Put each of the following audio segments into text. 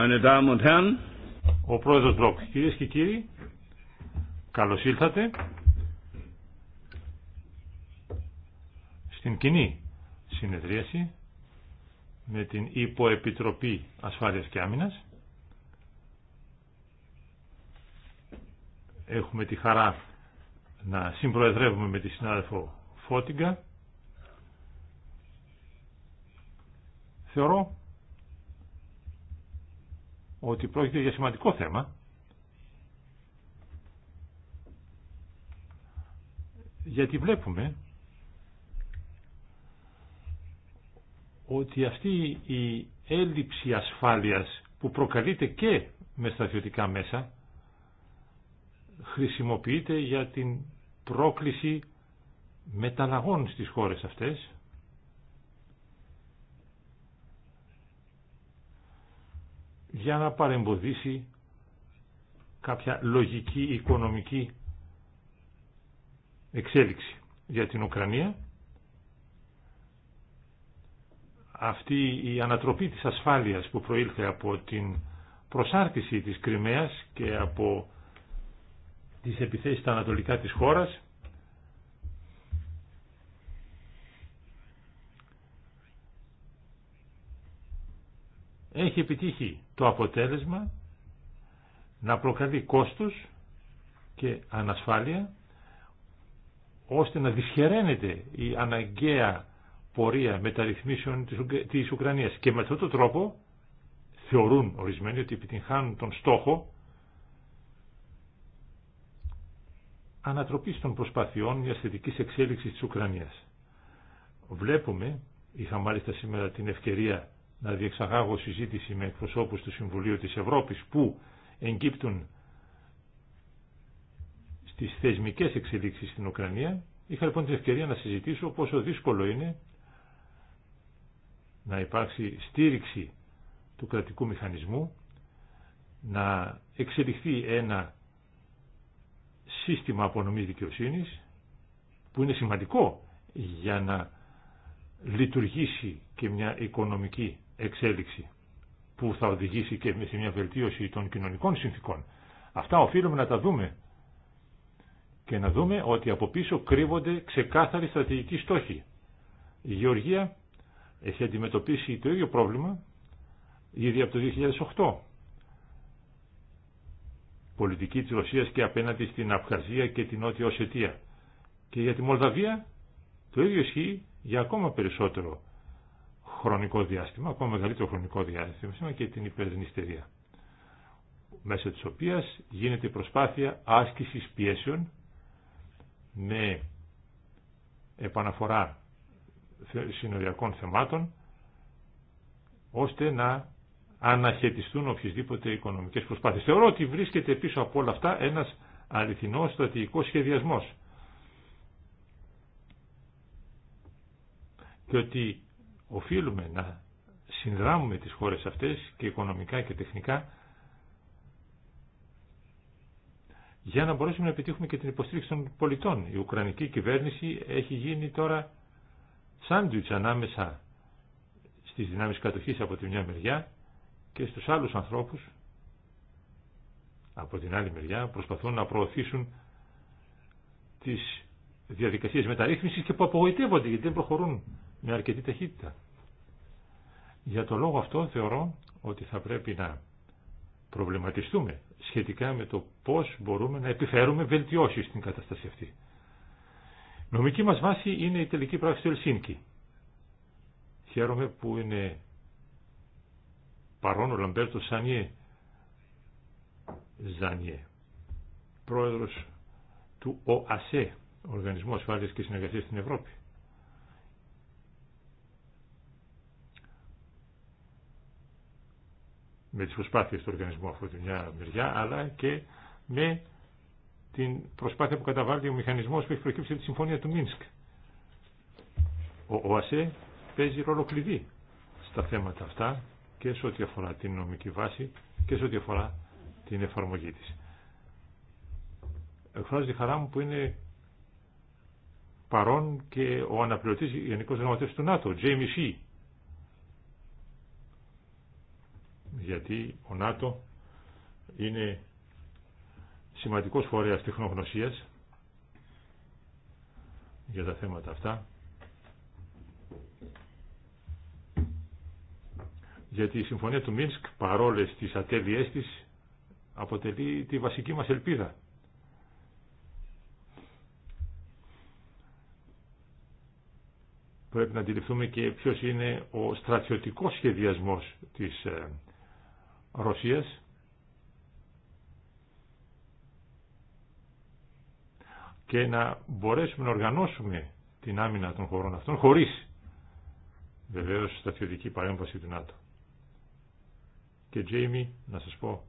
Meine Ο πρόεδρος Μπλοκ. Κυρίες και κύριοι, καλώς ήλθατε στην κοινή συνεδρίαση με την Υποεπιτροπή Ασφάλειας και Άμυνας. Έχουμε τη χαρά να συμπροεδρεύουμε με τη συνάδελφο Φώτιγκα. Θεωρώ ότι πρόκειται για σημαντικό θέμα γιατί βλέπουμε ότι αυτή η έλλειψη ασφάλειας που προκαλείται και με στρατιωτικά μέσα χρησιμοποιείται για την πρόκληση μεταλλαγών στις χώρες αυτές για να παρεμποδίσει κάποια λογική οικονομική εξέλιξη για την Ουκρανία. Αυτή η ανατροπή της ασφάλειας που προήλθε από την προσάρτηση της Κρυμαίας και από τις επιθέσεις στα ανατολικά της χώρας έχει επιτύχει το αποτέλεσμα να προκαλεί κόστος και ανασφάλεια ώστε να δυσχεραίνεται η αναγκαία πορεία μεταρρυθμίσεων της Ουκρανίας. Και με αυτόν τον τρόπο θεωρούν ορισμένοι ότι επιτυγχάνουν τον στόχο ανατροπής των προσπαθειών μια θετικής εξέλιξης της Ουκρανίας. Βλέπουμε, είχα μάλιστα σήμερα την ευκαιρία να διεξαγάγω συζήτηση με εκπροσώπους του Συμβουλίου της Ευρώπης που εγκύπτουν στις θεσμικές εξελίξεις στην Ουκρανία. Είχα λοιπόν την ευκαιρία να συζητήσω πόσο δύσκολο είναι να υπάρξει στήριξη του κρατικού μηχανισμού, να εξελιχθεί ένα σύστημα απονομής δικαιοσύνης που είναι σημαντικό για να λειτουργήσει και μια οικονομική εξέλιξη που θα οδηγήσει και σε μια βελτίωση των κοινωνικών συνθήκων. Αυτά οφείλουμε να τα δούμε και να δούμε ότι από πίσω κρύβονται ξεκάθαροι στρατηγικοί στόχοι. Η Γεωργία έχει αντιμετωπίσει το ίδιο πρόβλημα ήδη από το 2008. Πολιτική της Ρωσίας και απέναντι στην Απχαζία και την Νότια Οσετία. Και για τη Μολδαβία το ίδιο ισχύει για ακόμα περισσότερο χρονικό διάστημα, ακόμα μεγαλύτερο χρονικό διάστημα και την υπερδυνιστερία μέσα της οποίας γίνεται προσπάθεια άσκησης πιέσεων με επαναφορά συνοριακών θεμάτων ώστε να αναχαιτιστούν οποιασδήποτε οικονομικές προσπάθειες. Θεωρώ ότι βρίσκεται πίσω από όλα αυτά ένας αληθινός στρατηγικός σχεδιασμός και ότι οφείλουμε να συνδράμουμε τις χώρες αυτές και οικονομικά και τεχνικά για να μπορέσουμε να επιτύχουμε και την υποστήριξη των πολιτών. Η Ουκρανική κυβέρνηση έχει γίνει τώρα σάντουιτς ανάμεσα στις δυνάμεις κατοχής από τη μια μεριά και στους άλλους ανθρώπους από την άλλη μεριά προσπαθούν να προωθήσουν τις διαδικασίες μεταρρύθμισης και που απογοητεύονται γιατί δεν προχωρούν με αρκετή ταχύτητα. Για το λόγο αυτό θεωρώ ότι θα πρέπει να προβληματιστούμε σχετικά με το πώς μπορούμε να επιφέρουμε βελτιώσεις στην κατάσταση αυτή. Νομική μας βάση είναι η τελική πράξη του Ελσίνκη. Χαίρομαι που είναι παρόν ο Λαμπέρτο Σανιέ, Ζανιέ, πρόεδρος του ΟΑΣΕ, Οργανισμού Ασφάλειας και Συνεργασίας στην Ευρώπη. με τις προσπάθειες του οργανισμού από τη μια μεριά, αλλά και με την προσπάθεια που καταβάλει ο μηχανισμός που έχει προκύψει από τη Συμφωνία του Μίνσκ. Ο ΟΑΣΕ παίζει ρόλο κλειδί στα θέματα αυτά και σε ό,τι αφορά την νομική βάση και σε ό,τι αφορά την εφαρμογή της. εκφράζει τη χαρά μου που είναι παρόν και ο αναπληρωτής Γενικός Γραμματέας του ΝΑΤΟ, Τζέιμι Σι, γιατί ο ΝΑΤΟ είναι σημαντικός φορέας τεχνογνωσίας για τα θέματα αυτά γιατί η συμφωνία του Μίνσκ παρόλες τις ατέλειές της αποτελεί τη βασική μας ελπίδα πρέπει να αντιληφθούμε και ποιος είναι ο στρατιωτικός σχεδιασμός της ε, Ρωσίας και να μπορέσουμε να οργανώσουμε την άμυνα των χωρών αυτών χωρίς βεβαίως σταθιωτική παρέμβαση του ΝΑΤΟ. Και Τζέιμι να σας πω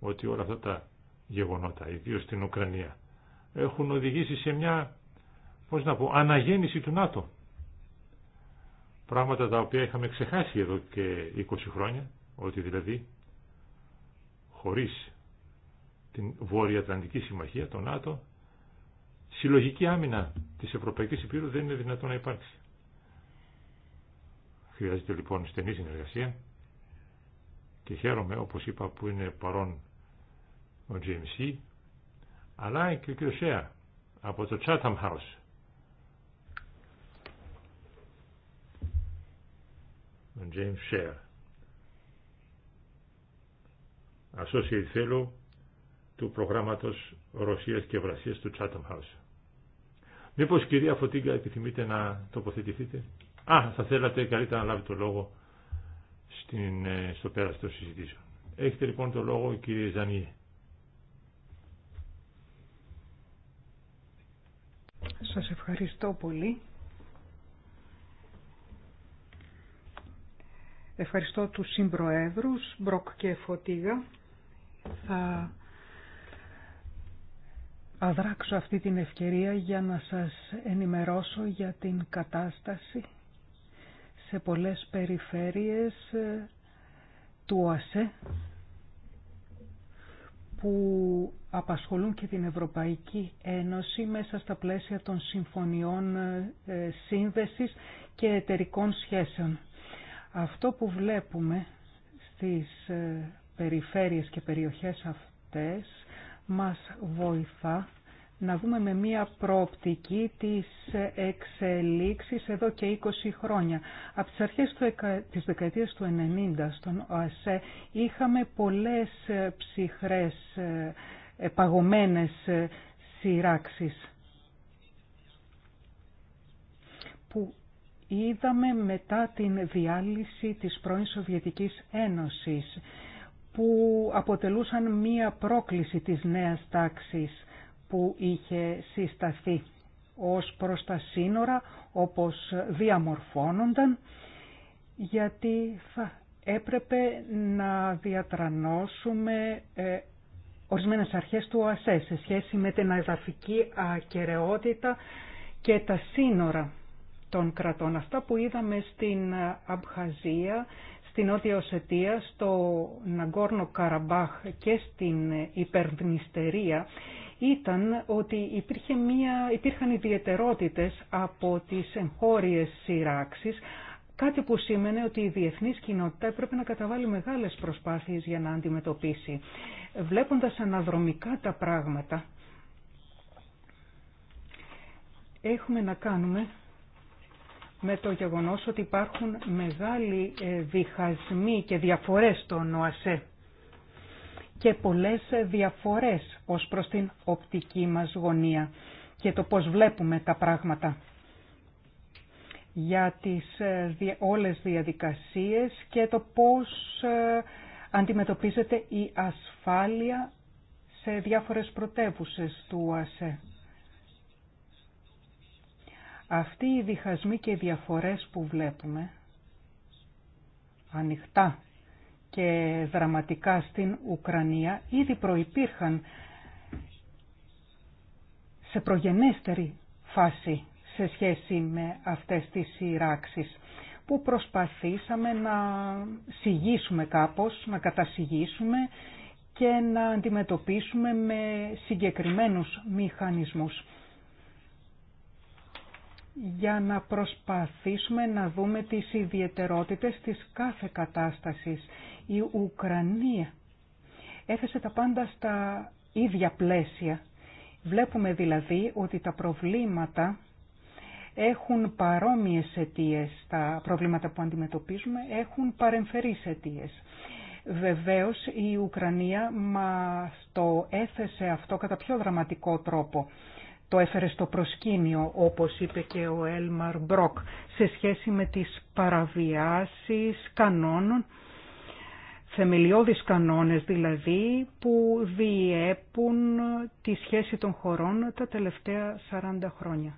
ότι όλα αυτά τα γεγονότα, ιδίως στην Ουκρανία, έχουν οδηγήσει σε μια, πώς να πω, αναγέννηση του ΝΑΤΟ. Πράγματα τα οποία είχαμε ξεχάσει εδώ και 20 χρόνια, ότι δηλαδή χωρίς την Βόρεια Ατλαντική Συμμαχία, τον ΝΑΤΟ, συλλογική άμυνα της Ευρωπαϊκής Υπήρου δεν είναι δυνατόν να υπάρξει. Χρειάζεται λοιπόν στενή συνεργασία και χαίρομαι, όπως είπα, που είναι παρόν ο GMC, αλλά και ο κ. Σέα από το Chatham House. Ο James Share. associate fellow του προγράμματος Ρωσίας και Βρασίας του Chatham House. Μήπως κυρία Φωτίγκα επιθυμείτε να τοποθετηθείτε. Α, θα θέλατε καλύτερα να λάβετε το λόγο στην, ε, στο πέραστο των συζητήσεων. Έχετε λοιπόν το λόγο κύριε Ζανιέ. Σας ευχαριστώ πολύ. Ευχαριστώ τους συμπροέδρους Μπροκ και Φωτίγα θα αδράξω αυτή την ευκαιρία για να σας ενημερώσω για την κατάσταση σε πολλές περιφέρειες ε, του ΟΑΣΕ που απασχολούν και την Ευρωπαϊκή Ένωση μέσα στα πλαίσια των συμφωνιών ε, ε, σύνδεσης και εταιρικών σχέσεων. Αυτό που βλέπουμε στις περιφέρειες και περιοχές αυτές μας βοηθά να δούμε με μία προοπτική της εξελίξης εδώ και 20 χρόνια. Από τις αρχές του, της δεκαετίας του 90 στον ΟΑΣΕ είχαμε πολλές ψυχρές παγωμένες σειράξεις που είδαμε μετά την διάλυση της πρώην Σοβιετικής Ένωσης που αποτελούσαν μία πρόκληση της νέας τάξης που είχε συσταθεί ως προς τα σύνορα, όπως διαμορφώνονταν, γιατί θα έπρεπε να διατρανώσουμε ε, ορισμένες αρχές του ΟΑΣΕ σε σχέση με την αεδαφική ακαιρεότητα και τα σύνορα των κρατών. Αυτά που είδαμε στην Αμπχαζία στη Νότια Οσετία, στο Ναγκόρνο Καραμπάχ και στην Υπερδνηστερία ήταν ότι υπήρχε μία, υπήρχαν ιδιαιτερότητες από τις εγχώριες σειράξεις, κάτι που σήμαινε ότι η διεθνής κοινότητα έπρεπε να καταβάλει μεγάλες προσπάθειες για να αντιμετωπίσει. Βλέποντας αναδρομικά τα πράγματα, έχουμε να κάνουμε με το γεγονός ότι υπάρχουν μεγάλοι ε, διχασμοί και διαφορές στον ΟΑΣΕ και πολλές ε, διαφορές ως προς την οπτική μας γωνία και το πώς βλέπουμε τα πράγματα για τις ε, όλες διαδικασίες και το πώς αντιμετωπίζεται η ασφάλεια σε διάφορες πρωτεύουσες του ΟΑΣΕ. Αυτοί οι διχασμοί και διαφορές που βλέπουμε ανοιχτά και δραματικά στην Ουκρανία ήδη προϋπήρχαν σε προγενέστερη φάση σε σχέση με αυτές τις σειράξεις που προσπαθήσαμε να συγγίσουμε κάπως, να κατασυγίσουμε και να αντιμετωπίσουμε με συγκεκριμένους μηχανισμούς για να προσπαθήσουμε να δούμε τις ιδιαιτερότητες της κάθε κατάστασης. Η Ουκρανία έθεσε τα πάντα στα ίδια πλαίσια. Βλέπουμε δηλαδή ότι τα προβλήματα έχουν παρόμοιες αιτίες. Τα προβλήματα που αντιμετωπίζουμε έχουν παρεμφερείς αιτίες. Βεβαίως η Ουκρανία μας το έθεσε αυτό κατά πιο δραματικό τρόπο το έφερε στο προσκήνιο, όπως είπε και ο Έλμαρ Μπροκ, σε σχέση με τις παραβιάσεις κανόνων, θεμελιώδεις κανόνες δηλαδή, που διέπουν τη σχέση των χωρών τα τελευταία 40 χρόνια.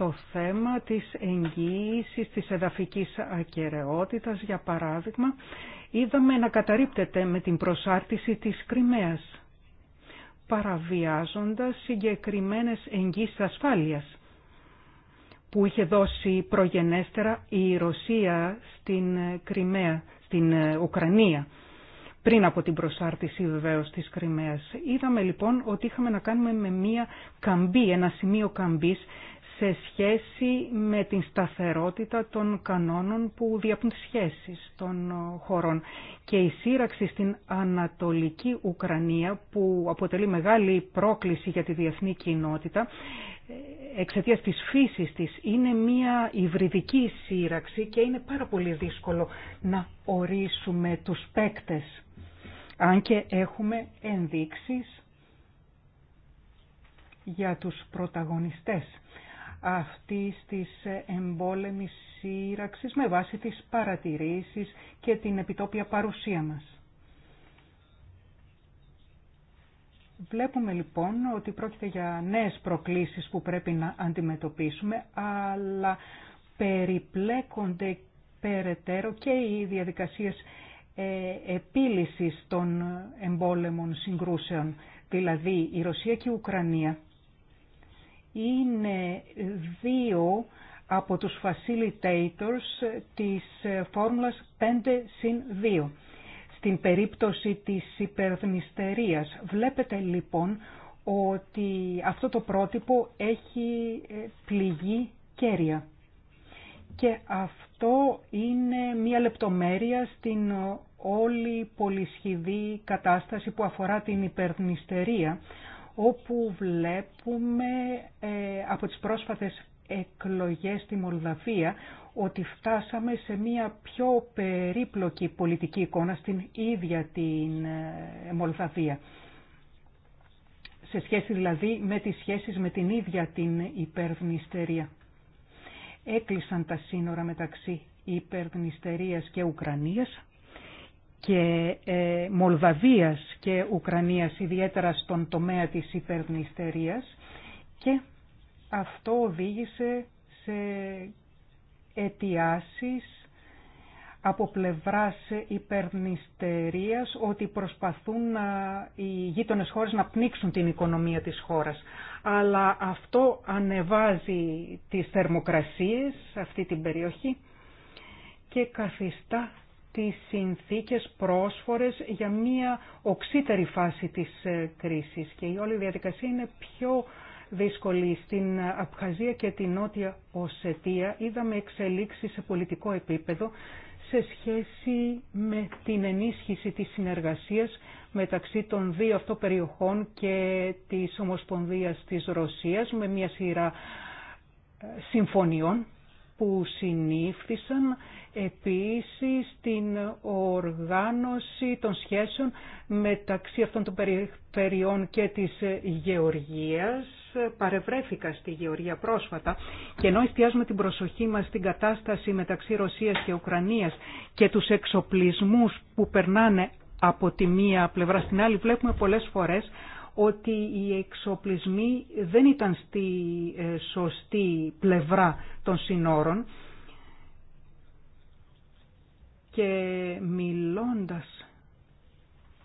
το θέμα της εγγύησης της εδαφικής ακεραιότητας, για παράδειγμα, είδαμε να καταρρύπτεται με την προσάρτηση της Κρυμαίας, παραβιάζοντας συγκεκριμένες εγγύσεις ασφάλειας που είχε δώσει προγενέστερα η Ρωσία στην Κρυμαία, στην Ουκρανία, πριν από την προσάρτηση βεβαίως της Κρυμαίας. Είδαμε λοιπόν ότι είχαμε να κάνουμε με μία καμπή, ένα σημείο καμπής σε σχέση με την σταθερότητα των κανόνων που διαπούν τις σχέσεις των ε, χωρών. Και η σύραξη στην Ανατολική Ουκρανία που αποτελεί μεγάλη πρόκληση για τη διεθνή κοινότητα ε, εξαιτία της φύσης της είναι μια υβριδική σύραξη και είναι πάρα πολύ δύσκολο να ορίσουμε τους πέκτες αν και έχουμε ενδείξεις για τους πρωταγωνιστές αυτή της εμπόλεμης σύραξης με βάση τις παρατηρήσεις και την επιτόπια παρουσία μας. Βλέπουμε λοιπόν ότι πρόκειται για νέες προκλήσεις που πρέπει να αντιμετωπίσουμε, αλλά περιπλέκονται περαιτέρω και οι διαδικασίες ε, επίλυσης των εμπόλεμων συγκρούσεων. Δηλαδή η Ρωσία και η Ουκρανία είναι δύο από τους facilitators της ε, φόρμουλας 5 συν 2 στην περίπτωση της υπερθμιστερίας Βλέπετε λοιπόν ότι αυτό το πρότυπο έχει ε, πληγή κέρια. Και αυτό είναι μία λεπτομέρεια στην ε, όλη πολυσχηδή κατάσταση που αφορά την υπερθμιστερία όπου βλέπουμε ε, από τις πρόσφατες εκλογές στη Μολδαβία ότι φτάσαμε σε μια πιο περίπλοκη πολιτική εικόνα στην ίδια την ε, Μολδαβία. Σε σχέση δηλαδή με τις σχέσεις με την ίδια την υπερδνηστερία. Έκλεισαν τα σύνορα μεταξύ υπερδνηστερίας και Ουκρανίας και ε, Μολδαβίας και Ουκρανίας, ιδιαίτερα στον τομέα της υπερνηστερίας και αυτό οδήγησε σε αιτιάσεις από πλευράς υπερνηστερίας ότι προσπαθούν να, οι γείτονες χώρες να πνίξουν την οικονομία της χώρας. Αλλά αυτό ανεβάζει τις θερμοκρασίες σε αυτή την περιοχή και καθιστά τις συνθήκες πρόσφορες για μία οξύτερη φάση της ε, κρίσης και η όλη διαδικασία είναι πιο δύσκολη. Στην Απχαζία και την Νότια Οσετία είδαμε εξελίξει σε πολιτικό επίπεδο σε σχέση με την ενίσχυση της συνεργασίας μεταξύ των δύο αυτών περιοχών και της Ομοσπονδίας της Ρωσίας με μια σειρά ε, συμφωνιών που συνήφθησαν επίσης την οργάνωση των σχέσεων μεταξύ αυτών των περιφερειών και της Γεωργίας. Παρευρέθηκα στη Γεωργία πρόσφατα και ενώ εστιάζουμε την προσοχή μας στην κατάσταση μεταξύ Ρωσίας και Ουκρανίας και τους εξοπλισμούς που περνάνε από τη μία πλευρά στην άλλη, βλέπουμε πολλές φορές ότι οι εξοπλισμοί δεν ήταν στη ε, σωστή πλευρά των συνόρων και μιλώντας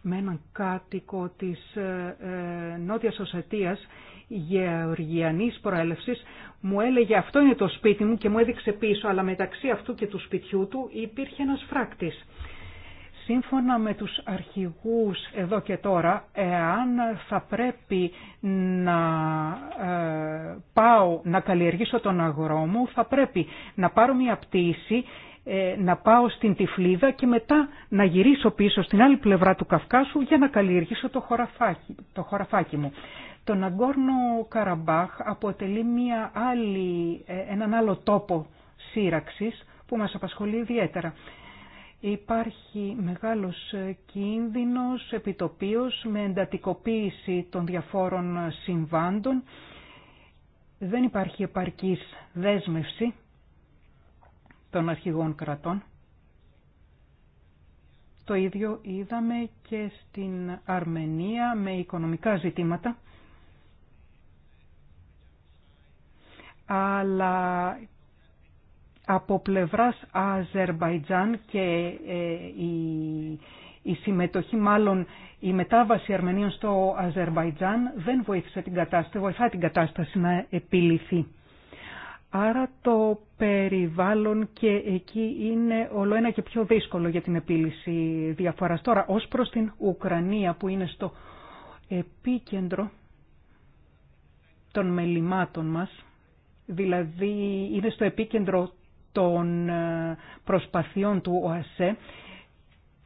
με έναν κάτοικο της ε, ε, Νότιας Οσετίας γεωργιανής προέλευσης μου έλεγε αυτό είναι το σπίτι μου και μου έδειξε πίσω αλλά μεταξύ αυτού και του σπιτιού του υπήρχε ένας φράκτης Σύμφωνα με τους αρχηγούς εδώ και τώρα, εάν θα πρέπει να ε, πάω να καλλιεργήσω τον αγρό μου, θα πρέπει να πάρω μια πτήση, ε, να πάω στην Τυφλίδα και μετά να γυρίσω πίσω στην άλλη πλευρά του Καυκάσου για να καλλιεργήσω το χωραφάκι, το μου. Το Ναγκόρνο Καραμπάχ αποτελεί μια άλλη, ε, έναν άλλο τόπο σύραξης που μας απασχολεί ιδιαίτερα. Υπάρχει μεγάλος κίνδυνος επιτοπίως με εντατικοποίηση των διαφόρων συμβάντων. Δεν υπάρχει επαρκής δέσμευση των αρχηγών κρατών. Το ίδιο είδαμε και στην Αρμενία με οικονομικά ζητήματα, αλλά από πλευράς Αζερβαϊτζάν και ε, η, συμμετοχή, μάλλον η μετάβαση Αρμενίων στο Αζερβαϊτζάν δεν βοήθησε την κατάσταση, βοηθά την κατάσταση να επιληθεί. Άρα το περιβάλλον και εκεί είναι όλο ένα και πιο δύσκολο για την επίλυση διαφοράς. Τώρα, ως προς την Ουκρανία που είναι στο επίκεντρο των μελημάτων μας, δηλαδή είναι στο επίκεντρο των ε, προσπαθειών του ΟΑΣΕ.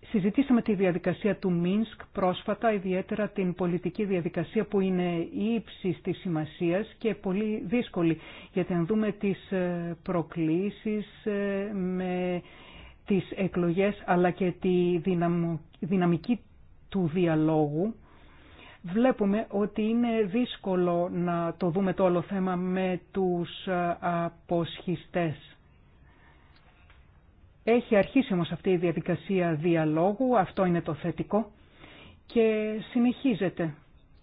Συζητήσαμε τη διαδικασία του Μίνσκ πρόσφατα, ιδιαίτερα την πολιτική διαδικασία που είναι ύψη της σημασίας και πολύ δύσκολη, γιατί αν δούμε τις ε, προκλήσεις ε, με τις εκλογές αλλά και τη δυναμική του διαλόγου, βλέπουμε ότι είναι δύσκολο να το δούμε το όλο θέμα με τους αποσχιστές. Έχει αρχίσει όμως αυτή η διαδικασία διαλόγου, αυτό είναι το θετικό και συνεχίζεται.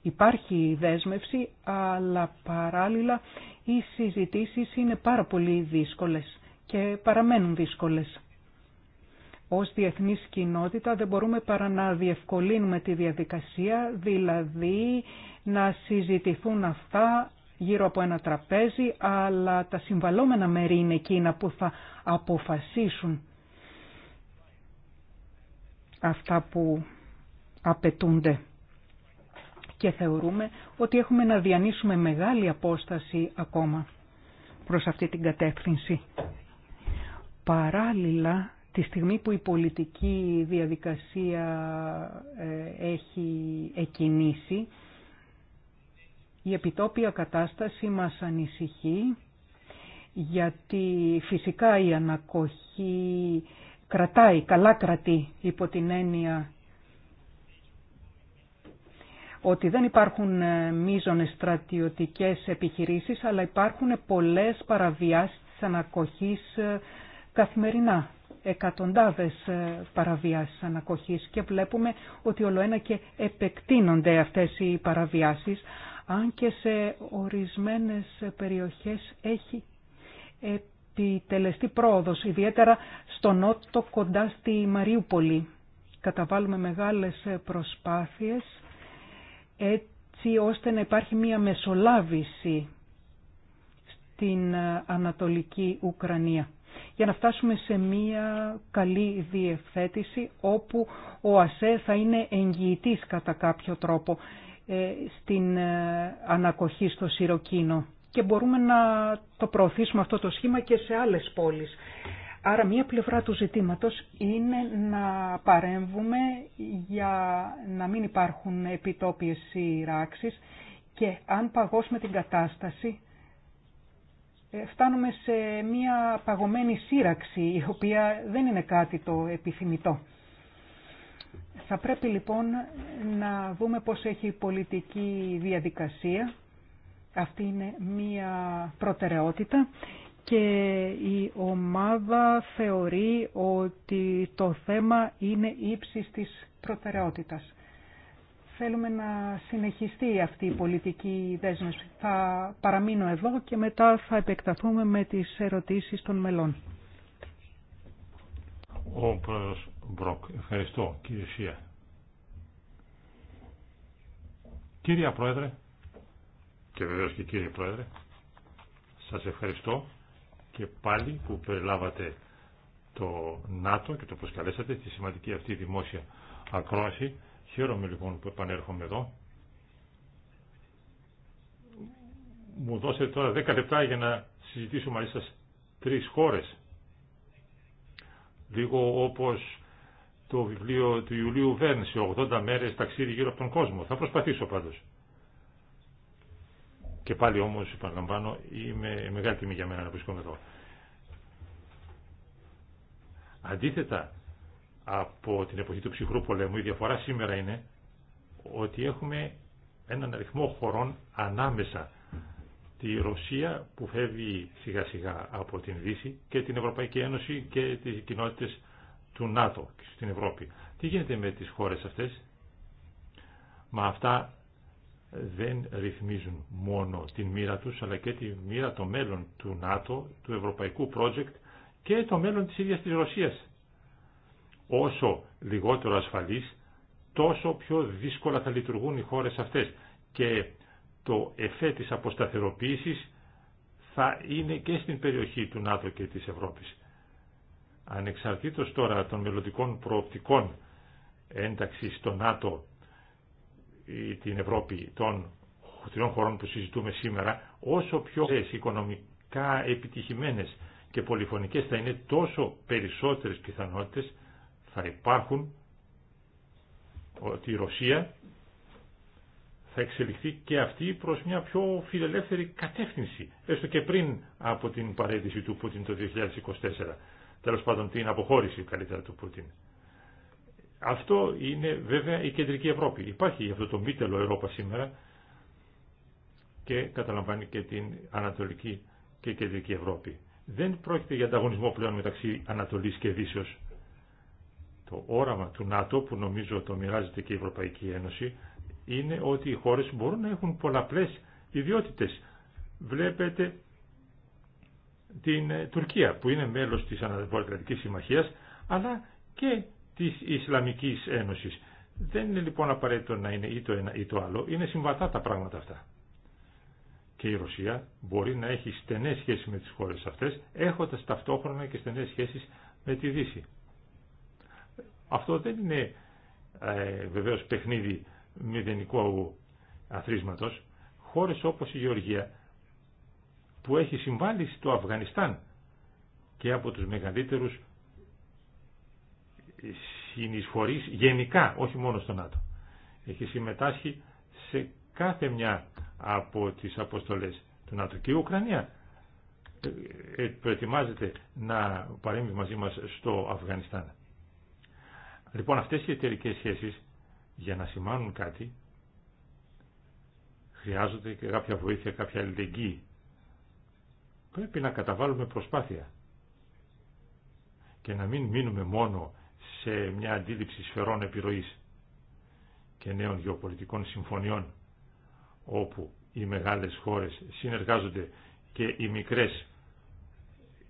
Υπάρχει δέσμευση, αλλά παράλληλα οι συζητήσεις είναι πάρα πολύ δύσκολες και παραμένουν δύσκολες. Ως διεθνής κοινότητα δεν μπορούμε παρά να διευκολύνουμε τη διαδικασία, δηλαδή να συζητηθούν αυτά γύρω από ένα τραπέζι, αλλά τα συμβαλόμενα μέρη είναι εκείνα που θα αποφασίσουν αυτά που απαιτούνται. Και θεωρούμε ότι έχουμε να διανύσουμε μεγάλη απόσταση ακόμα προς αυτή την κατεύθυνση. Παράλληλα, τη στιγμή που η πολιτική διαδικασία ε, έχει εκινήσει, η επιτόπια κατάσταση μας ανησυχεί, γιατί φυσικά η ανακοχή κρατάει, καλά κρατεί υπό την έννοια ότι δεν υπάρχουν ε, μείζονες στρατιωτικές επιχειρήσεις, αλλά υπάρχουν πολλές παραβιάσεις της ανακοχής ε, καθημερινά. Εκατοντάδες ε, παραβιάσεις ανακοχής και βλέπουμε ότι ολοένα και επεκτείνονται αυτές οι παραβιάσεις, αν και σε ορισμένες περιοχές έχει τη τελεστή πρόοδος, ιδιαίτερα στο νότο κοντά στη Μαριούπολη. Καταβάλουμε μεγάλες προσπάθειες έτσι ώστε να υπάρχει μία μεσολάβηση στην Ανατολική Ουκρανία για να φτάσουμε σε μία καλή διευθέτηση όπου ο ΑΣΕ θα είναι εγγυητής κατά κάποιο τρόπο ε, στην ε, ανακοχή στο Σιροκίνο και μπορούμε να το προωθήσουμε αυτό το σχήμα και σε άλλες πόλεις. Άρα μία πλευρά του ζητήματος είναι να παρέμβουμε για να μην υπάρχουν επιτόπιες σειράξεις και αν παγώσουμε την κατάσταση ε, φτάνουμε σε μία παγωμένη σύραξη η οποία δεν είναι κάτι το επιθυμητό. Θα πρέπει λοιπόν να δούμε πώς έχει η πολιτική διαδικασία αυτή είναι μία προτεραιότητα και η ομάδα θεωρεί ότι το θέμα είναι ύψης της προτεραιότητας. Θέλουμε να συνεχιστεί αυτή η πολιτική δέσμευση. Θα παραμείνω εδώ και μετά θα επεκταθούμε με τις ερωτήσεις των μελών. Ο πρόεδρος Μπροκ. Ευχαριστώ κύριε Σία. Κύριε Πρόεδρε, και βεβαίως και κύριε Πρόεδρε, σας ευχαριστώ και πάλι που περιλάβατε το ΝΑΤΟ και το προσκαλέσατε στη σημαντική αυτή δημόσια ακρόαση. Χαίρομαι λοιπόν που επανέρχομαι εδώ. Μου δώσετε τώρα 10 λεπτά για να συζητήσω μαζί σας τρεις χώρες. Λίγο όπως το βιβλίο του Ιουλίου Βέρν σε 80 μέρες ταξίδι γύρω από τον κόσμο. Θα προσπαθήσω πάντως. Και πάλι όμως, παραλαμβάνω, είμαι μεγάλη τιμή για μένα να βρισκόμαι εδώ. Αντίθετα από την εποχή του ψυχρού πολέμου, η διαφορά σήμερα είναι ότι έχουμε έναν αριθμό χωρών ανάμεσα τη Ρωσία που φεύγει σιγά σιγά από την Δύση και την Ευρωπαϊκή Ένωση και τις κοινότητες του ΝΑΤΟ στην Ευρώπη. Τι γίνεται με τις χώρες αυτές? Μα αυτά δεν ρυθμίζουν μόνο την μοίρα τους, αλλά και τη μοίρα των μέλλον του ΝΑΤΟ, του Ευρωπαϊκού Project και το μέλλον της ίδιας της Ρωσίας. Όσο λιγότερο ασφαλής, τόσο πιο δύσκολα θα λειτουργούν οι χώρες αυτές. Και το εφέ της αποσταθεροποίησης θα είναι και στην περιοχή του ΝΑΤΟ και της Ευρώπης. Ανεξαρτήτως τώρα των μελλοντικών προοπτικών ένταξης στο ΝΑΤΟ ε, την Ευρώπη των τριών χωρών που συζητούμε σήμερα, όσο πιο οικονομικά επιτυχημένες και πολυφωνικές θα είναι, τόσο περισσότερες πιθανότητες θα υπάρχουν ότι η Ρωσία θα εξελιχθεί και αυτή προς μια πιο φιλελεύθερη κατεύθυνση, έστω και πριν από την παρέτηση του Πούτιν το 2024. Τέλος πάντων την αποχώρηση καλύτερα του Πούτιν. Αυτό είναι βέβαια η κεντρική Ευρώπη. Υπάρχει αυτό το μήτελο Ευρώπα σήμερα και καταλαμβάνει και την Ανατολική και Κεντρική Ευρώπη. Δεν πρόκειται για ανταγωνισμό πλέον μεταξύ Ανατολής και Δύσεως. Το όραμα του ΝΑΤΟ που νομίζω το μοιράζεται και η Ευρωπαϊκή Ένωση είναι ότι οι χώρες μπορούν να έχουν πολλαπλές ιδιότητες. Βλέπετε την Τουρκία που είναι μέλος της Ανατολικής Συμμαχίας αλλά και της Ισλαμικής Ένωσης. Δεν είναι λοιπόν απαραίτητο να είναι ή το ένα ή το άλλο, είναι συμβατά τα πράγματα αυτά. Και η Ρωσία μπορεί να έχει στενές σχέσεις με τις χώρες αυτές, έχοντας ταυτόχρονα και στενές σχέσεις με τη Δύση. Αυτό δεν είναι ε, βεβαίως παιχνίδι μηδενικού αθρίσματος. Χώρες όπως η Γεωργία που έχει συμβάλει στο Αφγανιστάν και από τους μεγαλύτερους συνεισφορείς γενικά, όχι μόνο στο ΝΑΤΟ. Έχει συμμετάσχει σε κάθε μια από τις αποστολές του ΝΑΤΟ. Και η Ουκρανία ε, ε, προετοιμάζεται να παρέμβει μαζί μας στο Αφγανιστάν. Λοιπόν, αυτές οι εταιρικέ σχέσεις για να σημάνουν κάτι χρειάζονται και κάποια βοήθεια, κάποια αλληλεγγύη. Πρέπει να καταβάλουμε προσπάθεια και να μην μείνουμε μόνο σε μια αντίληψη σφαιρών επιρροής και νέων γεωπολιτικών συμφωνιών όπου οι μεγάλες χώρες συνεργάζονται και οι μικρές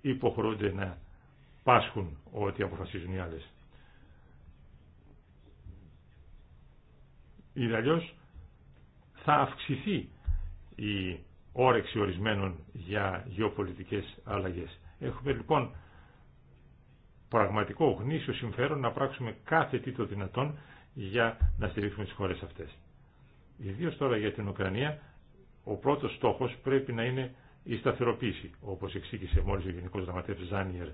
υποχρεούνται να πάσχουν ό,τι αποφασίζουν οι άλλες. Ή αλλιώς θα αυξηθεί η όρεξη ορισμένων για γεωπολιτικές αλλαγές. Έχουμε λοιπόν πραγματικό γνήσιο συμφέρον να πράξουμε κάθε τι το δυνατόν για να στηρίξουμε τις χώρες αυτές. Ιδίω τώρα για την Ουκρανία, ο πρώτος στόχος πρέπει να είναι η σταθεροποίηση, όπως εξήγησε μόλις ο Γενικός Γραμματεύς Ζάνιερ.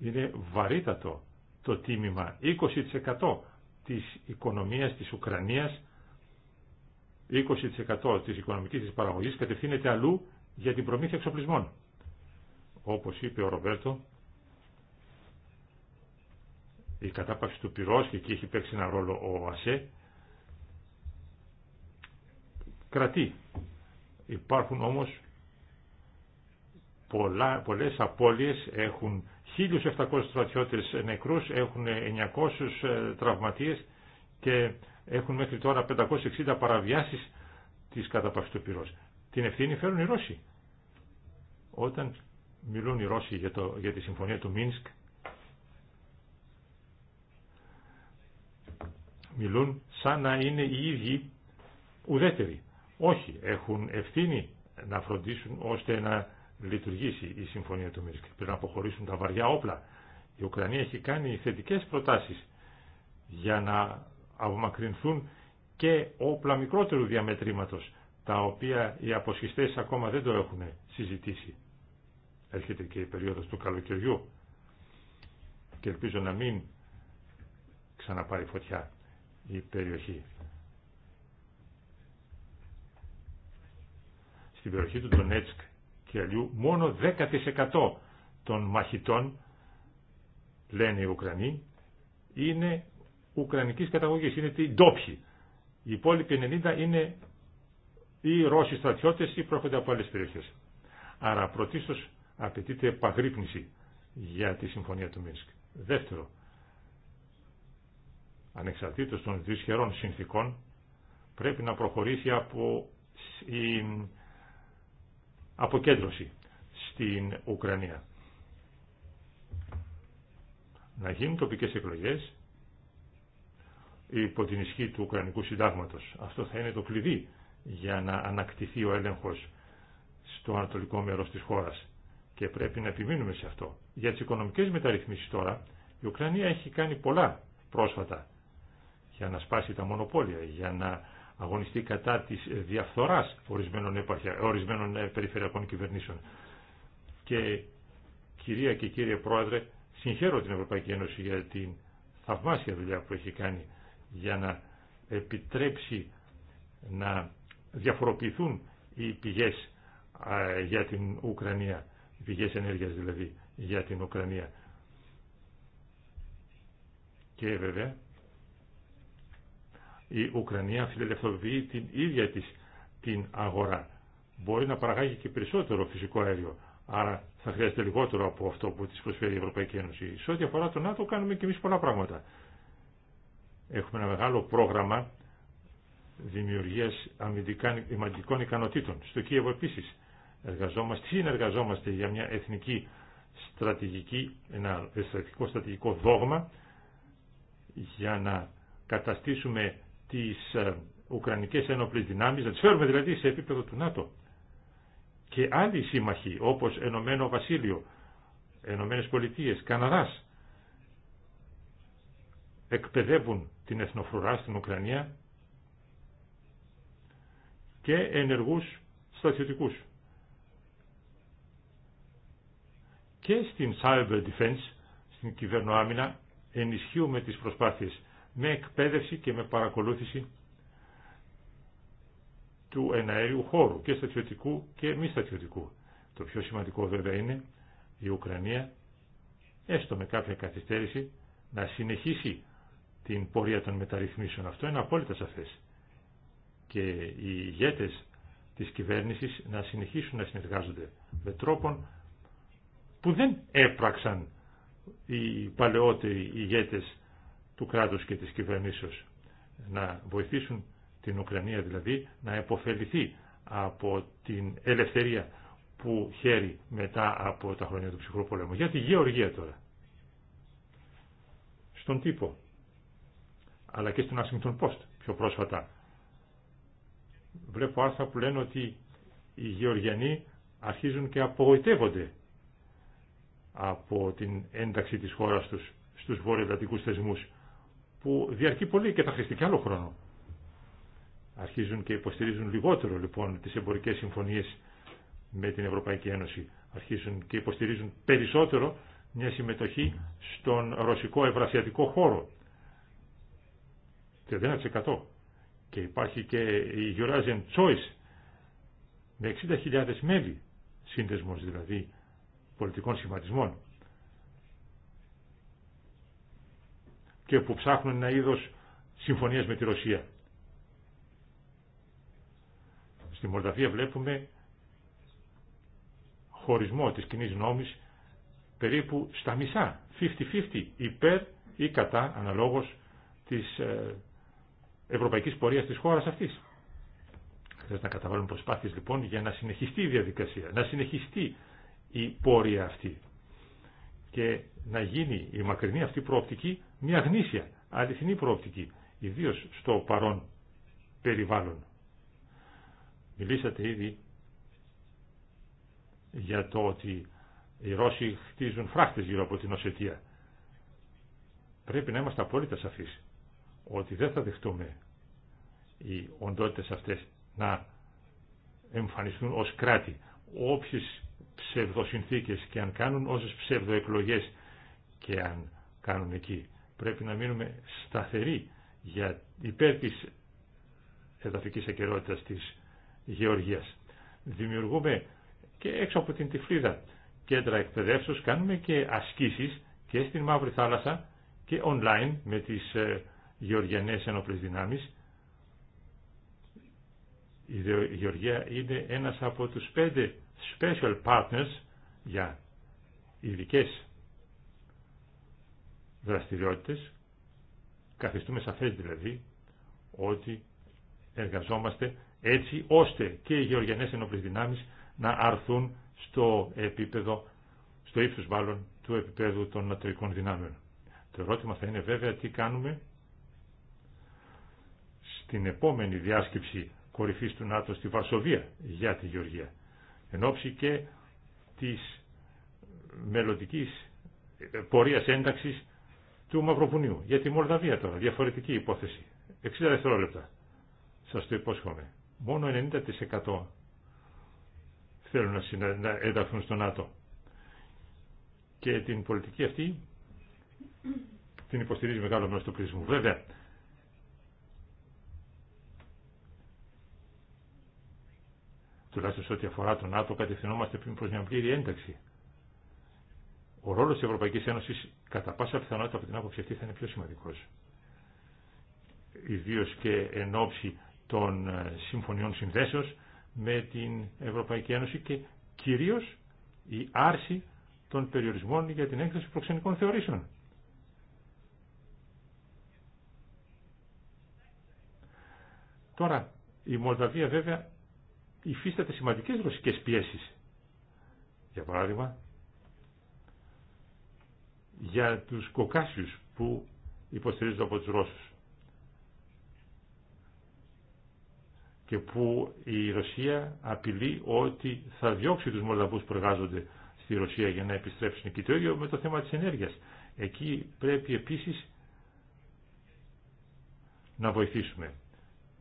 Είναι βαρύτατο το τίμημα 20% της οικονομίας της Ουκρανίας, 20% της οικονομικής της παραγωγής κατευθύνεται αλλού για την προμήθεια εξοπλισμών. Όπως είπε ο Ρομπέρτο, η κατάπαυση του πυρός και εκεί έχει παίξει ένα ρόλο ο ΑΣΕ κρατεί. Υπάρχουν όμως πολλά, πολλές απώλειες, έχουν 1.700 στρατιώτες νεκρούς, έχουν 900 ε, τραυματίες και έχουν μέχρι τώρα 560 παραβιάσεις της καταπαυσής του πυρός. Την ευθύνη φέρουν οι Ρώσοι. Όταν μιλούν οι Ρώσοι για, το, για τη συμφωνία του Μίνσκ, μιλούν σαν να είναι οι ίδιοι ουδέτεροι. Όχι, έχουν ευθύνη να φροντίσουν ώστε να λειτουργήσει η Συμφωνία του Μίνσκ. Πρέπει να αποχωρήσουν τα βαριά όπλα. Η Ουκρανία έχει κάνει θετικές προτάσεις για να απομακρυνθούν και όπλα μικρότερου διαμετρήματος, τα οποία οι αποσχιστές ακόμα δεν το έχουν συζητήσει. Έρχεται και η περίοδος του καλοκαιριού και ελπίζω να μην ξαναπάρει φωτιά η περιοχή. Στην περιοχή του Ντονέτσκ και αλλιού μόνο 10% των μαχητών, λένε οι Ουκρανοί, είναι ουκρανικής καταγωγής, είναι οι ντόπιοι. Οι υπόλοιποι 90 είναι ή Ρώσοι στρατιώτες ή πρόκειται από άλλες περιοχές. Άρα πρωτίστως απαιτείται επαγρύπνηση για τη Συμφωνία του Μίνσκ. Δεύτερο, ανεξαρτήτως των δυσχερών συνθήκων, πρέπει να προχωρήσει από η αποκέντρωση στην Ουκρανία. Να γίνουν τοπικές εκλογές υπό την ισχύ του Ουκρανικού Συντάγματος. Αυτό θα είναι το κλειδί για να ανακτηθεί ο έλεγχος στο ανατολικό μέρος της χώρας. Και πρέπει να επιμείνουμε σε αυτό. Για τις οικονομικές μεταρρυθμίσεις τώρα, η Ουκρανία έχει κάνει πολλά πρόσφατα για να σπάσει τα μονοπόλια, για να αγωνιστεί κατά της διαφθοράς ορισμένων, ορισμένων ε, περιφερειακών κυβερνήσεων. Και κυρία και κύριε Πρόεδρε, συγχαίρω την Ευρωπαϊκή Ένωση για την θαυμάσια δουλειά που έχει κάνει για να επιτρέψει να διαφοροποιηθούν οι πηγές για την Ουκρανία, οι πηγές ενέργειας δηλαδή για την Ουκρανία. Και βέβαια η Ουκρανία φιλελευθεροποιεί την ίδια της την αγορά. Μπορεί να παραγάγει και περισσότερο φυσικό αέριο, άρα θα χρειάζεται λιγότερο από αυτό που της προσφέρει η Ευρωπαϊκή Ένωση. Σε ό,τι αφορά τον ΝΑΤΟ κάνουμε και εμείς πολλά πράγματα. Έχουμε ένα μεγάλο πρόγραμμα δημιουργίας αμυντικών ικανοτήτων. Στο Κίεβο επίσης εργαζόμαστε, συνεργαζόμαστε για μια εθνική στρατηγική, ένα στρατηγικό στρατηγικό δόγμα για να καταστήσουμε τις ε, Ουκρανικές Ένοπλες Δυνάμεις, να τις φέρουμε δηλαδή σε επίπεδο του ΝΑΤΟ. Και άλλοι σύμμαχοι όπως Ενωμένο Βασίλειο, Ενωμένες Πολιτείες, Καναδάς, εκπαιδεύουν την εθνοφρουρά στην Ουκρανία και ενεργούς στρατιωτικούς. Και στην cyber defense, στην κυβερνοάμυνα, ενισχύουμε τις προσπάθειες με εκπαίδευση και με παρακολούθηση του εναέριου χώρου και στατιωτικού και μη στατιωτικού. Το πιο σημαντικό βέβαια είναι η Ουκρανία, έστω με κάποια καθυστέρηση, να συνεχίσει την πορεία των μεταρρυθμίσεων. Αυτό είναι απόλυτα σαφές. Και οι ηγέτες της κυβέρνησης να συνεχίσουν να συνεργάζονται με τρόπον που δεν έπραξαν οι παλαιότεροι ηγέτες του κράτους και της κυβερνήσεως. Να βοηθήσουν την Ουκρανία δηλαδή να επωφεληθεί από την ελευθερία που χαίρει μετά από τα χρόνια του ψυχρού πολέμου. Για τη γεωργία τώρα. Στον τύπο. Αλλά και στον Washington Πόστ πιο πρόσφατα. Βλέπω άρθρα που λένε ότι οι Γεωργιανοί αρχίζουν και απογοητεύονται από την ένταξη της χώρας τους στους βορειοδατικούς θεσμούς που διαρκεί πολύ και θα χρειαστεί και άλλο χρόνο. Αρχίζουν και υποστηρίζουν λιγότερο λοιπόν τις εμπορικές συμφωνίες με την Ευρωπαϊκή Ένωση. Αρχίζουν και υποστηρίζουν περισσότερο μια συμμετοχή στον ρωσικό ευρασιατικό χώρο. 31%. Και υπάρχει και η Eurasian Choice με 60.000 μέλη, σύνδεσμος δηλαδή πολιτικών σχηματισμών. και που ψάχνουν ένα είδος συμφωνίας με τη Ρωσία. Στη Μολδαβία βλέπουμε χωρισμό της κοινή νόμης περίπου στα μισά, 50-50, υπέρ ή κατά, αναλόγως της ε, ευρωπαϊκής πορείας της χώρας αυτής. Χρειάζεται να καταβάλουν προσπάθειες λοιπόν για να συνεχιστεί η διαδικασία, να συνεχιστεί η πορεία αυτή και να γίνει η μακρινή αυτή προοπτική μια γνήσια, αληθινή προοπτική, ιδίως στο παρόν περιβάλλον. Μιλήσατε ήδη για το ότι οι Ρώσοι χτίζουν φράχτες γύρω από την Οσετία. Πρέπει να είμαστε απόλυτα σαφείς ότι δεν θα δεχτούμε οι οντότητες αυτές να εμφανιστούν ως κράτη. Όποιες ψευδοσυνθήκες και αν κάνουν, όσες ψευδοεκλογές και αν κάνουν εκεί. Πρέπει να μείνουμε σταθεροί για υπέρ της εδαφικής ακερότητας της γεωργίας. Δημιουργούμε και έξω από την τυφλίδα κέντρα εκπαιδεύσεως, κάνουμε και ασκήσεις και στην Μαύρη Θάλασσα και online με τις ε, γεωργιανές ενόπλες δυνάμεις. Η Γεωργία είναι ένας από τους πέντε special partners για ειδικέ δραστηριότητες, καθιστούμε σαφές δηλαδή ότι εργαζόμαστε έτσι ώστε και οι γεωργιανές ενόπλες δυνάμεις να αρθούν στο επίπεδο, στο ύψος μάλλον του επίπεδου των νατοικών δυνάμεων. Το ερώτημα θα είναι βέβαια τι κάνουμε στην επόμενη διάσκεψη κορυφής του ΝΑΤΟ στη Βαρσοβία για τη Γεωργία. Εν ώψη και της μελλοντικής πορείας ένταξης του Μαυροβουνίου. Για τη Μολδαβία τώρα, διαφορετική υπόθεση. 60 δευτερόλεπτα. Σας το υπόσχομαι. Μόνο 90% θέλουν να ενταχθούν στο ΝΑΤΟ. Και την πολιτική αυτή την υποστηρίζει μεγάλο μέρος του πληθυσμού. Βέβαια, τουλάχιστον σε ό,τι αφορά τον ΝΑΤΟ, κατευθυνόμαστε πριν προς μια πλήρη ένταξη ο ρόλο της Ευρωπαϊκής Ένωση κατά πάσα πιθανότητα από την άποψη αυτή θα είναι πιο σημαντικός. Ιδίω και εν ώψη των ε, συμφωνιών συνδέσεω με την Ευρωπαϊκή Ένωση και κυρίως η άρση των περιορισμών για την έκδοση προξενικών θεωρήσεων. Τώρα, η Μολδαβία βέβαια υφίσταται σημαντικές ρωσικές πιέσεις. Για παράδειγμα, για τους Κοκάσιους που υποστηρίζονται από τους Ρώσους και που η Ρωσία απειλεί ότι θα διώξει τους Μολαβούς που εργάζονται στη Ρωσία για να επιστρέψουν και το ίδιο με το θέμα της ενέργειας. Εκεί πρέπει επίσης να βοηθήσουμε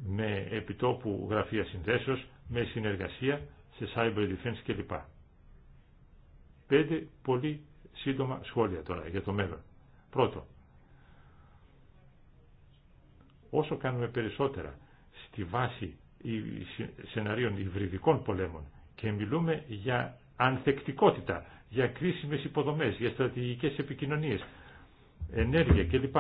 με επιτόπου γραφεία συνδέσεως, με συνεργασία σε cyber defense κλπ. Πέντε πολύ σύντομα σχόλια τώρα για το μέλλον. Πρώτο, όσο κάνουμε περισσότερα στη βάση σεναρίων υβριδικών πολέμων και μιλούμε για ανθεκτικότητα, για κρίσιμες υποδομές, για στρατηγικές επικοινωνίες, ενέργεια κλπ.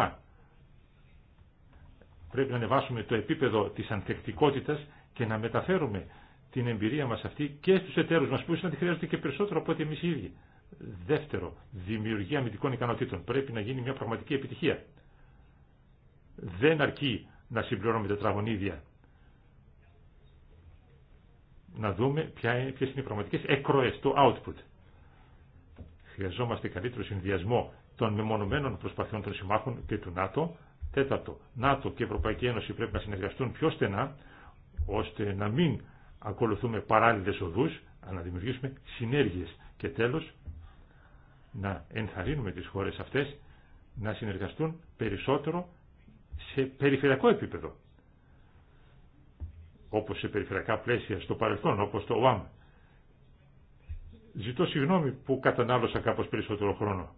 Πρέπει να ανεβάσουμε το επίπεδο της ανθεκτικότητας και να μεταφέρουμε την εμπειρία μας αυτή και στους εταίρους μας που ίσως να τη χρειάζονται και περισσότερο από ότι εμείς οι ίδιοι. Δεύτερο, δημιουργία αμυντικών ικανοτήτων. Πρέπει να γίνει μια πραγματική επιτυχία. Δεν αρκεί να συμπληρώνουμε τετραγωνίδια. Να δούμε ποιες είναι οι πραγματικέ εκροές, το output. Χρειαζόμαστε καλύτερο συνδυασμό των μεμονωμένων προσπαθειών των συμμάχων και του ΝΑΤΟ. Τέταρτο, ΝΑΤΟ και Ευρωπαϊκή Ένωση πρέπει να συνεργαστούν πιο στενά, ώστε να μην ακολουθούμε παράλληλε οδού αλλά να δημιουργήσουμε συνέργειε. Και τέλο να ενθαρρύνουμε τις χώρες αυτές να συνεργαστούν περισσότερο σε περιφερειακό επίπεδο. Όπως σε περιφερειακά πλαίσια στο παρελθόν, όπως το ΟΑΜ. Ζητώ συγγνώμη που κατανάλωσα κάπως περισσότερο χρόνο.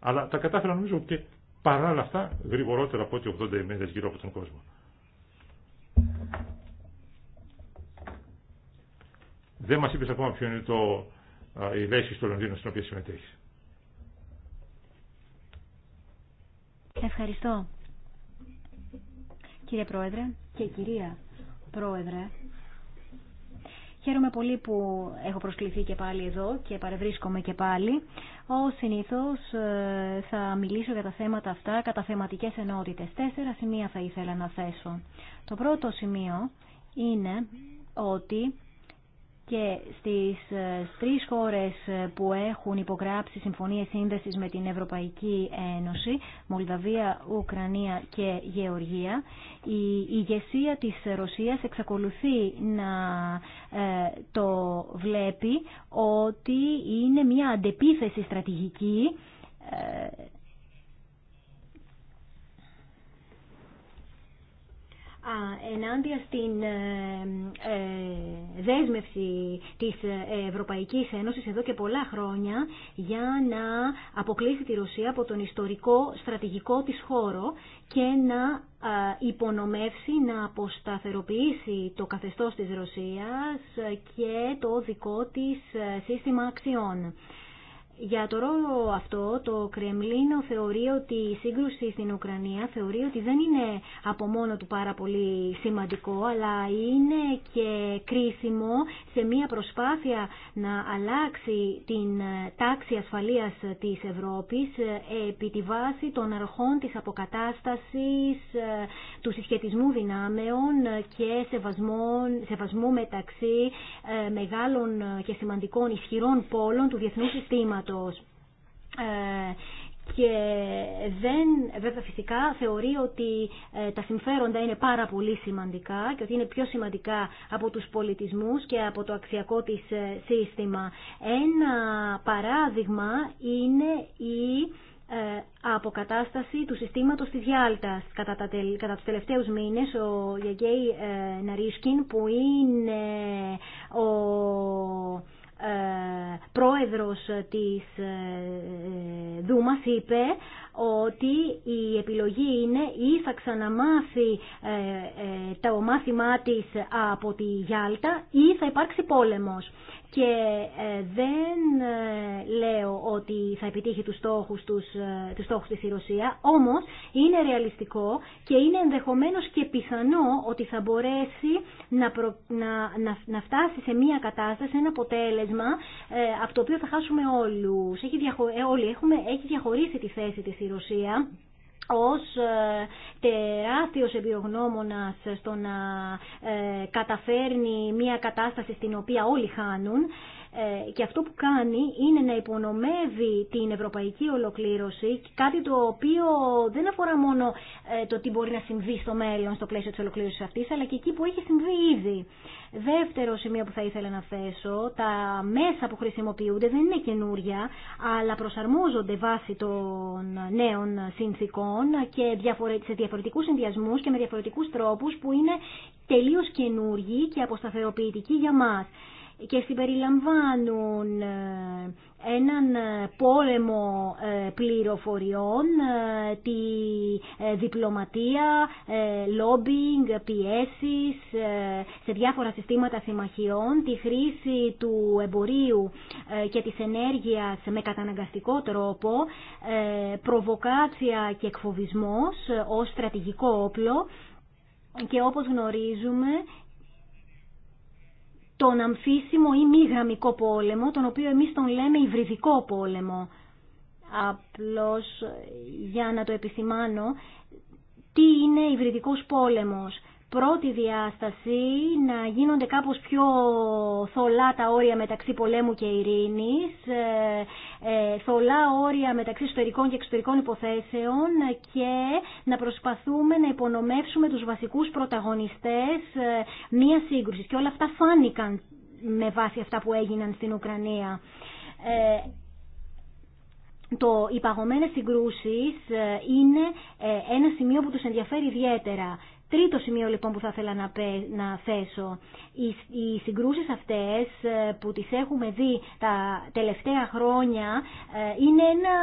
Αλλά τα κατάφερα νομίζω και παράλληλα αυτά γρηγορότερα από ό,τι 80 ημέρες γύρω από τον κόσμο. Δεν μας είπες ακόμα ποιο είναι το, η λέξη στο Λονδίνο στην οποία συμμετέχεις. Ευχαριστώ. Κύριε Πρόεδρε και κυρία Πρόεδρε, Χαίρομαι πολύ που έχω προσκληθεί και πάλι εδώ και παρευρίσκομαι και πάλι. Ω συνήθως ε, θα μιλήσω για τα θέματα αυτά κατά θεματικέ ενότητε. Τέσσερα σημεία θα ήθελα να θέσω. Το πρώτο σημείο είναι ότι και ε, στις τρεις χώρες ε, που έχουν υπογράψει συμφωνίες σύνδεσης με την Ευρωπαϊκή Ένωση, Μολδαβία, Ουκρανία και Γεωργία, η ηγεσία της Ρωσίας εξακολουθεί να ε, το βλέπει ότι είναι μια αντεπίθεση στρατηγική ενάντια στην ε, ε, δέσμευση της Ευρωπαϊκής Ένωσης εδώ και πολλά χρόνια για να αποκλείσει τη Ρωσία από τον ιστορικό στρατηγικό της χώρο και να ε, υπονομεύσει, να αποσταθεροποιήσει το καθεστώς της Ρωσίας και το δικό της σύστημα αξιών. Για το ρόλο αυτό, το Κρεμλίνο θεωρεί ότι η σύγκρουση στην Ουκρανία θεωρεί ότι δεν είναι από μόνο του πάρα πολύ σημαντικό, αλλά είναι και κρίσιμο σε μια προσπάθεια να αλλάξει την τάξη ασφαλείας της Ευρώπης ε, επί τη βάση των αρχών της αποκατάστασης, ε, του συσχετισμού δυνάμεων και σεβασμού μεταξύ ε, μεγάλων και σημαντικών ισχυρών πόλων του διεθνού συστήματος. Ε, και δεν, βέβαια φυσικά θεωρεί ότι ε, τα συμφέροντα είναι πάρα πολύ σημαντικά και ότι είναι πιο σημαντικά από τους πολιτισμούς και από το αξιακό της ε, σύστημα. Ένα παράδειγμα είναι η αποκατάσταση του συστήματος της Γιάλτας. Κατά, τα, κατά τους τελευταίους μήνες ο ε, Ναρίσκιν που είναι ο ε, πρόεδρος της ε, Δούμα είπε ότι η επιλογή είναι ή θα ξαναμάθει ε, τα μάθημά της από τη Γιάλτα ή θα υπάρξει πόλεμος και ε, δεν ε, λέω ότι θα επιτύχει τους στόχους, τους, ε, τους στόχους της η Ρωσία, όμως είναι ρεαλιστικό και είναι ενδεχομένως και πιθανό ότι θα μπορέσει να, να, να, να, φτάσει σε μια κατάσταση, σε ένα αποτέλεσμα από το οποίο θα χάσουμε όλους. Έχει, διαχω, έχουμε, έχει διαχωρίσει τη θέση της η Ρωσία ως ε, τεράστιος εμπειρογνώμονας στο να ε, καταφέρνει μια κατάσταση στην οποία όλοι χάνουν ε, και αυτό που κάνει είναι να υπονομεύει την ευρωπαϊκή ολοκλήρωση, κάτι το οποίο δεν αφορά μόνο ε, το τι μπορεί να συμβεί στο μέλλον στο πλαίσιο της ολοκλήρωσης αυτής, αλλά και εκεί που έχει συμβεί ήδη. Δεύτερο σημείο που θα ήθελα να θέσω, τα μέσα που χρησιμοποιούνται δεν είναι καινούρια, αλλά προσαρμόζονται βάσει των νέων συνθήκων και σε διαφορετικούς συνδυασμούς και με διαφορετικούς τρόπους που είναι τελείως καινούργιοι και αποσταθεροποιητικοί για μας και συμπεριλαμβάνουν ε, έναν ε, πόλεμο ε, πληροφοριών, τη διπλωματία, λόμπινγκ, πιέσεις σε διάφορα συστήματα συμμαχιών, τη χρήση του εμπορίου και της ενέργειας με καταναγκαστικό τρόπο, προβοκάτσια και εκφοβισμός ως στρατηγικό όπλο και όπως γνωρίζουμε τον αμφίσιμο ή μη γραμμικό πόλεμο, τον οποίο εμείς τον λέμε υβριδικό πόλεμο. Απλώς για να το επισημάνω, τι είναι υβριδικός πόλεμος πρώτη διάσταση να γίνονται κάπως πιο θολά τα όρια μεταξύ πολέμου και ειρήνης, ε, ε, θολά όρια μεταξύ εσωτερικών και εξωτερικών υποθέσεων και να προσπαθούμε να υπονομεύσουμε τους βασικούς πρωταγωνιστές ε, μία σύγκρουσης. Και όλα αυτά φάνηκαν με βάση αυτά που έγιναν στην Ουκρανία. Το «οι παγωμένες συγκρούσεις» είναι ένα σημείο που τους ενδιαφέρει ιδιαίτερα. Τρίτο σημείο λοιπόν που θα ήθελα να θέσω. Οι συγκρούσεις αυτές ε, που τις έχουμε δει τα τελευταία χρόνια ε, είναι ένα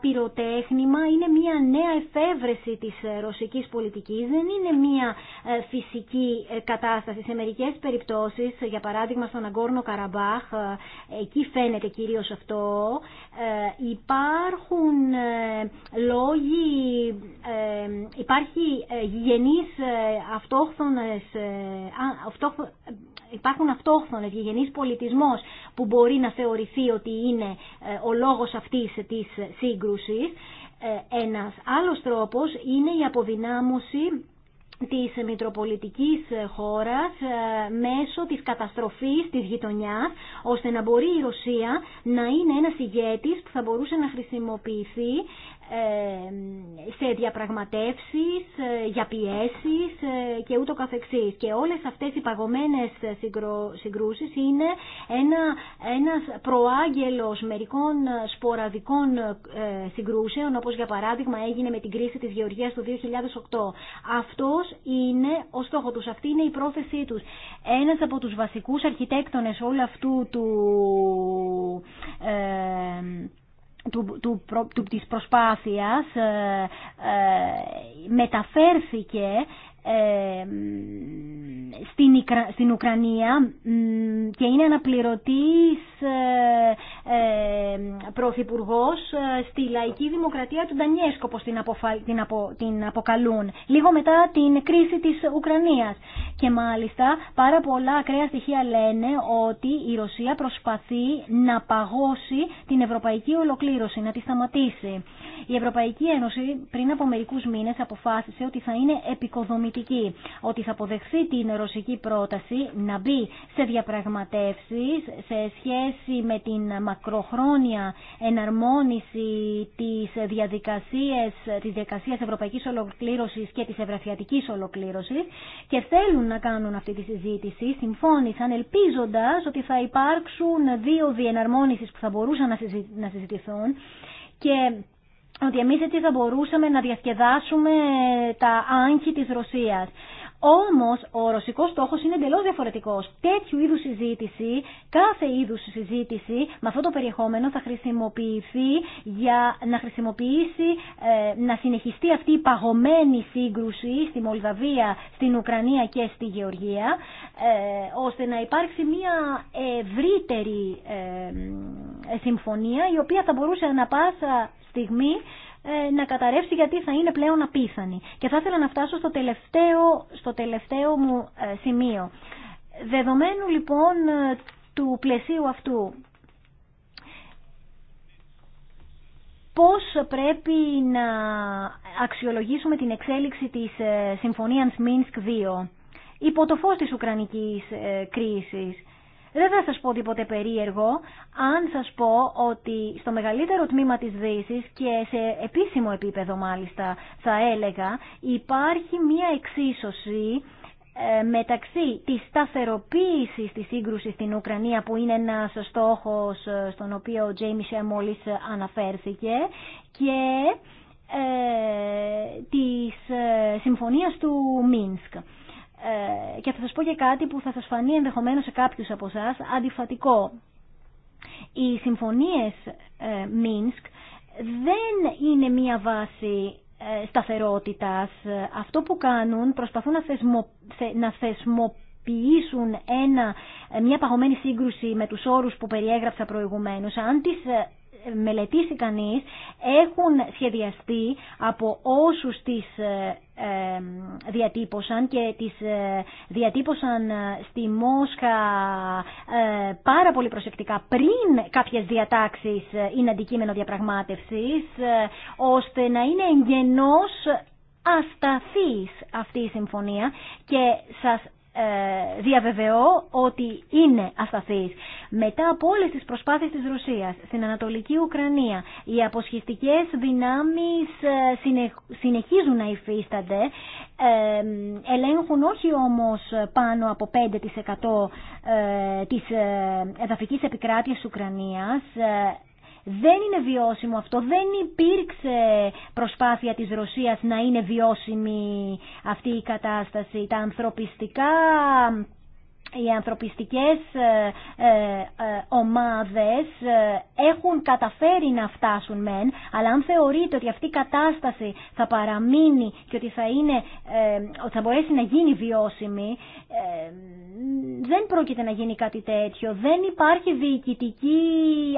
πυροτέχνημα, είναι μια νέα εφεύρεση της ε, ρωσικής πολιτικής, δεν είναι μια φυσική κατάσταση. Σε μερικές περιπτώσεις, για παράδειγμα στον Αγκόρνο Καραμπάχ, εκεί φαίνεται κυρίως αυτό, υπάρχουν λόγοι, υπάρχει γενή ε, αυτόχθονες, ε, υπάρχουν αυτόχθονες γηγενείς πολιτισμός που μπορεί να θεωρηθεί ότι είναι ε, ο λόγος αυτής της σύγκρουσης. Ένας άλλος τρόπος είναι η αποδυνάμωση της Μητροπολιτικής χώρας μέσω της καταστροφής της γειτονιάς ώστε να μπορεί η Ρωσία να είναι ένας ηγέτης που θα μπορούσε να χρησιμοποιηθεί ε, σε διαπραγματεύσεις, ε, για πιέσεις ε, και ούτω καθεξής. Και όλες αυτές οι παγωμένες συγκρούσεις είναι ένα, ένας προάγγελος μερικών σποραδικών συγκρούσεων, όπως για παράδειγμα έγινε με την κρίση της Γεωργίας το 2008. Αυτός είναι ο στόχο τους, αυτή είναι η πρόθεσή τους. Ένας από τους βασικούς αρχιτέκτονες όλου αυτού του του, του, της προσπάθειας ε, ε, μεταφέρθηκε ε, στην Ουκρανία και είναι αναπληρωτής ε, ε, πρωθυπουργός στη λαϊκή δημοκρατία του Ντανιέσκο όπως την αποκαλούν λίγο μετά την κρίση της Ουκρανίας και μάλιστα πάρα πολλά ακραία στοιχεία λένε ότι η Ρωσία προσπαθεί να παγώσει την ευρωπαϊκή ολοκλήρωση, να τη σταματήσει. Η Ευρωπαϊκή Ένωση πριν από μερικούς μήνες αποφάσισε ότι θα είναι επικοδομητική ότι θα αποδεχθεί την ρωσική πρόταση να μπει σε διαπραγματεύσεις σε σχέση με την μακροχρόνια εναρμόνιση της διαδικασίας, της διαδικασίας ευρωπαϊκής ολοκλήρωσης και της ευραφιατικής ολοκλήρωσης και θέλουν να κάνουν αυτή τη συζήτηση, συμφώνησαν ελπίζοντας ότι θα υπάρξουν δύο διεναρμόνισεις που θα μπορούσαν να συζητηθούν και ότι εμείς έτσι θα μπορούσαμε να διασκεδάσουμε τα άγχη της Ρωσίας. Όμως ο ρωσικός στόχος είναι εντελώς διαφορετικός. Τέτοιου είδους συζήτηση, κάθε είδους συζήτηση με αυτό το περιεχόμενο θα χρησιμοποιηθεί για να χρησιμοποιήσει, ε, να συνεχιστεί αυτή η παγωμένη σύγκρουση στη Μολδαβία, στην Ουκρανία και στη Γεωργία, ε, ώστε να υπάρξει μια ευρύτερη ε, συμφωνία η οποία θα μπορούσε να πάσα στιγμή ε, να καταρρεύσει γιατί θα είναι πλέον απίθανη. Και θα ήθελα να φτάσω στο τελευταίο, στο τελευταίο μου ε, σημείο. Δεδομένου λοιπόν ε, του πλαισίου αυτού, πώς πρέπει να αξιολογήσουμε την εξέλιξη της Συμφωνίας Μίνσκ 2 υπό το φως της Ουκρανικής κρίσης. Δεν θα σας πω τίποτε περίεργο αν σας πω ότι στο μεγαλύτερο τμήμα της Δύσης και σε επίσημο επίπεδο μάλιστα θα έλεγα υπάρχει μία εξίσωση ε, μεταξύ της σταθεροποίησης της σύγκρουσης στην Ουκρανία που είναι ένας στόχος ε, στον οποίο ο Τζέιμις μόλις αναφέρθηκε και ε, της συμφωνίας του Μίνσκ. Ε, και θα σας πω και κάτι που θα σας φανεί ενδεχομένως σε κάποιους από εσά αντιφατικό. Οι συμφωνίες ε, Μίνσκ δεν είναι μία βάση ε, σταθερότητας. Αυτό που κάνουν προσπαθούν να, θεσμο, θεσμοποιήσουν ένα, μια παγωμένη σύγκρουση με τους όρους που περιέγραψα προηγουμένως. Αν μελετήσει κανείς έχουν σχεδιαστεί από όσους τις ε, ε, διατύπωσαν και τις ε, διατύπωσαν στη Μόσχα πάρα πολύ προσεκτικά πριν κάποιες διατάξεις είναι αντικείμενο διαπραγμάτευσης ώστε να είναι εγγενώς ασταθής αυτή η συμφωνία και σας ε, διαβεβαιώ ότι είναι ασταθής. Μετά από όλες τις προσπάθειες της Ρωσίας στην Ανατολική Ουκρανία, οι αποσχιστικές δυνάμεις ε, συνεχίζουν να υφίστανται, ε, ελέγχουν όχι όμως πάνω από 5% της εδαφικής επικράτειας της Ουκρανίας, δεν είναι βιώσιμο αυτό. Δεν υπήρξε προσπάθεια της Ρωσίας να είναι βιώσιμη αυτή η κατάσταση. Τα ανθρωπιστικά οι ανθρωπιστικές ε, ε, ε, ομάδες έχουν καταφέρει να φτάσουν μεν, αλλά αν θεωρείτε ότι αυτή η κατάσταση θα παραμείνει και ότι θα, είναι, θα μπορέσει να γίνει βιώσιμη, δεν πρόκειται να γίνει κάτι τέτοιο. Δεν υπάρχει διοικητική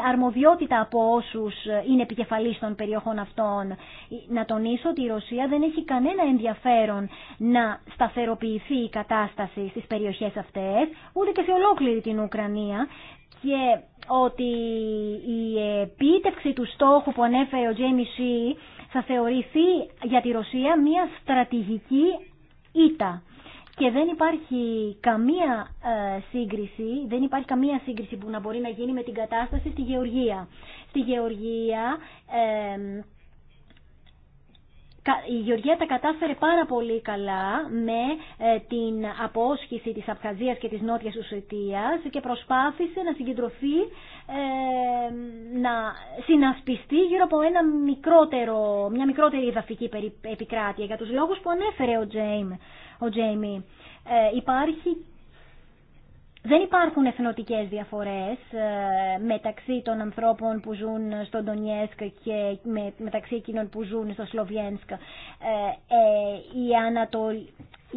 αρμοδιότητα από όσους είναι επικεφαλής των περιοχών αυτών. Να τονίσω ότι η Ρωσία δεν έχει κανένα ενδιαφέρον να σταθεροποιηθεί η κατάσταση στις περιοχές αυτές ούτε και σε ολόκληρη την Ουκρανία και ότι η επίτευξη του στόχου που ανέφερε ο Τζέιμι Σί θα θεωρηθεί για τη Ρωσία μια στρατηγική ήττα. Και δεν υπάρχει καμία ε, σύγκριση, δεν υπάρχει καμία σύγκριση που να μπορεί να γίνει με την κατάσταση στη Γεωργία. Στη Γεωργία ε, η Γεωργία τα κατάφερε πάρα πολύ καλά με ε, την απόσχηση της Απχαζίας και της Νότιας Ουσουτίας και προσπάθησε να συγκεντρωθεί, ε, να συνασπιστεί γύρω από ένα μικρότερο, μια μικρότερη εδαφική επικράτεια για τους λόγους που ανέφερε ο Τζέιμι. Ο ε, υπάρχει δεν υπάρχουν εθνοτικές διαφορές ε, μεταξύ των ανθρώπων που ζουν στο Ντονιέσκ και μεταξύ εκείνων που ζουν στο Σλοβιένσκ. Ε, ε, η, Ανατολ...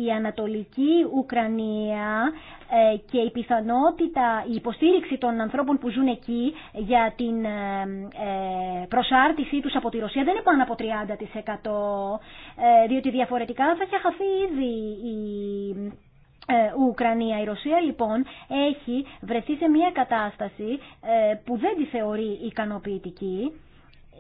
η Ανατολική Ουκρανία και η πιθανότητα, η υποστήριξη των ανθρώπων που ζουν εκεί για την προσάρτησή τους από τη Ρωσία δεν είναι πάνω από 30%, διότι διαφορετικά θα είχε χαθεί ήδη η ε, Ουκρανία. Η Ρωσία λοιπόν έχει βρεθεί σε μια κατάσταση ε, που δεν τη θεωρεί ικανοποιητική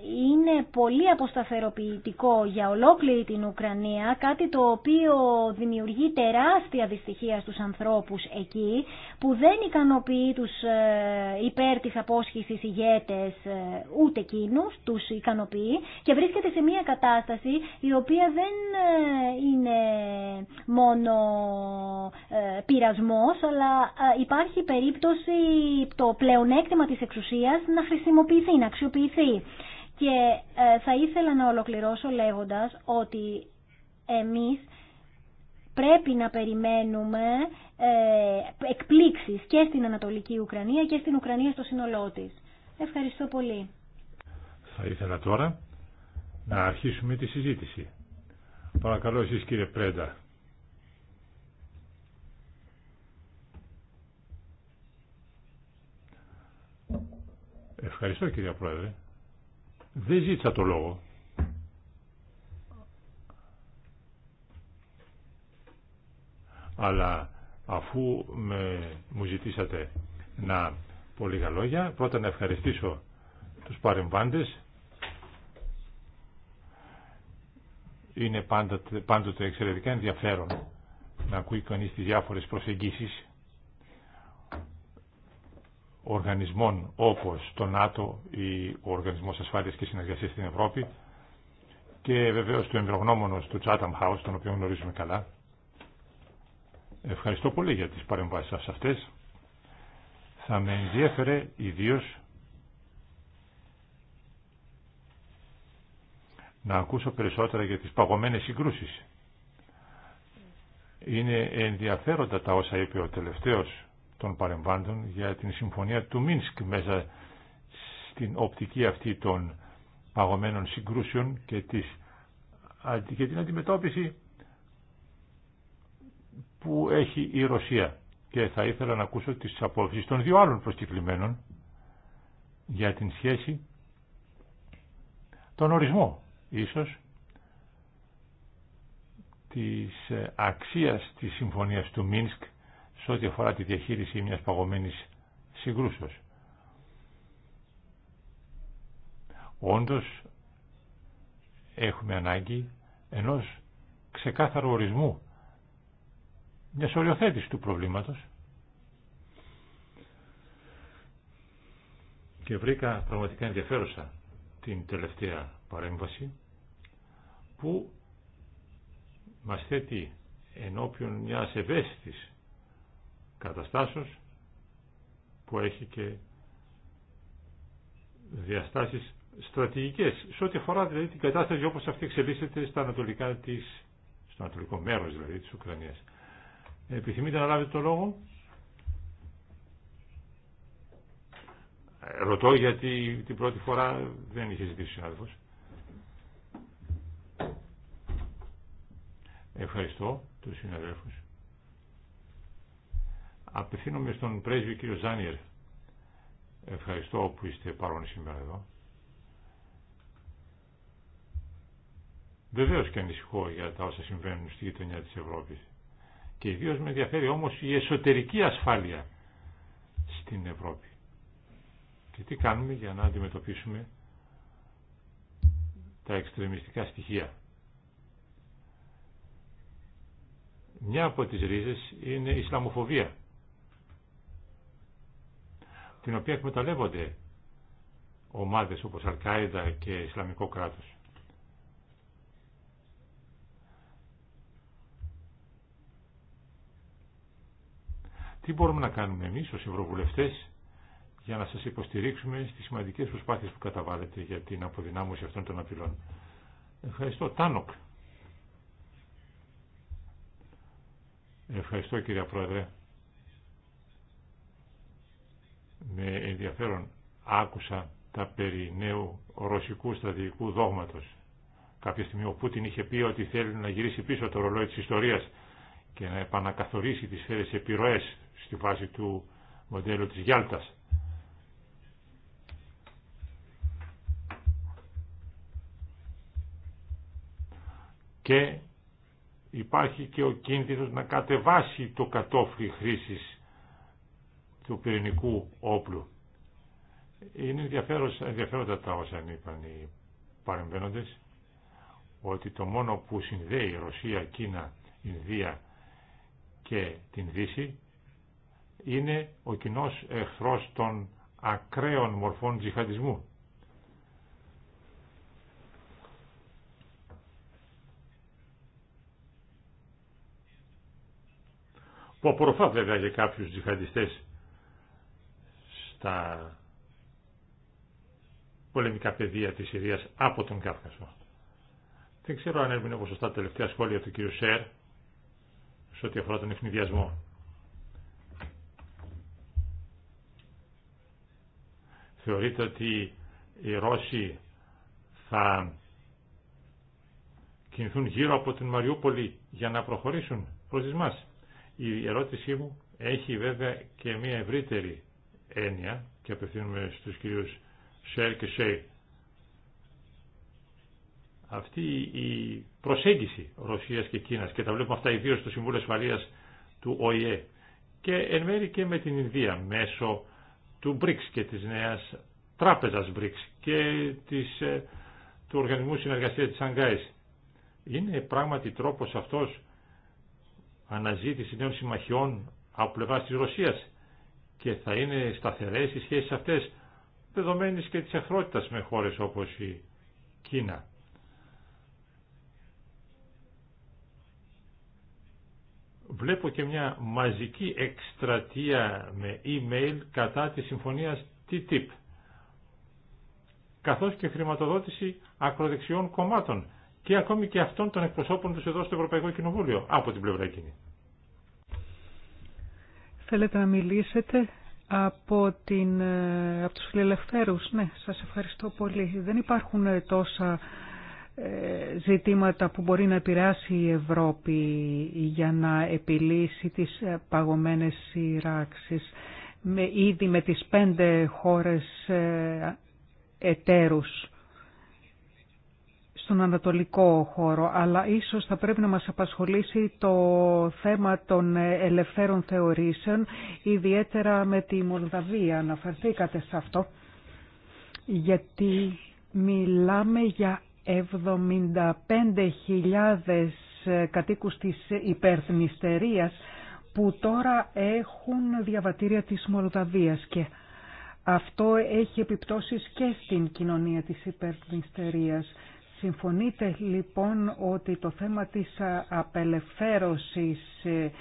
είναι πολύ αποσταθεροποιητικό για ολόκληρη την Ουκρανία, κάτι το οποίο δημιουργεί τεράστια δυστυχία στους ανθρώπους εκεί, που δεν ικανοποιεί τους ε, υπέρ της απόσχησης ηγέτες ε, ούτε εκείνους, τους ικανοποιεί και βρίσκεται σε μια κατάσταση η οποία δεν ε, είναι μόνο πειρασμός, αλλά υπάρχει περίπτωση το πλεονέκτημα της εξουσίας να χρησιμοποιηθεί, να αξιοποιηθεί. Και ε, θα ήθελα να ολοκληρώσω λέγοντας ότι εμείς πρέπει να περιμένουμε ε, εκπλήξεις και στην Ανατολική Ουκρανία και στην Ουκρανία στο σύνολό της. Ευχαριστώ πολύ. Θα ήθελα τώρα να αρχίσουμε τη συζήτηση. Παρακαλώ εσείς κύριε Πρέντα. Ευχαριστώ κύριε Πρόεδρε. Δεν ζήτησα το λόγο. Αλλά αφού με, μου ζητήσατε να πω λίγα λόγια, πρώτα να ευχαριστήσω τους παρεμβάντες. Είναι πάντοτε, πάντοτε εξαιρετικά ενδιαφέρον να ακούει κανείς τις διάφορες προσεγγίσεις οργανισμών όπως το ΝΑΤΟ ή ο Οργανισμός Ασφάλειας και Συνεργασίας στην Ευρώπη και βεβαίως του εμπειρογνώμονος του Chatham House, τον οποίο γνωρίζουμε καλά. Ευχαριστώ πολύ για τις παρεμβάσεις σας αυτές. Θα με ενδιέφερε ιδίως να ακούσω περισσότερα για τις παγωμένες συγκρούσεις. Είναι ενδιαφέροντα τα όσα είπε ο τελευταίος των παρεμβάντων για την συμφωνία του Μίνσκ μέσα στην οπτική αυτή των παγωμένων συγκρούσεων και, της, και την αντιμετώπιση που έχει η Ρωσία. Και θα ήθελα να ακούσω τις απόψεις των δύο άλλων προσκεκλημένων για την σχέση, τον ορισμό ίσως, της ε, αξίας της συμφωνίας του Μίνσκ σε ό,τι αφορά τη διαχείριση μιας παγωμένης συγκρούσεως. Όντως έχουμε ανάγκη ενός ξεκάθαρου ορισμού μιας οριοθέτησης του προβλήματος και βρήκα πραγματικά ενδιαφέρουσα την τελευταία παρέμβαση που μας θέτει ενώπιον μιας ευαίσθητης καταστάσεως που έχει και διαστάσεις στρατηγικές σε ό,τι αφορά δηλαδή την κατάσταση όπως αυτή εξελίσσεται στα ανατολικά της, στο ανατολικό μέρος δηλαδή της Ουκρανίας. Επιθυμείτε να λάβετε το λόγο. Ε, ρωτώ γιατί την πρώτη φορά δεν είχε ζητήσει ο συνάδελφος. Ευχαριστώ τους συναδέλφους. Απευθύνομαι στον πρέσβη κύριο Ζάνιερ. Ευχαριστώ που είστε παρόν σήμερα εδώ. Βεβαίω και ανησυχώ για τα όσα συμβαίνουν στη γειτονιά της Ευρώπης. Και ιδίω με ενδιαφέρει όμως η εσωτερική ασφάλεια στην Ευρώπη. Και τι κάνουμε για να αντιμετωπίσουμε τα εξτρεμιστικά στοιχεία. Μια από τις ρίζες είναι η Ισλαμοφοβία την οποία εκμεταλλεύονται ομάδες όπως Αλκάιδα και Ισλαμικό κράτος. Τι μπορούμε να κάνουμε εμείς ως Ευρωβουλευτές για να σας υποστηρίξουμε στις σημαντικές προσπάθειες που καταβάλλετε για την αποδυνάμωση αυτών των απειλών. Ευχαριστώ. Τάνοκ. Ευχαριστώ κύριε Πρόεδρε με ενδιαφέρον άκουσα τα περί νέου ρωσικού στρατηγικού δόγματος. Κάποια στιγμή ο Πούτιν είχε πει ότι θέλει να γυρίσει πίσω το ρολόι της ιστορίας και να επανακαθορίσει τις σφαίρες επιρροές στη βάση του μοντέλου της Γιάλτας. Και υπάρχει και ο κίνδυνος να κατεβάσει το κατόφλι χρήσης του πυρηνικού όπλου. Είναι ενδιαφέροντα τα όσα είπαν οι παρεμβαίνοντες ότι το μόνο που συνδέει Ρωσία, Κίνα, Ινδία και την Δύση είναι ο κοινό εχθρός των ακραίων μορφών τζιχαντισμού. Που απορροφά βέβαια για κάποιους τζιχαντιστές τα πολεμικά πεδία της Συρίας από τον Κάφκασο. Δεν ξέρω αν έμεινε σωστά τα τελευταία σχόλια του κ. Σέρ σε ό,τι αφορά τον ευνηδιασμό. Θεωρείτε ότι οι Ρώσοι θα κινηθούν γύρω από την Μαριούπολη για να προχωρήσουν προς τις μας. Η ερώτησή μου έχει βέβαια και μια ευρύτερη έννοια και απευθύνουμε στους κυρίους Σέρ και Σέι. Αυτή η προσέγγιση Ρωσίας και Κίνας και τα βλέπουμε αυτά ιδίω στο Συμβούλιο Ασφαλείας του ΟΗΕ και εν μέρει και με την Ινδία μέσω του BRICS και της νέας τράπεζας BRICS και της, ε, του Οργανισμού Συνεργασίας της Αγκάης. Είναι πράγματι τρόπος αυτός αναζήτηση νέων συμμαχιών από πλευρά της Ρωσίας και θα είναι σταθερές οι σχέσεις αυτές δεδομένης και της εχθρότητας με χώρες όπως η Κίνα. Βλέπω και μια μαζική εκστρατεία με email κατά της συμφωνίας TTIP καθώς και χρηματοδότηση ακροδεξιών κομμάτων και ακόμη και αυτών των εκπροσώπων τους εδώ στο Ευρωπαϊκό Κοινοβούλιο από την πλευρά εκείνη. Θέλετε να μιλήσετε από, την, ε, από τους φιλελευθέρους. Ναι, σας ευχαριστώ πολύ. Δεν υπάρχουν ε, τόσα ε, ζητήματα που μπορεί να επηρεάσει η Ευρώπη για να επιλύσει τις παγωμένες σειράξεις. Με, ήδη με τις πέντε χώρες εταίρους στον ανατολικό χώρο, αλλά ίσως θα πρέπει να μας απασχολήσει το θέμα των ελευθέρων θεωρήσεων, ιδιαίτερα με τη Μολδαβία. Αναφερθήκατε σε αυτό, γιατί μιλάμε για 75.000 κατοίκους της υπερθνιστερίας που τώρα έχουν διαβατήρια της Μολδαβίας και αυτό έχει επιπτώσεις και στην κοινωνία της υπερδυστερίας. Συμφωνείτε λοιπόν ότι το θέμα της ε, απελευθέρωσης, ε,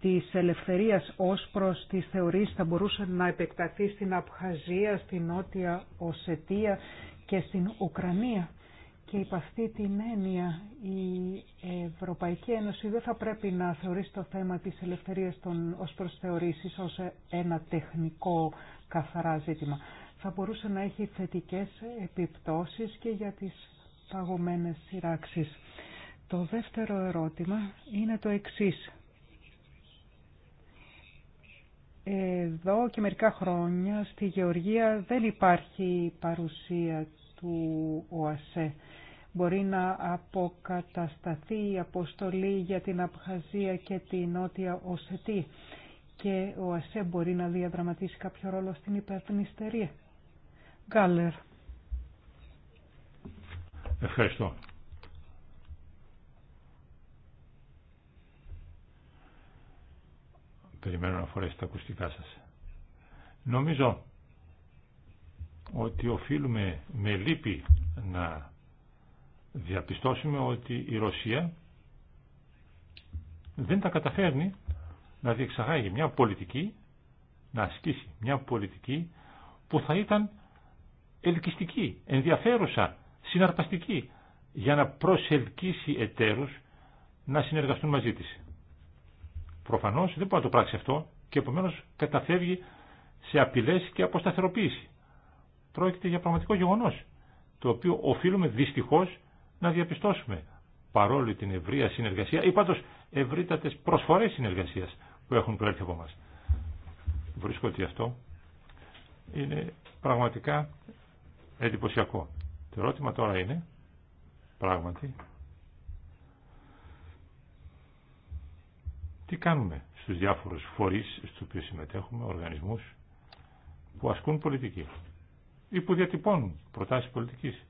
της ελευθερίας ως προς τις θεωρίες θα μπορούσε να επεκταθεί στην Απχαζία, στην Νότια Οσετία και στην Ουκρανία. Και υπ' αυτή την έννοια η Ευρωπαϊκή Ένωση δεν θα πρέπει να θεωρήσει το θέμα της ελευθερίας των, ως προς θεωρήσεις ως ε, ένα τεχνικό καθαρά ζήτημα. Θα μπορούσε να έχει θετικές επιπτώσεις και για τις παγωμένες σειράξεις. Το δεύτερο ερώτημα είναι το εξής. Εδώ και μερικά χρόνια στη Γεωργία δεν υπάρχει παρουσία του ΟΑΣΕ. Μπορεί να αποκατασταθεί η αποστολή για την Απχαζία και την Νότια Οσετή και ο ΑΣΕ μπορεί να διαδραματίσει κάποιο ρόλο στην στερία. Γκάλερ. Ευχαριστώ. Περιμένω να φορέσετε τα ακουστικά σας. Νομίζω ότι οφείλουμε με λύπη να διαπιστώσουμε ότι η Ρωσία δεν τα καταφέρνει να διεξαγάγει μια πολιτική, να ασκήσει μια πολιτική που θα ήταν ελκυστική, ενδιαφέρουσα συναρπαστική για να προσελκύσει εταίρους να συνεργαστούν μαζί της. Προφανώς δεν μπορεί να το πράξει αυτό και επομένως καταφεύγει σε απειλές και αποσταθεροποίηση. Πρόκειται για πραγματικό γεγονός, το οποίο οφείλουμε δυστυχώς να διαπιστώσουμε παρόλη την ευρεία συνεργασία ή πάντως ευρύτατες προσφορές συνεργασίας που έχουν προέρχει από μας. Βρίσκω ότι αυτό είναι πραγματικά εντυπωσιακό. Το ερώτημα τώρα είναι, πράγματι, τι κάνουμε στους διάφορους φορείς στους οποίους συμμετέχουμε, οργανισμούς που ασκούν πολιτική ή που διατυπώνουν προτάσεις πολιτικής.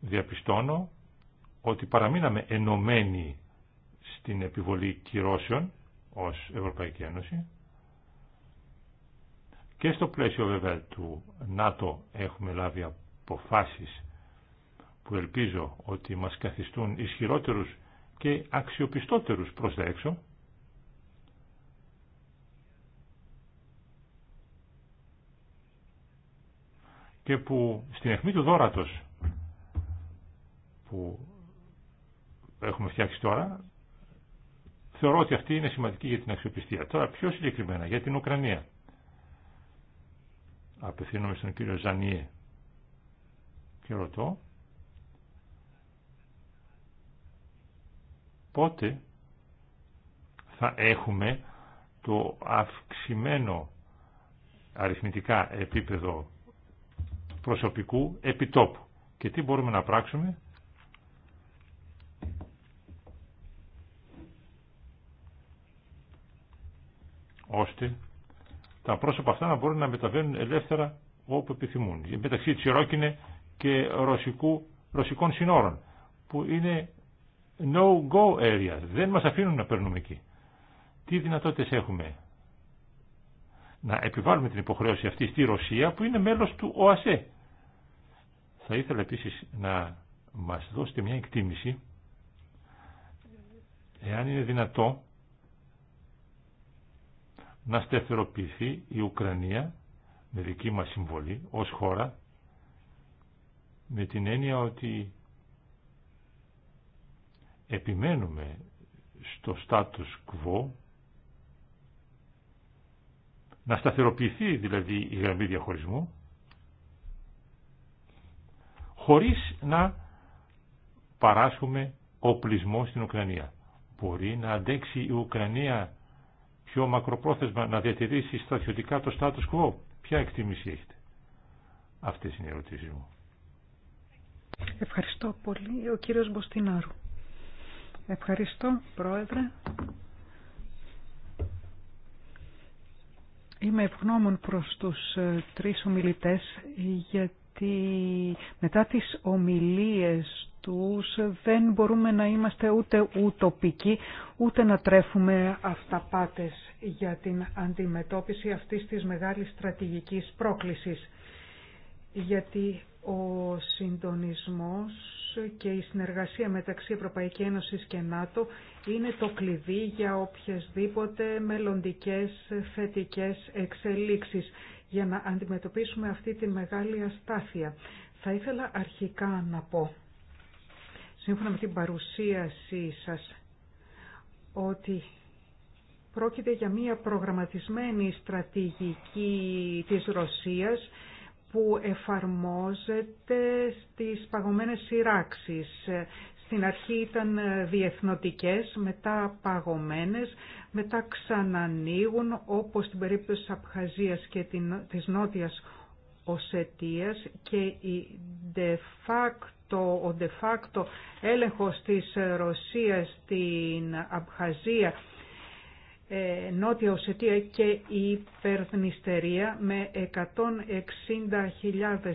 Διαπιστώνω ότι παραμείναμε ενωμένοι στην επιβολή κυρώσεων ως Ευρωπαϊκή Ένωση και στο πλαίσιο βέβαια του ΝΑΤΟ έχουμε λάβει αποφάσεις που ελπίζω ότι μας καθιστούν ισχυρότερους και αξιοπιστότερους προς τα έξω. Και που στην αιχμή του δόρατος που έχουμε φτιάξει τώρα θεωρώ ότι αυτή είναι σημαντική για την αξιοπιστία. Τώρα πιο συγκεκριμένα για την Ουκρανία. Απευθύνομαι στον κύριο Ζανιέ και ρωτώ πότε θα έχουμε το αυξημένο αριθμητικά επίπεδο προσωπικού επιτόπου και τι μπορούμε να πράξουμε ώστε τα πρόσωπα αυτά να μπορούν να μεταβαίνουν ελεύθερα όπου επιθυμούν. Μεταξύ Τσιρόκινε και ρωσικού, ρωσικών συνόρων που είναι no-go area. Δεν μας αφήνουν να παίρνουμε εκεί. Τι δυνατότητες έχουμε να επιβάλλουμε την υποχρέωση αυτή στη Ρωσία που είναι μέλος του ΟΑΣΕ. Θα ήθελα επίσης να μας δώσετε μια εκτίμηση εάν είναι δυνατό να στεθεροποιηθεί η Ουκρανία με δική μας συμβολή ως χώρα με την έννοια ότι επιμένουμε στο status quo να σταθεροποιηθεί δηλαδή η γραμμή διαχωρισμού χωρίς να παράσχουμε οπλισμό στην Ουκρανία. Μπορεί να αντέξει η Ουκρανία πιο μακροπρόθεσμα να διατηρήσει στρατιωτικά το status quo. Ποια εκτίμηση έχετε. Αυτές είναι οι μου. Ευχαριστώ πολύ. Ο κύριος Μποστινάρου. Ευχαριστώ, Πρόεδρε. Είμαι ευγνώμων προς τους ε, τρεις ομιλητές για γιατί μετά τις ομιλίες τους δεν μπορούμε να είμαστε ούτε ουτοπικοί, ούτε να τρέφουμε αυταπάτες για την αντιμετώπιση αυτής της μεγάλης στρατηγικής πρόκλησης. Γιατί ο συντονισμός και η συνεργασία μεταξύ Ευρωπαϊκή Ένωσης και ΝΑΤΟ είναι το κλειδί για οποιασδήποτε μελλοντικές θετικές εξελίξεις για να αντιμετωπίσουμε αυτή τη μεγάλη αστάθεια. Θα ήθελα αρχικά να πω, σύμφωνα με την παρουσίασή σας, ότι πρόκειται για μια προγραμματισμένη στρατηγική της Ρωσίας που εφαρμόζεται στις παγωμένες σειράξεις. Στην αρχή ήταν διεθνοτικές, μετά παγωμένες, μετά ξανανοίγουν όπως στην περίπτωση της Απχαζίας και της Νότιας Οσετίας και η de facto, ο de facto έλεγχος της Ρωσίας στην Απχαζία ε, Νότια Οσετία και η Περνιστερία με 160.000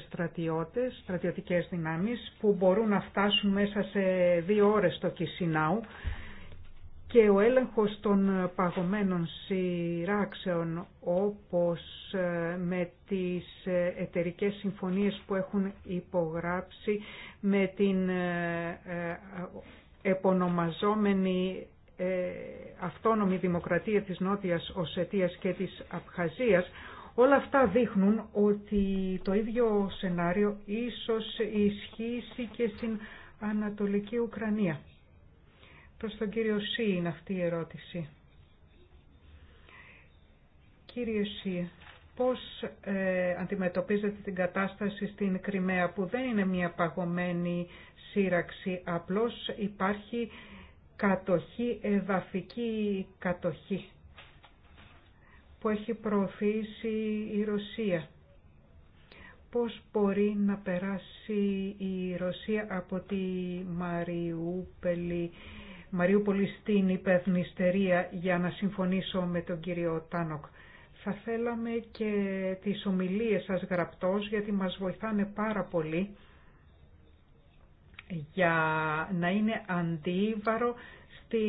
στρατιώτες, στρατιωτικές δυνάμεις που μπορούν να φτάσουν μέσα σε δύο ώρες στο Κισινάου και ο έλεγχος των παγωμένων σειράξεων όπως ε, με τις ε, εταιρικές συμφωνίες που έχουν υπογράψει με την ε, επωνομαζόμενη αυτόνομη δημοκρατία της Νότιας Οσετίας και της Απχαζίας όλα αυτά δείχνουν ότι το ίδιο σενάριο ίσως ισχύσει και στην Ανατολική Ουκρανία. Προς τον κύριο Σύ είναι αυτή η ερώτηση. Κύριε Σύ, πώς ε, αντιμετωπίζετε την κατάσταση στην Κρυμαία που δεν είναι μια παγωμένη σύραξη, απλώς υπάρχει κατοχή, εδαφική κατοχή που έχει προωθήσει η Ρωσία. Πώς μπορεί να περάσει η Ρωσία από τη Μαριούπελη Μαριούπολη στην υπευνηστερία για να συμφωνήσω με τον κύριο Τάνοκ. Θα θέλαμε και τις ομιλίες σας γραπτός γιατί μας βοηθάνε πάρα πολύ για να είναι αντίβαρο στη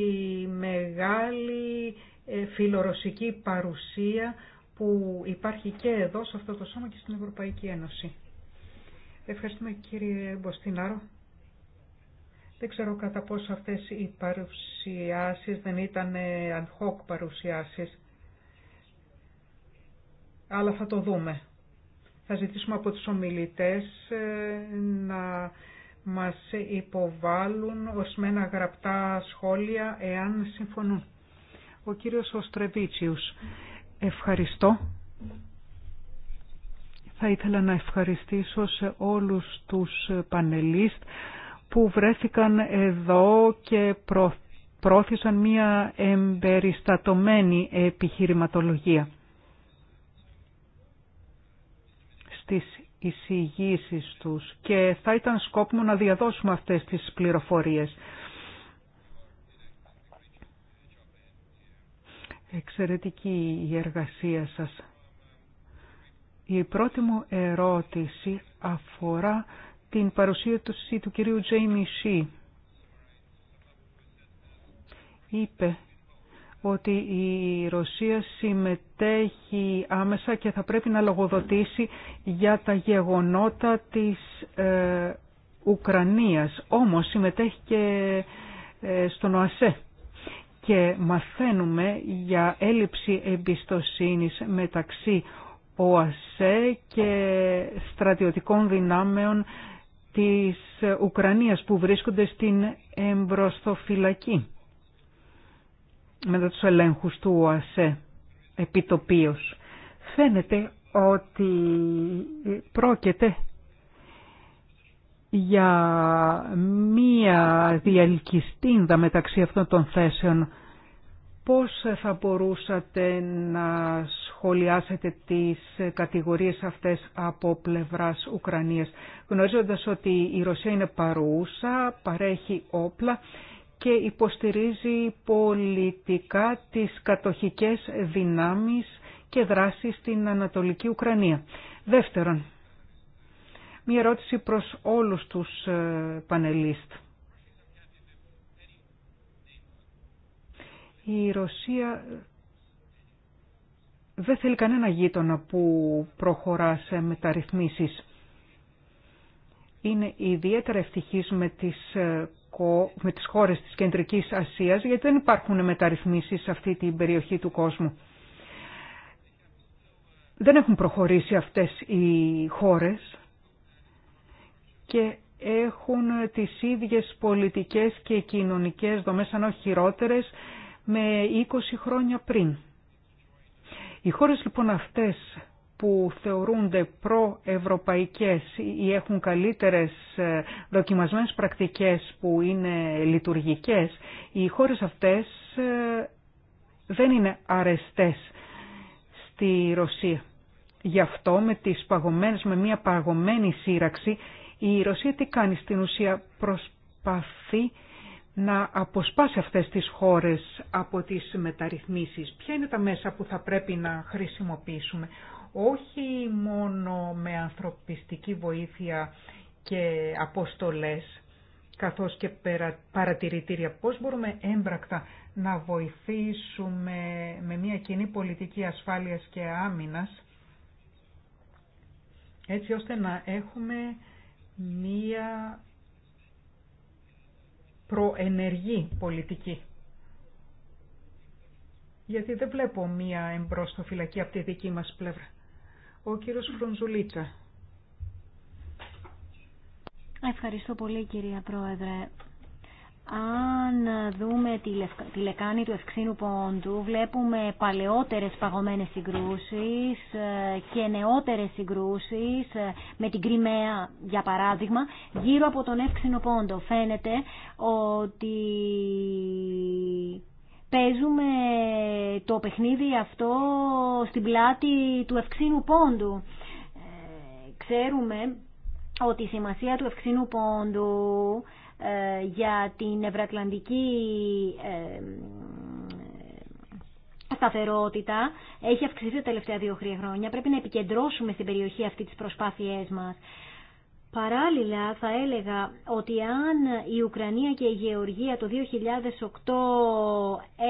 μεγάλη ε, φιλορωσική παρουσία που υπάρχει και εδώ σε αυτό το σώμα και στην Ευρωπαϊκή Ένωση. Ευχαριστούμε κύριε Μποστινάρο. Δεν ξέρω κατά πόσο αυτές οι παρουσιάσεις δεν ήταν ad hoc παρουσιάσεις. Αλλά θα το δούμε. Θα ζητήσουμε από τους ομιλητές ε, να μας υποβάλουν μένα γραπτά σχόλια εάν συμφωνούν. Ο κύριος Οστρεβίτσιους. Ευχαριστώ. Θα ήθελα να ευχαριστήσω σε όλους τους πανελίστ που βρέθηκαν εδώ και πρόθυσαν μία εμπεριστατωμένη επιχειρηματολογία. Στις εισηγήσει τους και θα ήταν σκόπιμο να διαδώσουμε αυτές τις πληροφορίες. Εξαιρετική η εργασία σας. Η πρώτη μου ερώτηση αφορά την παρουσίαση του κυρίου Τζέιμι Σι. Είπε ότι η Ρωσία συμμετέχει άμεσα και θα πρέπει να λογοδοτήσει για τα γεγονότα της ε, Ουκρανίας. Όμως συμμετέχει και ε, στον ΟΑΣΕ και μαθαίνουμε για έλλειψη εμπιστοσύνης μεταξύ ΟΑΣΕ και στρατιωτικών δυνάμεων της Ουκρανίας που βρίσκονται στην εμπροστοφυλακή μετά τους ελέγχους του ΟΑΣΕ επιτοπίως. Φαίνεται ότι πρόκειται για μία διαλκυστίνδα μεταξύ αυτών των θέσεων. Πώς θα μπορούσατε να σχολιάσετε τις κατηγορίες αυτές από πλευράς Ουκρανίας, γνωρίζοντας ότι η Ρωσία είναι παρούσα, παρέχει όπλα και υποστηρίζει πολιτικά τις κατοχικές δυνάμεις και δράσεις στην Ανατολική Ουκρανία. Δεύτερον, μία ερώτηση προς όλους τους ε, πανελίστ. Η Ρωσία δεν θέλει κανένα γείτονα που προχωρά σε μεταρρυθμίσεις. Είναι ιδιαίτερα ευτυχής με τις, ε, με τις χώρες της Κεντρικής Ασίας γιατί δεν υπάρχουν μεταρρυθμίσεις σε αυτή την περιοχή του κόσμου. Δεν έχουν προχωρήσει αυτές οι χώρες και έχουν τις ίδιες πολιτικές και κοινωνικές δομές, αν όχι χειρότερες, με 20 χρόνια πριν. Οι χώρες λοιπόν αυτές που θεωρούνται προευρωπαϊκές ή έχουν καλύτερες ε, δοκιμασμένες πρακτικές που είναι λειτουργικές, οι χώρες αυτές ε, δεν είναι αρεστές στη Ρωσία. Γι' αυτό με, τις παγωμένες, με μια παγωμένη σύραξη η Ρωσία τι κάνει στην ουσία προσπαθεί να αποσπάσει αυτές τις χώρες από τις μεταρρυθμίσεις. Ποια είναι τα μέσα που θα πρέπει να χρησιμοποιήσουμε, όχι μόνο με ανθρωπιστική βοήθεια και αποστολές, καθώς και παρατηρητήρια. Πώς μπορούμε έμπρακτα να βοηθήσουμε με μια κοινή πολιτική ασφάλειας και άμυνας, έτσι ώστε να έχουμε μία προενεργή πολιτική. Γιατί δεν βλέπω μία φυλακή από τη δική μας πλευρά. Ο κύριος Φρονζουλίτσα. Ευχαριστώ πολύ κυρία Πρόεδρε. Αν δούμε τη, λεκάνη του ευξήνου πόντου, βλέπουμε παλαιότερες παγωμένες συγκρούσεις ε, και νεότερες συγκρούσεις ε, με την Κρυμαία, για παράδειγμα, γύρω από τον ευξήνο πόντο. Φαίνεται ότι παίζουμε το παιχνίδι αυτό στην πλάτη του ευξήνου πόντου. Ε, ξέρουμε ότι η σημασία του ευξήνου πόντου ε, για την ευρακλαντική ε, σταθερότητα έχει αυξηθεί τα τελευταία δύο χρόνια. Πρέπει να επικεντρώσουμε στην περιοχή αυτή τις προσπάθειές μας. Παράλληλα θα έλεγα ότι αν η Ουκρανία και η Γεωργία το 2008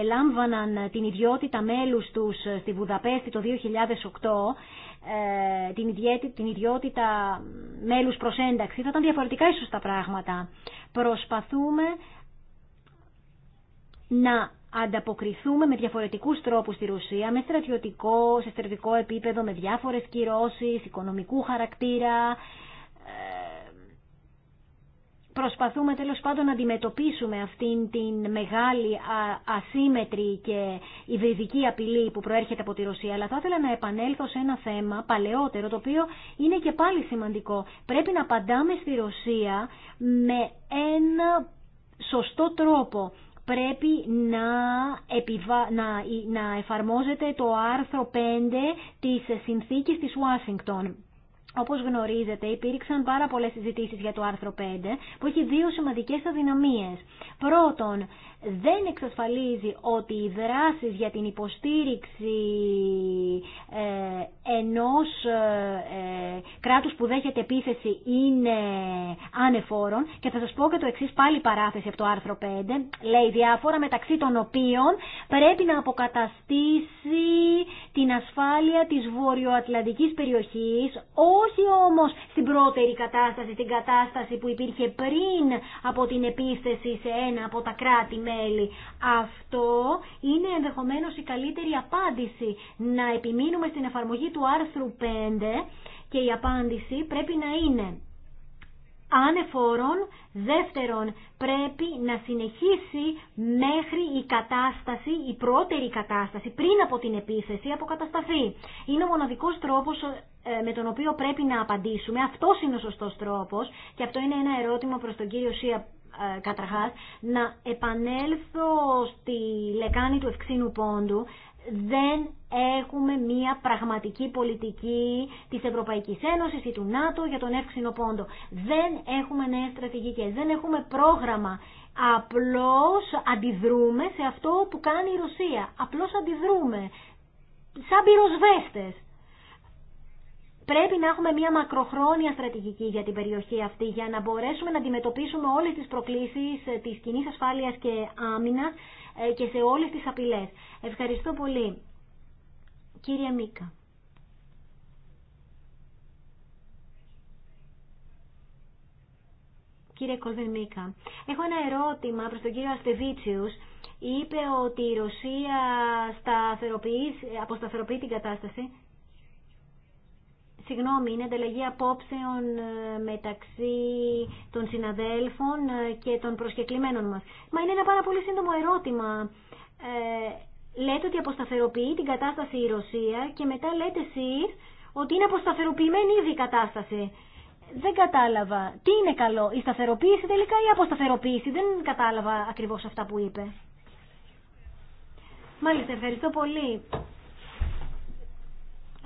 ελάμβαναν την ιδιότητα μέλους τους στη Βουδαπέστη το 2008, ε, την, την ιδιότητα μέλους προς ένταξη. Θα ήταν διαφορετικά ίσως τα πράγματα. Προσπαθούμε να ανταποκριθούμε με διαφορετικούς τρόπους στη Ρουσία με στρατιωτικό, σε στρατιωτικό επίπεδο, με διάφορες κυρώσεις, οικονομικού χαρακτήρα, ε, προσπαθούμε τέλος πάντων να αντιμετωπίσουμε αυτήν την μεγάλη ασύμετρη και υβριδική απειλή που προέρχεται από τη Ρωσία. Αλλά θα ήθελα να επανέλθω σε ένα θέμα παλαιότερο, το οποίο είναι και πάλι σημαντικό. Πρέπει να απαντάμε στη Ρωσία με ένα σωστό τρόπο πρέπει να, να... να εφαρμόζεται το άρθρο 5 της συνθήκης της Ουάσιγκτον. Όπω γνωρίζετε υπήρξαν πάρα πολλέ συζητήσει για το άρθρο 5 που έχει δύο σημαντικέ αδυναμίες. Πρώτον, δεν εξασφαλίζει ότι οι δράσεις για την υποστήριξη ε, ενός ε, ε, κράτους που δέχεται επίθεση είναι ανεφόρον και θα σα πω και το εξή πάλι παράθεση από το άρθρο 5 λέει διάφορα μεταξύ των οποίων πρέπει να αποκαταστήσει την ασφάλεια της βορειοατλαντική περιοχής όχι όμως στην πρώτερη κατάσταση, στην κατάσταση που υπήρχε πριν από την επίθεση σε ένα από τα κράτη-μέλη. Αυτό είναι ενδεχομένως η καλύτερη απάντηση να επιμείνουμε στην εφαρμογή του άρθρου 5 και η απάντηση πρέπει να είναι ανεφόρον, δεύτερον πρέπει να συνεχίσει μέχρι η κατάσταση, η πρώτερη κατάσταση πριν από την επίθεση αποκατασταθεί. Είναι ο μοναδικός τρόπος ε, με τον οποίο πρέπει να απαντήσουμε. Αυτό είναι ο σωστός τρόπος και αυτό είναι ένα ερώτημα προς τον κύριο Σία ε, καταρχάς. Να επανέλθω στη λεκάνη του ευξήνου πόντου. Δεν έχουμε μία πραγματική πολιτική της Ευρωπαϊκής Ένωσης ή του ΝΑΤΟ για τον εύξηνο πόντο. Δεν έχουμε νέες στρατηγικές, δεν έχουμε πρόγραμμα. Απλώς αντιδρούμε σε αυτό που κάνει η Ρωσία. Απλώς αντιδρούμε. Σαν πυροσβέστες. Πρέπει να έχουμε μια μακροχρόνια στρατηγική για την περιοχή αυτή για να μπορέσουμε να αντιμετωπίσουμε όλες τις προκλήσεις ε, της κοινή ασφάλειας και άμυνας ε, και σε όλες τις απειλές. Ευχαριστώ πολύ. Κύριε Μίκα. Κύριε Κόλβιν Μίκα, έχω ένα ερώτημα προς τον κύριο Αστεβίτσιους είπε ότι η Ρωσία αποσταθεροποιεί την κατάσταση συγγνώμη, είναι ανταλλαγή απόψεων ε, μεταξύ των συναδέλφων ε, και των προσκεκλημένων μας. Μα είναι ένα πάρα πολύ σύντομο ερώτημα. Ε, λέτε ότι αποσταθεροποιεί την κατάσταση η Ρωσία και μετά λέτε εσείς ότι είναι αποσταθεροποιημένη ήδη η κατάσταση. Δεν κατάλαβα. Τι είναι καλό, η σταθεροποίηση τελικά ή η αποσταθεροποίηση. Δεν κατάλαβα ακριβώς αυτά που είπε. Μάλιστα, ευχαριστώ πολύ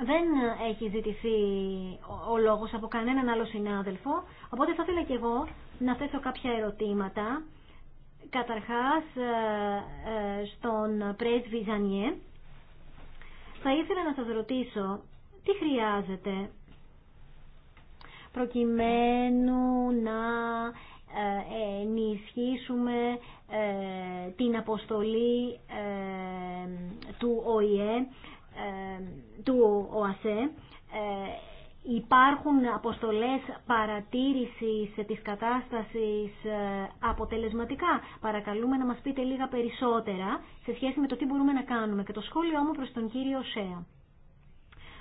δεν έχει ζητηθεί ο λόγος από κανέναν άλλο συνάδελφο, οπότε θα ήθελα και εγώ να θέσω κάποια ερωτήματα. Καταρχάς, ε, ε, στον πρέσβη Ζανιέ, θα ήθελα να σας ρωτήσω τι χρειάζεται προκειμένου να ε, ενισχύσουμε την αποστολή του ΟΗΕ του ΟΑΣΕ ε, υπάρχουν αποστολές παρατήρησης της κατάστασης ε, αποτελεσματικά. Παρακαλούμε να μας πείτε λίγα περισσότερα σε σχέση με το τι μπορούμε να κάνουμε και το σχόλιο μου προς τον κύριο Σέα.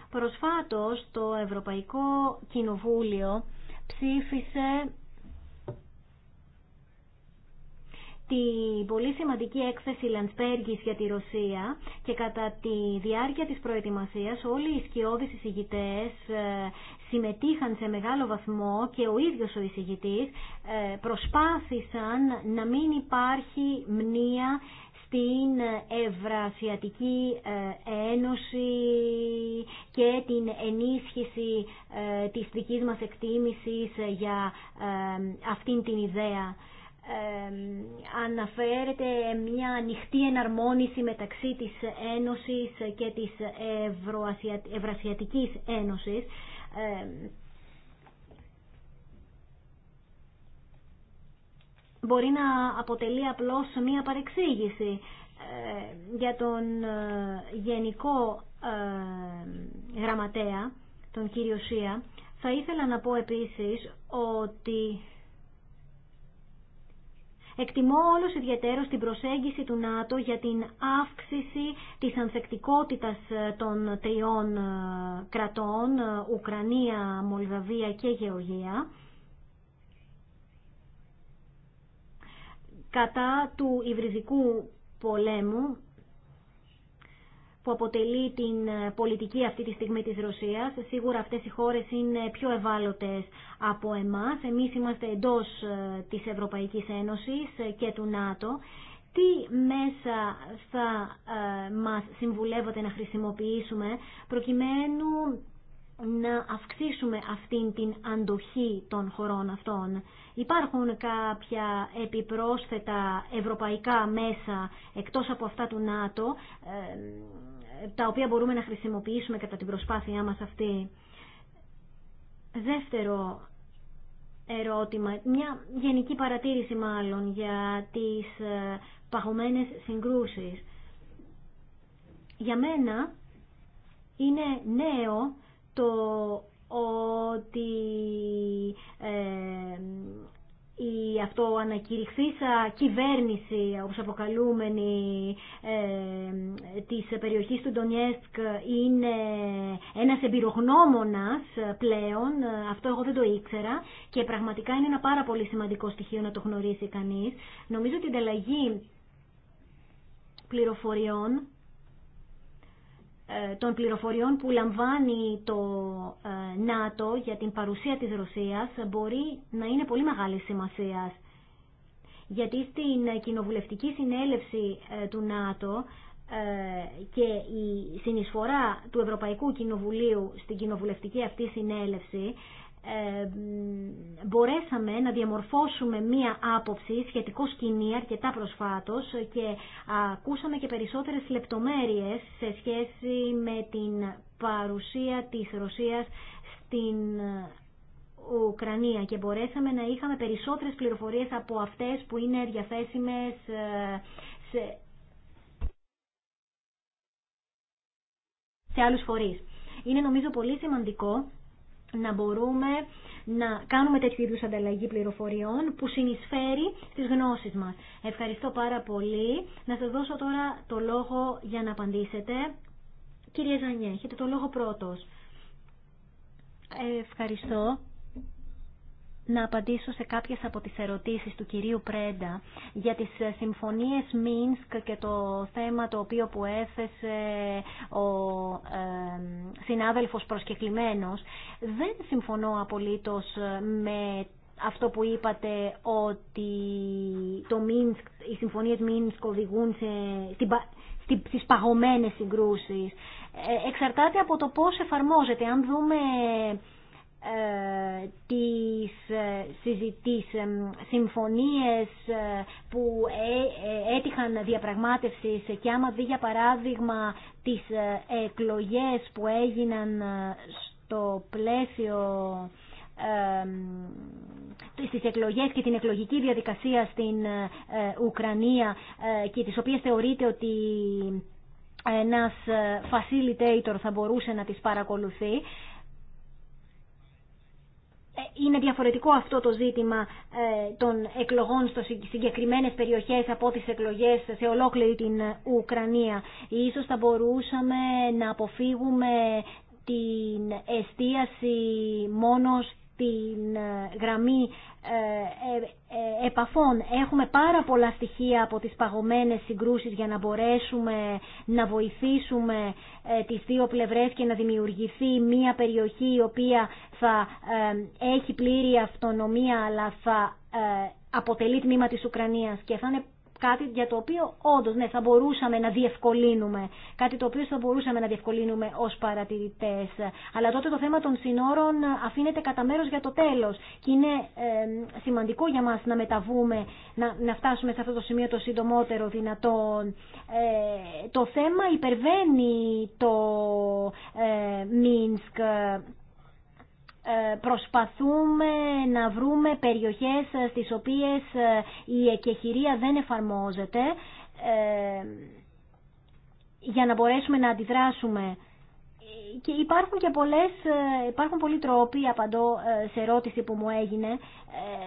Προσφάτως το Ευρωπαϊκό Κοινοβούλιο ψήφισε τη πολύ σημαντική έκθεση Λαντσπέργης για τη Ρωσία και κατά τη διάρκεια της προετοιμασίας όλοι οι σκιώδεις εισηγητές ε, συμμετείχαν σε μεγάλο βαθμό και ο ίδιος ο εισηγητής ε, προσπάθησαν να μην υπάρχει μνήα στην Ευρασιατική ε, Ένωση και την ενίσχυση της δικής μας εκτίμησης για αυτήν την ιδέα αναφέρεται μια ανοιχτή εναρμόνιση μεταξύ της Ένωσης και της Ευρωασιατικής Ευρασιατικής Ένωσης. μπορεί να αποτελεί απλώς μία παρεξήγηση ε, για τον ε, γενικό ε, γραμματέα, τον κύριο Σία. Θα ήθελα να πω επίσης ότι Εκτιμώ όλο ιδιαίτερο την προσέγγιση του ΝΑΤΟ για την αύξηση της ανθεκτικότητας ε, των τριών ε, κρατών, ε, Ουκρανία, Μολδαβία και Γεωργία, κατά του υβριδικού πολέμου που αποτελεί την ε, πολιτική αυτή τη στιγμή της Ρωσίας. Σίγουρα αυτές οι χώρες είναι πιο ευάλωτες από εμάς. Εμείς είμαστε εντός ε, της Ευρωπαϊκής Ένωσης ε, και του ΝΑΤΟ. Τι μέσα θα μας συμβουλεύονται να χρησιμοποιήσουμε προκειμένου να αυξήσουμε αυτήν την αντοχή των χωρών αυτών. Υπάρχουν κάποια επιπρόσθετα ευρωπαϊκά μέσα εκτός από αυτά του ΝΑΤΟ τα οποία μπορούμε να χρησιμοποιήσουμε κατά την προσπάθειά μας αυτή. Δεύτερο ερώτημα, μια γενική παρατήρηση μάλλον για τις ε, παγωμένες συγκρούσεις. Για μένα είναι νέο το ότι ε, η αυτοανακηρυχθήσα κυβέρνηση, όπως αποκαλούμενη, ε, της περιοχής του Ντονιέσκ είναι ένας εμπειρογνώμονας πλέον, αυτό εγώ δεν το ήξερα και πραγματικά είναι ένα πάρα πολύ σημαντικό στοιχείο να το γνωρίσει κανείς. Νομίζω ότι η ανταλλαγή πληροφοριών ε, των πληροφοριών που λαμβάνει το ε, ΝΑΤΟ για την παρουσία της Ρωσίας μπορεί να είναι πολύ μεγάλη σημασία. Γιατί στην κοινοβουλευτική συνέλευση ε, του ΝΑΤΟ και η συνεισφορά του Ευρωπαϊκού Κοινοβουλίου στην κοινοβουλευτική αυτή συνέλευση μπορέσαμε να διαμορφώσουμε μία άποψη σχετικό σκηνή αρκετά προσφάτως και ακούσαμε και περισσότερες λεπτομέρειες σε σχέση με την παρουσία της Ρωσίας στην Ουκρανία και μπορέσαμε να είχαμε περισσότερες πληροφορίες από αυτές που είναι διαθέσιμες ε, σε, σε άλλους φορείς. Είναι νομίζω πολύ σημαντικό να μπορούμε να κάνουμε τέτοιου είδους ανταλλαγή πληροφοριών που συνεισφέρει στις γνώσεις μας. Ευχαριστώ πάρα πολύ. Να σας δώσω τώρα το λόγο για να απαντήσετε. Κύριε Ζανιέ, έχετε το λόγο πρώτος. Ε, ευχαριστώ να απαντήσω σε κάποιες από τις ερωτήσεις του κυρίου Πρέντα για τις ε, συμφωνίες Μίνσκ και το θέμα το οποίο που έθεσε ο ε, συνάδελφος προσκεκλημένος. Δεν συμφωνώ απολύτως ε, με αυτό που είπατε ότι το Μίνσκ, οι συμφωνίες Μίνσκ οδηγούν σε, στις παγωμένες συγκρούσεις. Ε, εξαρτάται από το πώς εφαρμόζεται. Αν δούμε ε, τις ε, συζητήσεις, ε, συμφωνίες που έτυχαν διαπραγμάτευσης και άμα δει για παράδειγμα τις εκλογές που έγιναν στο πλαίσιο στις εκλογές και την εκλογική διαδικασία στην Ουκρανία και τις οποίες θεωρείται ότι ένας facilitator θα μπορούσε να τις παρακολουθεί ε, είναι διαφορετικό αυτό το ζήτημα ε, των εκλογών στις συγκεκριμένες περιοχές από τις εκλογές σε ολόκληρη την ε, Ουκρανία. Ίσως θα μπορούσαμε να αποφύγουμε την εστίαση μόνο στην γραμμή ε, ε, ε, επαφών. Έχουμε πάρα πολλά στοιχεία από τις παγωμένες συγκρούσεις για να μπορέσουμε να βοηθήσουμε τις δύο πλευρές και να δημιουργηθεί μια περιοχή η οποία θα έχει πλήρη αυτονομία αλλά θα αποτελεί τμήμα της Ουκρανίας και θα είναι κάτι για το οποίο όντως ναι, θα μπορούσαμε να διευκολύνουμε, κάτι το οποίο θα μπορούσαμε να διευκολύνουμε ως παρατηρητές. Αλλά τότε το θέμα των συνόρων αφήνεται κατά μέρο για το τέλος και είναι σημαντικό για μα να μεταβούμε, να, να φτάσουμε σε αυτό το σημείο το συντομότερο δυνατόν. Ε, το θέμα υπερβαίνει το ε, Μίνσκ ε, προσπαθούμε να βρούμε περιοχές ε, στις οποίες ε, η εκεχηρία δεν εφαρμόζεται για να μπορέσουμε να αντιδράσουμε και υπάρχουν και πολλές, ε, υπάρχουν πολλοί τρόποι, απαντώ ε, σε ερώτηση που μου έγινε, ε,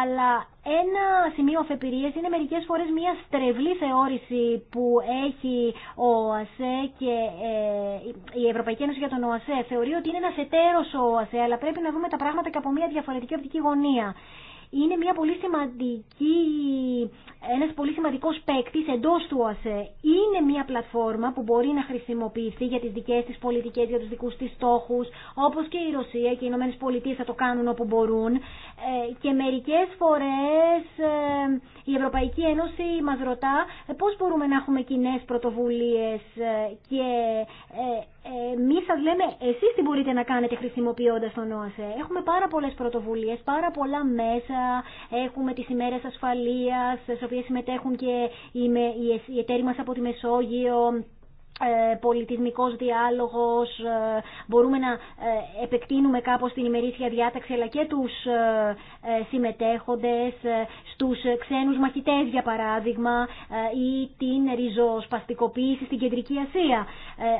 αλλά ένα σημείο αφεπηρίας είναι μερικές φορές μια στρεβλή θεώρηση που έχει ο ΟΑΣΕ και η Ευρωπαϊκή Ένωση για τον ΟΑΣΕ. Θεωρεί ότι είναι ένας εταίρος ο ΟΑΣΕ, αλλά πρέπει να δούμε τα πράγματα και από μια διαφορετική οπτική γωνία είναι μια πολύ σημαντική, ένας πολύ σημαντικός παίκτη εντός του ΟΑΣΕ. Είναι μια πλατφόρμα που μπορεί να χρησιμοποιηθεί για τις δικές της πολιτικές, για τους δικούς της στόχους, όπως και η Ρωσία και οι Ηνωμένες Πολιτείες θα το κάνουν όπου μπορούν. Ε, και μερικές φορές ε, η Ευρωπαϊκή Ένωση μας ρωτά ε, πώς μπορούμε να έχουμε κοινέ πρωτοβουλίες ε, και ε, εμεί σας λέμε εσείς τι μπορείτε να κάνετε χρησιμοποιώντας τον ΟΑΣΕ. Έχουμε πάρα πολλές πρωτοβουλίες, πάρα πολλά μέσα, έχουμε τις ημέρες ασφαλείας, στις οποίες συμμετέχουν και οι εταίροι μας από τη Μεσόγειο, ε, πολιτισμικός διάλογος, ε, μπορούμε να ε, επεκτείνουμε κάπως την ημερήσια διάταξη αλλά και τους συμμετέχοντες, στους ξένους μαχητές για παράδειγμα ή την ριζοσπαστικοποίηση στην Κεντρική Ασία.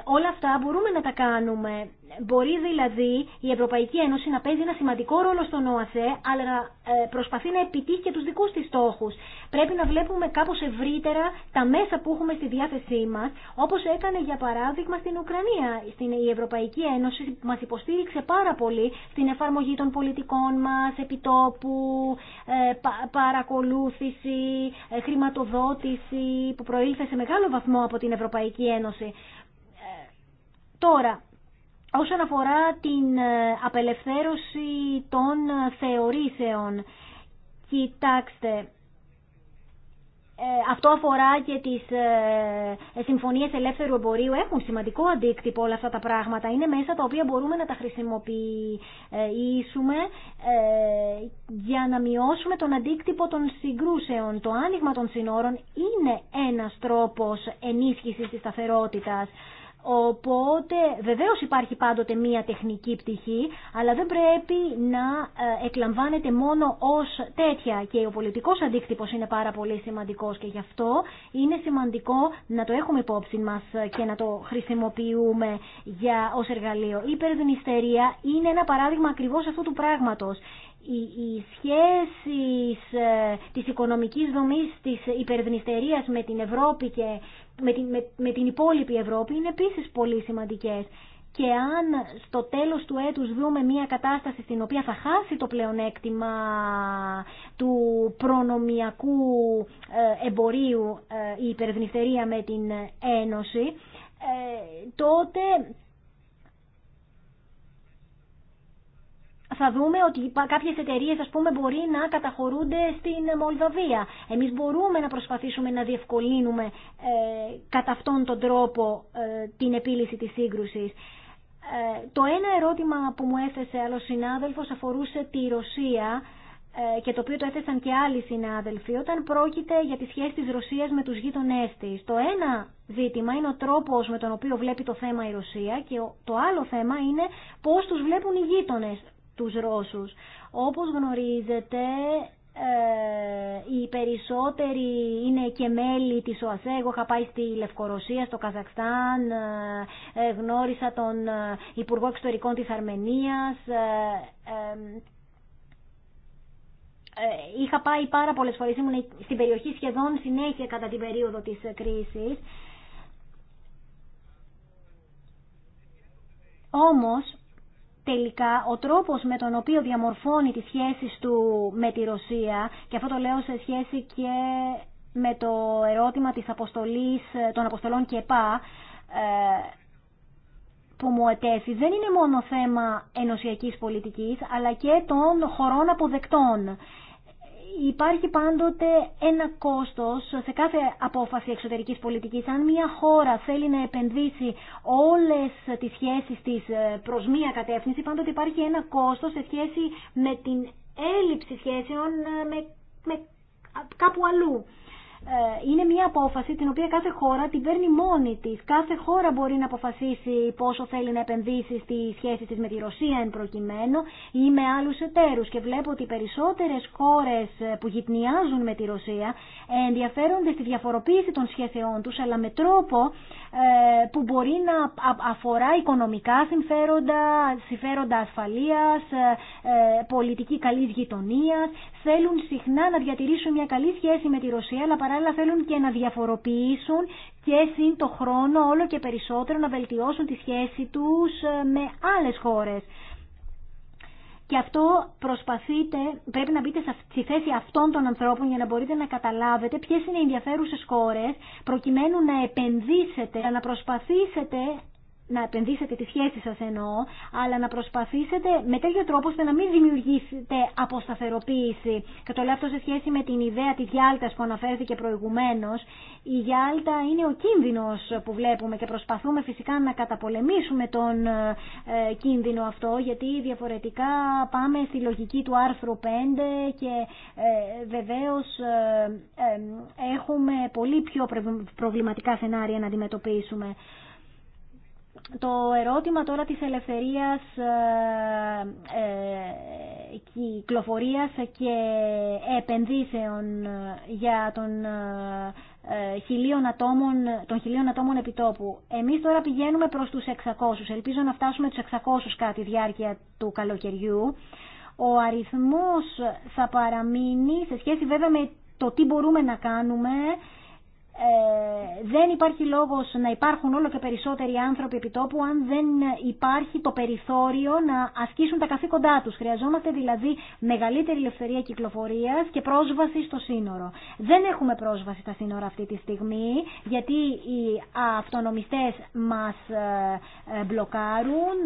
Όλα αυτά μπορούμε να τα κάνουμε. Μπορεί δηλαδή η Ευρωπαϊκή Ένωση να παίζει ένα σημαντικό ρόλο στον ΟΑΣΕ αλλά να προσπαθεί να επιτύχει και τους δικούς της στόχους. Πρέπει να βλέπουμε κάπως ευρύτερα τα μέσα που έχουμε στη διάθεσή μας όπως έκανε ήταν για παράδειγμα στην Ουκρανία. Στην, η Ευρωπαϊκή Ένωση μα υποστήριξε πάρα πολύ στην εφαρμογή των πολιτικών μας, επιτόπου, ε, παρακολούθηση, ε, χρηματοδότηση που προήλθε σε μεγάλο βαθμό από την Ευρωπαϊκή Ένωση. Ε, τώρα, όσον αφορά την απελευθέρωση των θεωρήσεων, κοιτάξτε, ε, αυτό αφορά και τις ε, ε, συμφωνίες ελεύθερου εμπορίου. Έχουν σημαντικό αντίκτυπο όλα αυτά τα πράγματα. Είναι μέσα τα οποία μπορούμε να τα χρησιμοποιήσουμε για να μειώσουμε τον αντίκτυπο των συγκρούσεων. Το άνοιγμα των συνόρων είναι ένας τρόπος ενίσχυσης της σταθερότητας. Οπότε βεβαίως υπάρχει πάντοτε μία τεχνική πτυχή, αλλά δεν πρέπει να ε, εκλαμβάνεται μόνο ως τέτοια και ο πολιτικός αντίκτυπος είναι πάρα πολύ σημαντικός και γι' αυτό είναι σημαντικό να το έχουμε υπόψη μας και να το χρησιμοποιούμε για, ως εργαλείο. Η υπερδυνιστερία είναι ένα παράδειγμα ακριβώς αυτού του πράγματος οι σχέσεις ε, της οικονομικής δομής της υπερδνηστερίας με την Ευρώπη και με την, με, την υπόλοιπη Ευρώπη είναι επίσης πολύ σημαντικές. Και αν στο τέλος του έτους δούμε μια κατάσταση στην οποία θα χάσει το πλεονέκτημα του προνομιακού ε, εμπορίου ε, η υπερδνηστερία με την Ένωση, τότε θα δούμε ότι κάποιε εταιρείε, α πούμε μπορεί να καταχωρούνται στην Μολδαβία. Εμεί μπορούμε να προσπαθήσουμε να διευκολύνουμε ε, κατά αυτόν τον τρόπο ε, την επίλυση τη σύγκρουση. Ε, το ένα ερώτημα που μου έθεσε άλλο συνάδελφο αφορούσε τη Ρωσία και το οποίο το έθεσαν και άλλοι συνάδελφοι, όταν πρόκειται για τη σχέση τη Ρωσία με του γείτονε τη. Το ένα ζήτημα είναι ο τρόπο με τον οποίο βλέπει το θέμα η Ρωσία και το άλλο θέμα είναι πώ του βλέπουν οι γείτονε τους Ρώσους. Όπως γνωρίζετε, ε, οι περισσότεροι είναι και μέλη της ΟΑΣΕ. Εγώ είχα πάει στη Λευκορωσία, στο Καζακστάν, ε, ε, γνώρισα τον Υπουργό Εξωτερικών της Αρμενίας, είχα πάει πάρα πολλές φορές, ήμουν στην περιοχή σχεδόν συνέχεια κατά την περίοδο της κρίσης. Όμως, τελικά ο τρόπος με τον οποίο διαμορφώνει τις σχέσεις του με τη Ρωσία και αυτό το λέω σε σχέση και με το ερώτημα της αποστολής των αποστολών και ΕΠΑ ε, που μου ετέθη δεν είναι μόνο θέμα ενωσιακής πολιτικής αλλά και των χωρών αποδεκτών υπάρχει πάντοτε ένα κόστος σε κάθε απόφαση εξωτερικής πολιτικής. Αν μια χώρα θέλει να επενδύσει όλες τις σχέσεις της ε, προς μια κατεύθυνση, πάντοτε υπάρχει ένα κόστος σε σχέση με την έλλειψη σχέσεων ε, με, με κάπου αλλού. Ε, είναι μια απόφαση την οποία κάθε χώρα την παίρνει μόνη τη. Κάθε χώρα μπορεί να αποφασίσει πόσο θέλει να επενδύσει στη σχέση τη με τη Ρωσία εν προκειμένου ή με άλλου εταίρου. Και βλέπω ότι οι περισσότερες χώρες που γυπνιάζουν με τη Ρωσία ενδιαφέρονται στη διαφοροποίηση των σχέσεών του, αλλά με τρόπο ε, που μπορεί να αφορά οικονομικά συμφέροντα, συμφέροντα ασφαλείας, ε, πολιτική καλής γειτονίας. Θέλουν συχνά να διατηρήσουν μια καλή σχέση με τη Ρωσία, αλλά παρά αλλά θέλουν και να διαφοροποιήσουν και συν το χρόνο όλο και περισσότερο να βελτιώσουν τη σχέση τους ε, με άλλες χώρες. Και αυτό προσπαθείτε, πρέπει να μπείτε στη θέση αυτών των ανθρώπων για να μπορείτε να καταλάβετε ποιες είναι οι ενδιαφέρουσες χώρες προκειμένου να επενδύσετε, να προσπαθήσετε να επενδύσετε τη σχέση σας εννοώ, αλλά να προσπαθήσετε με τέτοιο τρόπο ώστε να μην δημιουργήσετε αποσταθεροποίηση. Και το λέω αυτό σε σχέση με την ιδέα της Γιάλτας που αναφέρθηκε προηγουμένως. Η Γιάλτα είναι ο κίνδυνος που βλέπουμε και προσπαθούμε φυσικά να καταπολεμήσουμε τον ε, κίνδυνο αυτό, γιατί διαφορετικά πάμε στη λογική του άρθρου 5 και ε, βεβαίως ε, έχουμε πολύ πιο προβληματικά σενάρια να αντιμετωπίσουμε το ερώτημα τώρα της ελευθερίας ε, ε κυκλοφορίας και επενδύσεων για τον ε, χιλίων ατόμων, των χιλίων ατόμων επιτόπου. Εμείς τώρα πηγαίνουμε προς τους 600. Ελπίζω να φτάσουμε τους 600 κάτι διάρκεια του καλοκαιριού. Ο αριθμός θα παραμείνει σε σχέση βέβαια με το τι μπορούμε να κάνουμε ε, δεν υπάρχει λόγος να υπάρχουν όλο και περισσότεροι άνθρωποι επιτόπου αν δεν υπάρχει το περιθώριο να ασκήσουν τα καθήκοντά τους. Χρειαζόμαστε δηλαδή μεγαλύτερη ελευθερία κυκλοφορίας και πρόσβαση στο σύνορο. Δεν έχουμε πρόσβαση στα σύνορα αυτή τη στιγμή γιατί οι αυτονομιστές μας ε, ε, μπλοκάρουν.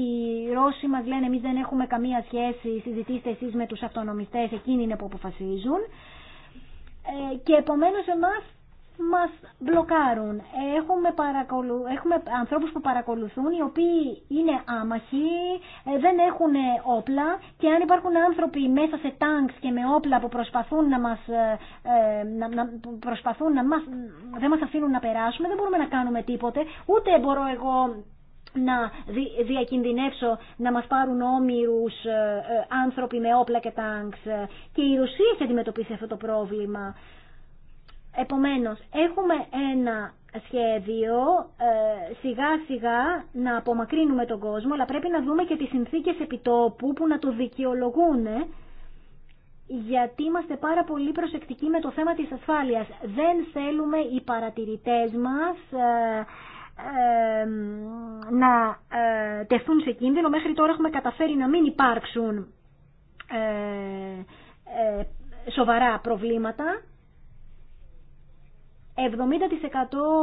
Οι Ρώσοι μας λένε εμείς δεν έχουμε καμία σχέση, συζητήστε εσείς με τους αυτονομιστές, εκείνοι είναι που αποφασίζουν. Ε, και επομένως εμάς μας μπλοκάρουν. Έχουμε, παρακολου... Έχουμε ανθρώπους που παρακολουθούν οι οποίοι είναι άμαχοι, ε, δεν έχουν όπλα και αν υπάρχουν άνθρωποι μέσα σε τάγκς και με όπλα που προσπαθούν να μας, ε, προσπαθούν να μας... δεν μας αφήνουν να περάσουμε, δεν μπορούμε να κάνουμε τίποτε. Ούτε μπορώ εγώ να διακινδυνεύσω να μας πάρουν όμοιρους ε, ε, άνθρωποι με όπλα και τάγκς. Ε, και η Ρωσία έχει αντιμετωπίσει αυτό το πρόβλημα. Επομένως, έχουμε ένα σχέδιο σιγά σιγά να απομακρύνουμε τον κόσμο, αλλά πρέπει να δούμε και τις συνθήκες επιτόπου που να το δικαιολογούν, γιατί είμαστε πάρα πολύ προσεκτικοί με το θέμα της ασφάλειας. Δεν θέλουμε οι παρατηρητές μας να ε, τεθούν σε κίνδυνο. Μέχρι τώρα έχουμε καταφέρει να μην υπάρξουν ε, ε, σοβαρά προβλήματα.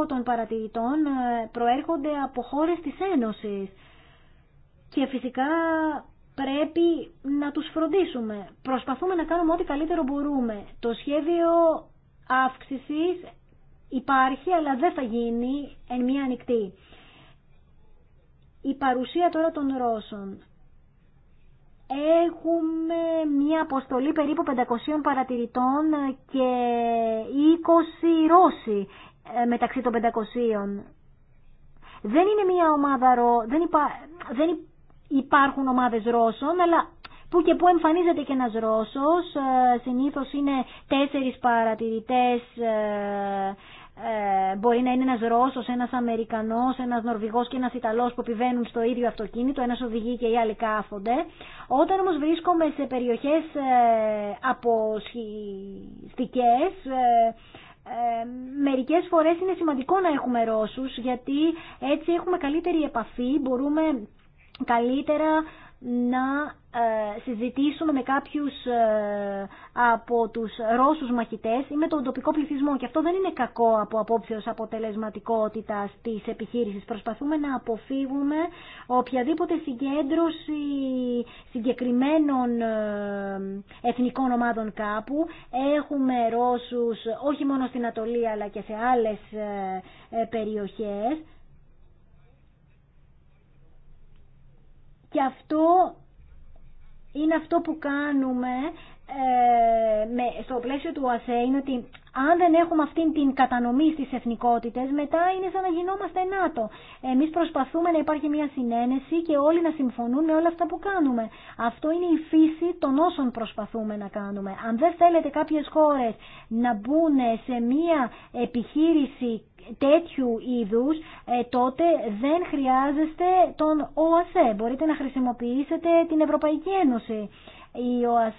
70% των παρατηρητών προέρχονται από χώρες της Ένωσης και φυσικά πρέπει να τους φροντίσουμε. Προσπαθούμε να κάνουμε ό,τι καλύτερο μπορούμε. Το σχέδιο αύξησης υπάρχει αλλά δεν θα γίνει εν μία ανοιχτή. Η παρουσία τώρα των Ρώσων. Έχουμε μία αποστολή περίπου 500 παρατηρητών και 20 Ρώσοι ε, μεταξύ των 500. Δεν είναι μία ομάδα Ρώ, δεν, υπά... δεν υπάρχουν ομάδες Ρώσων, αλλά που και που εμφανίζεται και ένας Ρώσος, ε, συνήθως είναι τέσσερις παρατηρητές ε, ε, μπορεί να είναι ένας Ρώσος, ένας Αμερικανός, ένας Νορβηγός και ένας Ιταλός που επιβαίνουν στο ίδιο αυτοκίνητο, ένας οδηγεί και οι άλλοι κάθονται. Όταν όμως βρίσκομαι σε περιοχές ε, αποσχιστικές, ε, ε, μερικές φορές είναι σημαντικό να έχουμε Ρώσους γιατί έτσι έχουμε καλύτερη επαφή, μπορούμε καλύτερα να ε, συζητήσουμε με κάποιους ε, από τους Ρώσους μαχητές ή με τον τοπικό πληθυσμό. Και αυτό δεν είναι κακό από απόψεως αποτελεσματικότητα της επιχείρησης. Προσπαθούμε να αποφύγουμε οποιαδήποτε συγκέντρωση συγκεκριμένων ε, εθνικών ομάδων κάπου. Έχουμε Ρώσους όχι μόνο στην Ατολή αλλά και σε άλλες περιοχές. Και αυτό είναι αυτό που κάνουμε ε, στο πλαίσιο του ΟΑΣΕ, είναι ότι αν δεν έχουμε αυτήν την κατανομή στις εθνικότητες, μετά είναι σαν να γινόμαστε ΝΑΤΟ. Εμείς προσπαθούμε να υπάρχει μια συνένεση και όλοι να συμφωνούν με όλα αυτά που κάνουμε. Αυτό είναι η φύση των όσων προσπαθούμε να κάνουμε. Αν δεν θέλετε κάποιες χώρες να μπουν σε μια επιχείρηση τέτοιου είδους, ε, τότε δεν χρειάζεστε τον ΟΑΣΕ. Μπορείτε να χρησιμοποιήσετε την Ευρωπαϊκή Ένωση.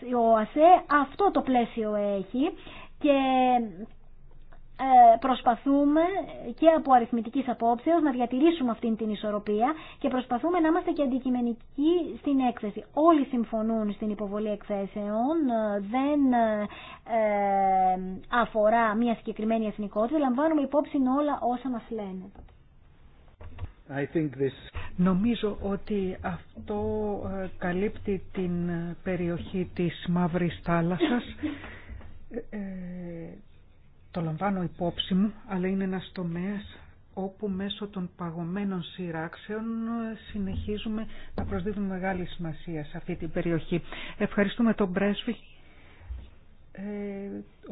Η ΟΑΣΕ αυτό το πλαίσιο έχει και ε, προσπαθούμε και από αριθμητική απόψεως να διατηρήσουμε αυτήν την ισορροπία και προσπαθούμε να είμαστε και αντικειμενικοί στην έκθεση. Όλοι συμφωνούν στην υποβολή εκθέσεων, ε, δεν ε, αφορά μια συγκεκριμένη εθνικότητα, λαμβάνουμε υπόψη όλα όσα μας λένε. I think this... Νομίζω ότι αυτό καλύπτει την περιοχή της Μαύρης Θάλασσας ε, το λαμβάνω υπόψη μου, αλλά είναι ένας τομέας όπου μέσω των παγωμένων σειράξεων ε, συνεχίζουμε να προσδίδουμε μεγάλη σημασία σε αυτή την περιοχή. Ευχαριστούμε τον πρέσβη. Ε,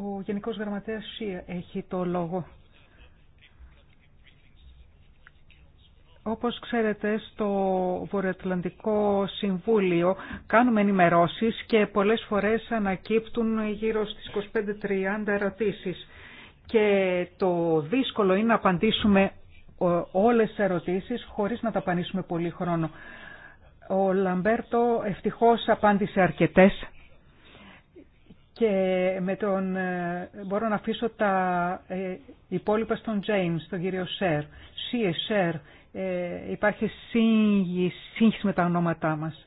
ο Γενικός Γραμματέας έχει το λόγο. Όπως ξέρετε, στο Βορειοατλαντικό Συμβούλιο κάνουμε ενημερώσεις και πολλές φορές ανακύπτουν γύρω στις 25-30 ερωτήσεις. Και το δύσκολο είναι να απαντήσουμε όλες τις ερωτήσεις χωρίς να τα ταπανίσουμε πολύ χρόνο. Ο Λαμπέρτο ευτυχώς απάντησε αρκετές και με τον, ε, μπορώ να αφήσω τα ε, υπόλοιπα στον James, τον κύριο Σερ. CSR, ε, υπάρχει σύγχυση με τα ονόματά μας.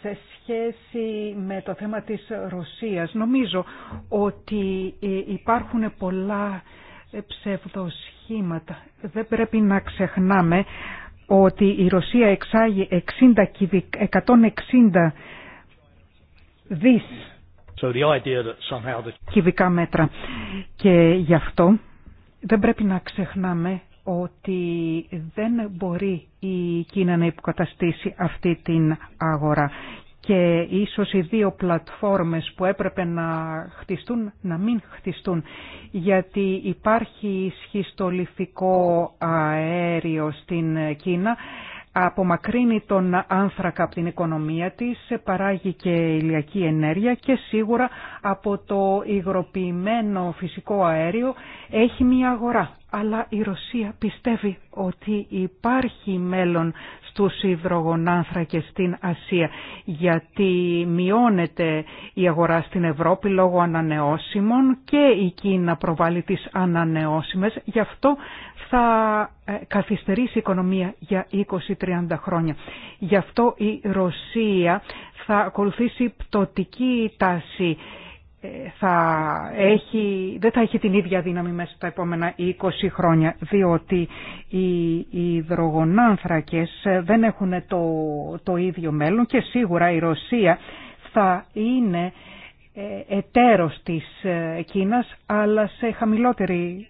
σε σχέση με το θέμα της Ρωσίας, νομίζω ότι υπάρχουν πολλά ψευδοσχήματα. Δεν πρέπει να ξεχνάμε ότι η Ρωσία εξάγει 60, 160 δις κυβικά μέτρα. Και γι' αυτό δεν πρέπει να ξεχνάμε ότι δεν μπορεί η Κίνα να υποκαταστήσει αυτή την αγορά και ίσως οι δύο πλατφόρμες που έπρεπε να χτιστούν, να μην χτιστούν, γιατί υπάρχει σχιστολιθικό αέριο στην Κίνα, απομακρύνει τον άνθρακα από την οικονομία της, παράγει και ηλιακή ενέργεια και σίγουρα από το υγροποιημένο φυσικό αέριο έχει μια αγορά. Αλλά η Ρωσία πιστεύει ότι υπάρχει μέλλον στους υδρογονάνθρακες στην Ασία γιατί μειώνεται η αγορά στην Ευρώπη λόγω ανανεώσιμων και η Κίνα προβάλλει τις ανανεώσιμες γι' αυτό θα ε, καθυστερήσει η οικονομία για 20-30 χρόνια. Γι' αυτό η Ρωσία θα ακολουθήσει πτωτική τάση. Ε, θα έχει, δεν θα έχει την ίδια δύναμη μέσα στα επόμενα 20 χρόνια, διότι οι υδρογονάνθρακες ε, δεν έχουν το, το ίδιο μέλλον και σίγουρα η Ρωσία θα είναι εταίρος της Κίνας, αλλά σε χαμηλότερη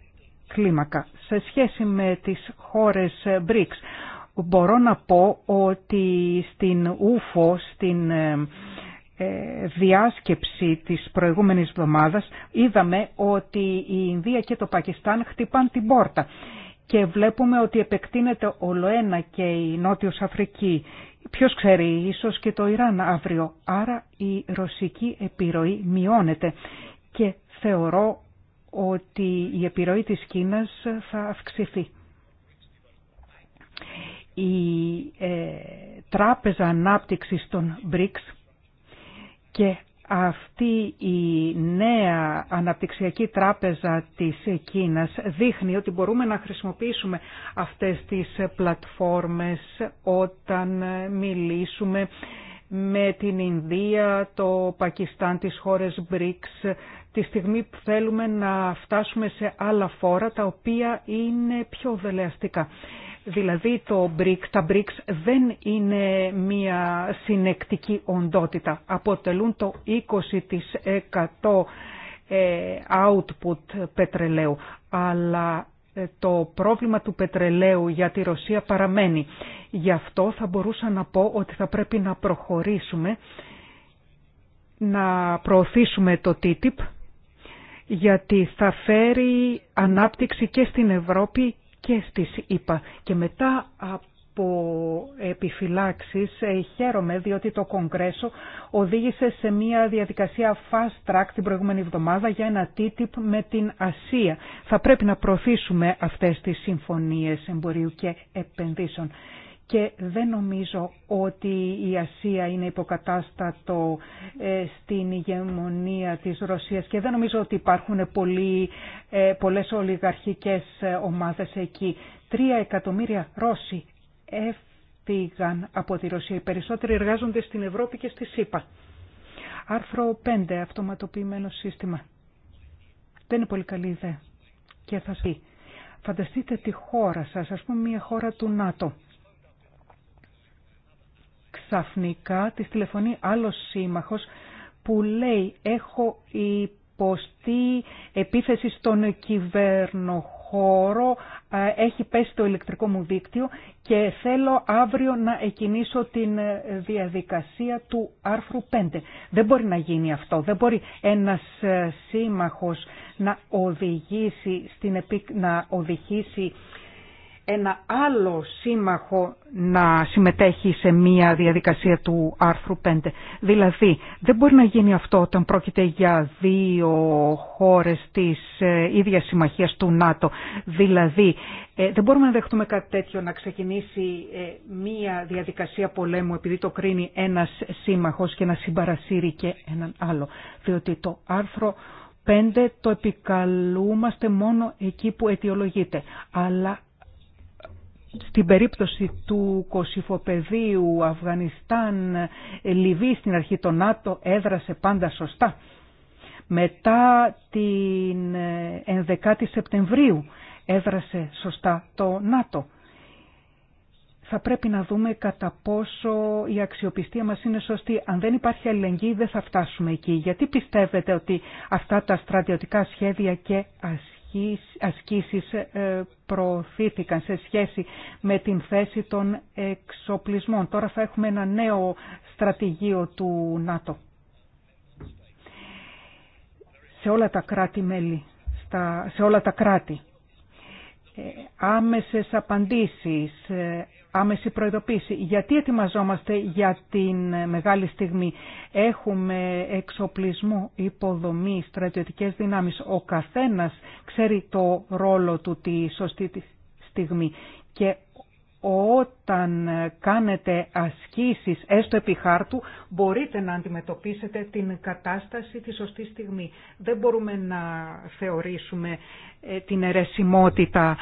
κλίμακα. Σε σχέση με τις χώρες BRICS, μπορώ να πω ότι στην ΟΥΦΟ, στην ε, ε, διάσκεψη της προηγούμενης εβδομάδας, είδαμε ότι η Ινδία και το Πακιστάν χτυπάν την πόρτα και βλέπουμε ότι επεκτείνεται ολοένα και η Νότιος Αφρική. Ποιος ξέρει, ίσως και το Ιράν αύριο. Άρα η ρωσική επιρροή μειώνεται και θεωρώ ότι η επιρροή της Κίνας θα αυξηθεί. Η ε, Τράπεζα Ανάπτυξης των BRICS και αυτή η νέα αναπτυξιακή τράπεζα της Κίνας δείχνει ότι μπορούμε να χρησιμοποιήσουμε αυτές τις πλατφόρμες όταν μιλήσουμε με την Ινδία, το Πακιστάν, τις χώρες BRICS, τη στιγμή που θέλουμε να φτάσουμε σε άλλα φόρα τα οποία είναι πιο δελεαστικά. Δηλαδή το BRICS, τα BRICS δεν είναι μία συνεκτική οντότητα. Αποτελούν το 20% ε, output πετρελαίου, αλλά ε, το πρόβλημα του πετρελαίου για τη Ρωσία παραμένει. Γι' αυτό θα μπορούσα να πω ότι θα πρέπει να προχωρήσουμε, να προωθήσουμε το TTIP, γιατί θα φέρει ανάπτυξη και στην Ευρώπη και στις ΗΠΑ. Και μετά υπό επιφυλάξεις. Ε, χαίρομαι διότι το Κογκρέσο οδήγησε σε μια διαδικασία fast track την προηγούμενη εβδομάδα για ένα TTIP με την Ασία. Θα πρέπει να προωθήσουμε αυτές τις συμφωνίες εμπορίου και επενδύσεων. Και δεν νομίζω ότι η Ασία είναι υποκατάστατο ε, στην ηγεμονία της Ρωσίας και δεν νομίζω ότι υπάρχουν πολύ ε, πολλές ολιγαρχικές ομάδες εκεί. Τρία εκατομμύρια Ρώσοι έφυγαν από τη Ρωσία. Οι περισσότεροι εργάζονται στην Ευρώπη και στη ΣΥΠΑ. Άρθρο 5. Αυτοματοποιημένο σύστημα. Δεν είναι πολύ καλή ιδέα. Και θα σας πει. Φανταστείτε τη χώρα σας, ας πούμε μια χώρα του ΝΑΤΟ. Ξαφνικά Τη τηλεφωνεί άλλος σύμμαχος που λέει έχω τι επίθεση στον κυβερνοχώρο, έχει πέσει το ηλεκτρικό μου δίκτυο και θέλω αύριο να εκινήσω την ε, διαδικασία του άρθρου 5. Δεν μπορεί να γίνει αυτό. Δεν μπορεί ένας ε, σύμμαχος να οδηγήσει, στην, να οδηγήσει ένα άλλο σύμμαχο να συμμετέχει σε μία διαδικασία του άρθρου 5. Δηλαδή, δεν μπορεί να γίνει αυτό όταν πρόκειται για δύο χώρες της ε, ίδιας συμμαχίας του ΝΑΤΟ. Δηλαδή, ε, δεν μπορούμε να δεχτούμε κάτι τέτοιο να ξεκινήσει ε, μία διαδικασία πολέμου επειδή το κρίνει ένας σύμμαχος και να συμπαρασύρει και έναν άλλο. Διότι το άρθρο 5 το επικαλούμαστε μόνο εκεί που αιτιολογείται. Αλλά στην περίπτωση του Κωσυφοπεδίου, Αφγανιστάν, Λιβύη στην αρχή το ΝΑΤΟ έδρασε πάντα σωστά. Μετά την 11η ε, Σεπτεμβρίου έδρασε σωστά το ΝΑΤΟ. Θα πρέπει να δούμε κατά πόσο η αξιοπιστία μας είναι σωστή. Αν δεν υπάρχει αλληλεγγύη δεν θα φτάσουμε εκεί. Γιατί πιστεύετε ότι αυτά τα στρατιωτικά σχέδια και ασχέδια ασκήσεις ε, προωθήθηκαν σε σχέση με την θέση των εξοπλισμών. Τώρα θα έχουμε ένα νέο στρατηγείο του ΝΑΤΟ σε όλα τα κράτη-μέλη, σε όλα τα κράτη. Ε, άμεσες απαντήσεις, ε, άμεση προειδοποίηση. Γιατί ετοιμαζόμαστε για την μεγάλη στιγμή. Έχουμε εξοπλισμό, υποδομή, στρατιωτικές δυνάμεις. Ο καθένας ξέρει το ρόλο του τη σωστή στιγμή. Και όταν κάνετε ασκήσεις έστω επί χάρτου μπορείτε να αντιμετωπίσετε την κατάσταση τη σωστή στιγμή. Δεν μπορούμε να θεωρήσουμε ε, την αιρεσιμότητα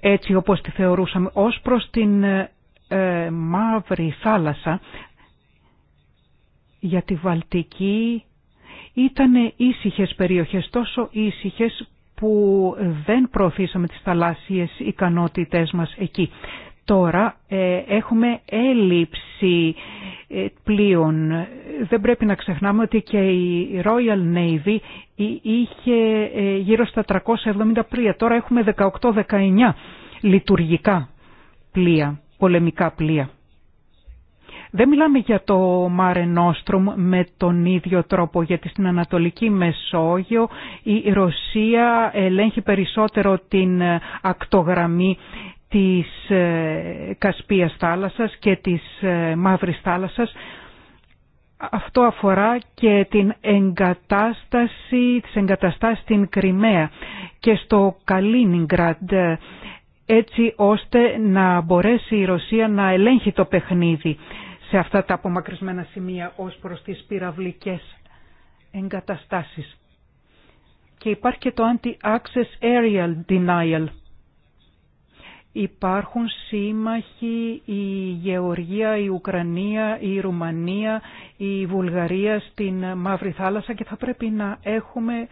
έτσι όπως τη θεωρούσαμε. Ως προς την ε, ε, μαύρη θάλασσα για τη Βαλτική ήταν ήσυχες περιοχές, τόσο ήσυχες που δεν προωθήσαμε τις θαλάσσιες ικανότητές μας εκεί. Τώρα ε, έχουμε έλλειψη ε, πλοίων. Δεν πρέπει να ξεχνάμε ότι και η Royal Navy είχε ε, γύρω στα 373. Τώρα έχουμε 18-19 λειτουργικά πλοία, πολεμικά πλοία. Δεν μιλάμε για το Mare Nostrum με τον ίδιο τρόπο, γιατί στην Ανατολική Μεσόγειο η Ρωσία ελέγχει περισσότερο την ακτογραμμή της ε, Κασπίας θάλασσας και της ε, Μαύρης θάλασσας. Αυτό αφορά και την εγκατάσταση, τις εγκαταστάσεις στην Κρυμαία και στο Καλίνιγκραντ έτσι ώστε να μπορέσει η Ρωσία να ελέγχει το παιχνίδι σε αυτά τα απομακρυσμένα σημεία ως προς τις πυραυλικές εγκαταστάσεις. Και υπάρχει και το Anti-Access Aerial Denial Υπάρχουν σύμμαχοι η Γεωργία, η Ουκρανία, η Ρουμανία, η Βουλγαρία στην Μαύρη Θάλασσα και θα πρέπει να έχουμε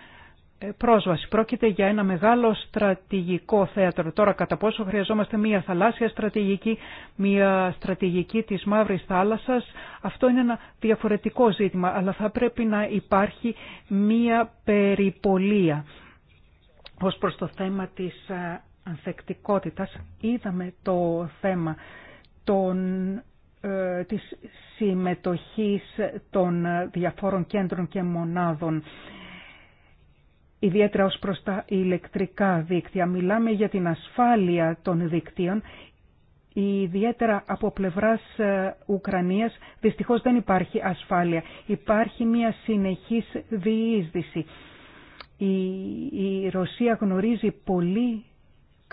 ε, πρόσβαση. Πρόκειται για ένα μεγάλο στρατηγικό θέατρο. Τώρα κατά πόσο χρειαζόμαστε μια θαλάσσια στρατηγική, μια στρατηγική της Μαύρης Θάλασσας, αυτό είναι ένα διαφορετικό ζήτημα, αλλά θα πρέπει να υπάρχει μια περιπολία ως προς το θέμα της ε, ανθεκτικότητας είδαμε το θέμα των, ε, της συμμετοχής των διαφόρων κέντρων και μονάδων ιδιαίτερα ως προς τα ηλεκτρικά δίκτυα. Μιλάμε για την ασφάλεια των δικτύων, ιδιαίτερα από πλευράς ε, Ουκρανίας. Δυστυχώς δεν υπάρχει ασφάλεια. Υπάρχει μια συνεχής διείσδυση. η Ρωσία γνωρίζει πολύ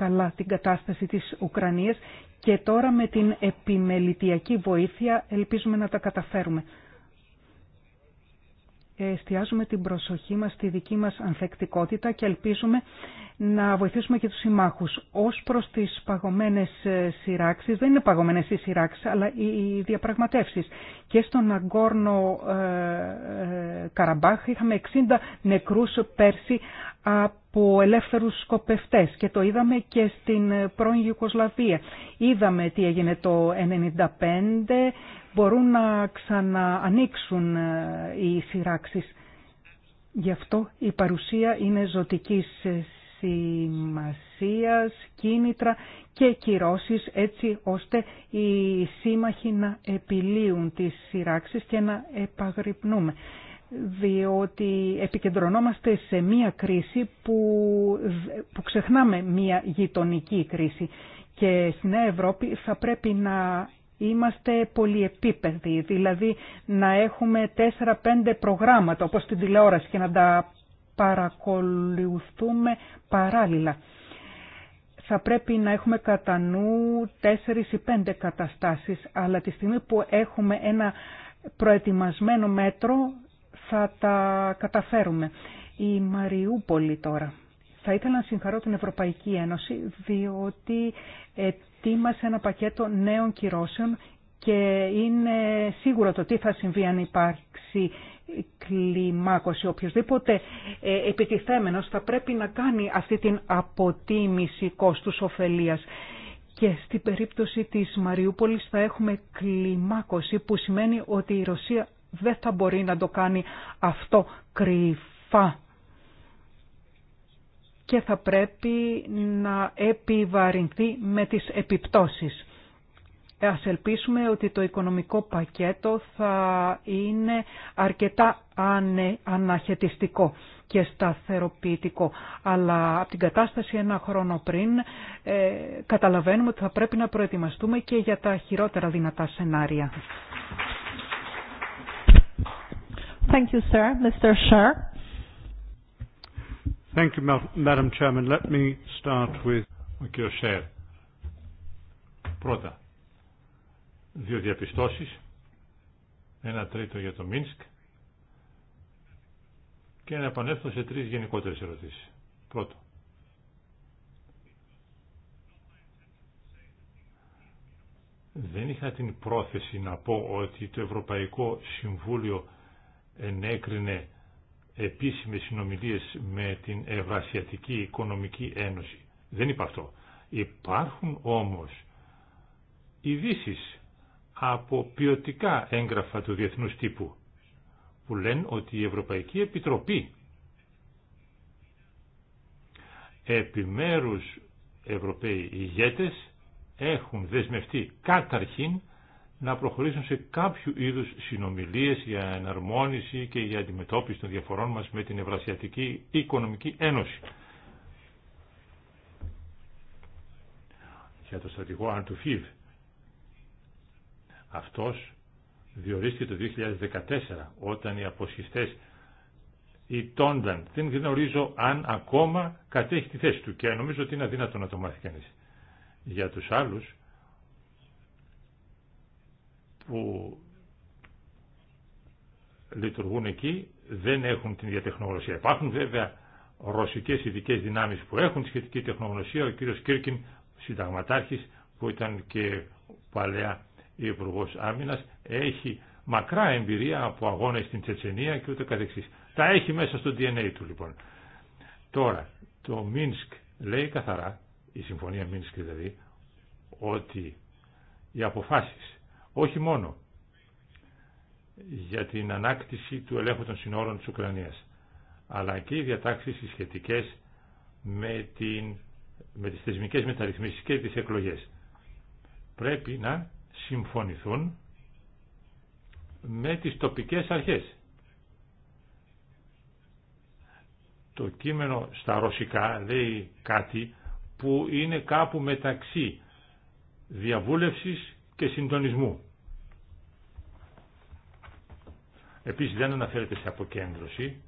καλά την κατάσταση της Ουκρανίας και τώρα με την επιμελητιακή βοήθεια ελπίζουμε να τα καταφέρουμε. Εστιάζουμε την προσοχή μας στη δική μας ανθεκτικότητα και ελπίζουμε να βοηθήσουμε και τους συμμάχους. Ως προς τις παγωμένες ε, σειράξεις, δεν είναι παγωμένες οι σειράξεις, αλλά οι διαπραγματεύσεις. Και στον Αγκόρνο ε, ε, Καραμπάχ είχαμε 60 νεκρούς πέρσι από ελεύθερους σκοπευτές και το είδαμε και στην πρώην Ιουκοσλαβία. Είδαμε τι έγινε το 1995, μπορούν να ξαναανοίξουν ε, οι σειράξεις. Γι' αυτό η παρουσία είναι ζωτικής ε, σημασίας, κίνητρα και κυρώσεις έτσι ώστε οι σύμμαχοι να επιλύουν τις σειράξεις και να επαγρυπνούμε διότι επικεντρωνόμαστε σε μία κρίση που, που ξεχνάμε μία γειτονική κρίση και στην Ευρώπη θα πρέπει να είμαστε πολυεπίπεδοι, δηλαδή να εχουμε τεσσερα τέσσερα-πέντε προγράμματα όπως την τηλεόραση και να τα παρακολουθούμε παράλληλα. Θα πρέπει να έχουμε κατά νου 4 ή 5 καταστάσεις, αλλά τη στιγμή που έχουμε ένα προετοιμασμένο μέτρο θα τα καταφέρουμε. Η Μαριούπολη τώρα. Θα ήθελα να συγχαρώ την Ευρωπαϊκή Ένωση διότι ετοίμασε ένα πακέτο νέων κυρώσεων και είναι σίγουρο το τι θα συμβεί αν υπάρξει κλιμάκωση. Οποιοςδήποτε ε, επιτιθέμενος θα πρέπει να κάνει αυτή την αποτίμηση κόστους ωφελίας. Και στην περίπτωση της Μαριούπολης θα έχουμε κλιμάκωση που σημαίνει ότι η Ρωσία δεν θα μπορεί να το κάνει αυτό κρυφά και θα πρέπει να επιβαρυνθεί με τις επιπτώσεις. Ας ελπίσουμε ότι το οικονομικό πακέτο θα είναι αρκετά αναχαιτιστικό και σταθεροποιητικό. Αλλά από την κατάσταση ένα χρόνο πριν ε, καταλαβαίνουμε ότι θα πρέπει να προετοιμαστούμε και για τα χειρότερα δυνατά σενάρια. Thank you, sir. Mr. Scher. Thank you, Madam Chairman. Let me start with ο κ. Σέρ. Πρώτα, δύο διαπιστώσεις, ένα τρίτο για το Μίνσκ και να επανέλθω σε τρεις γενικότερες ερωτήσεις. Πρώτο, δεν είχα την πρόθεση να πω ότι το Ευρωπαϊκό Συμβούλιο ενέκρινε επίσημες συνομιλίες με την Ευρασιατική Οικονομική Ένωση. Δεν είπα αυτό. Υπάρχουν όμως ειδήσει από ποιοτικά έγγραφα του διεθνούς τύπου που λένε ότι η Ευρωπαϊκή Επιτροπή επιμέρους Ευρωπαίοι ηγέτες έχουν δεσμευτεί καταρχήν να προχωρήσουν σε κάποιο είδους συνομιλίες για εναρμόνιση και για αντιμετώπιση των διαφορών μας με την Ευρασιατική Οικονομική Ένωση. Για το στρατηγό Αντουφίβ. Αυτός διορίστηκε το 2014 όταν οι αποσχιστές ητώνταν. Δεν γνωρίζω αν ακόμα κατέχει τη θέση του και νομίζω ότι είναι αδύνατο να το μάθει κανείς. Για τους άλλους που λειτουργούν εκεί δεν έχουν την ίδια τεχνογνωσία. Υπάρχουν βέβαια ρωσικέ ειδικέ δυνάμεις που έχουν σχετική τεχνογνωσία. Ο κύριος Κίρκιν, Συνταγματάρχη, που ήταν και παλαιά υπουργό Άμυνα, έχει μακρά εμπειρία από αγώνες στην Τσετσενία και ούτε καθεξής. Τα έχει μέσα στο DNA του λοιπόν. Τώρα, το Μίνσκ λέει καθαρά, η συμφωνία Μίνσκ δηλαδή, ότι οι αποφάσεις όχι μόνο για την ανάκτηση του ελέγχου των συνόρων της Ουκρανίας, αλλά και οι διατάξεις σχετικές με, την, με τις θεσμικές μεταρρυθμίσεις και τις εκλογές. Πρέπει να συμφωνηθούν με τις τοπικές αρχές. Το κείμενο στα ρωσικά λέει κάτι που είναι κάπου μεταξύ διαβούλευσης και συντονισμού. Επίσης δεν αναφέρεται σε αποκέντρωση,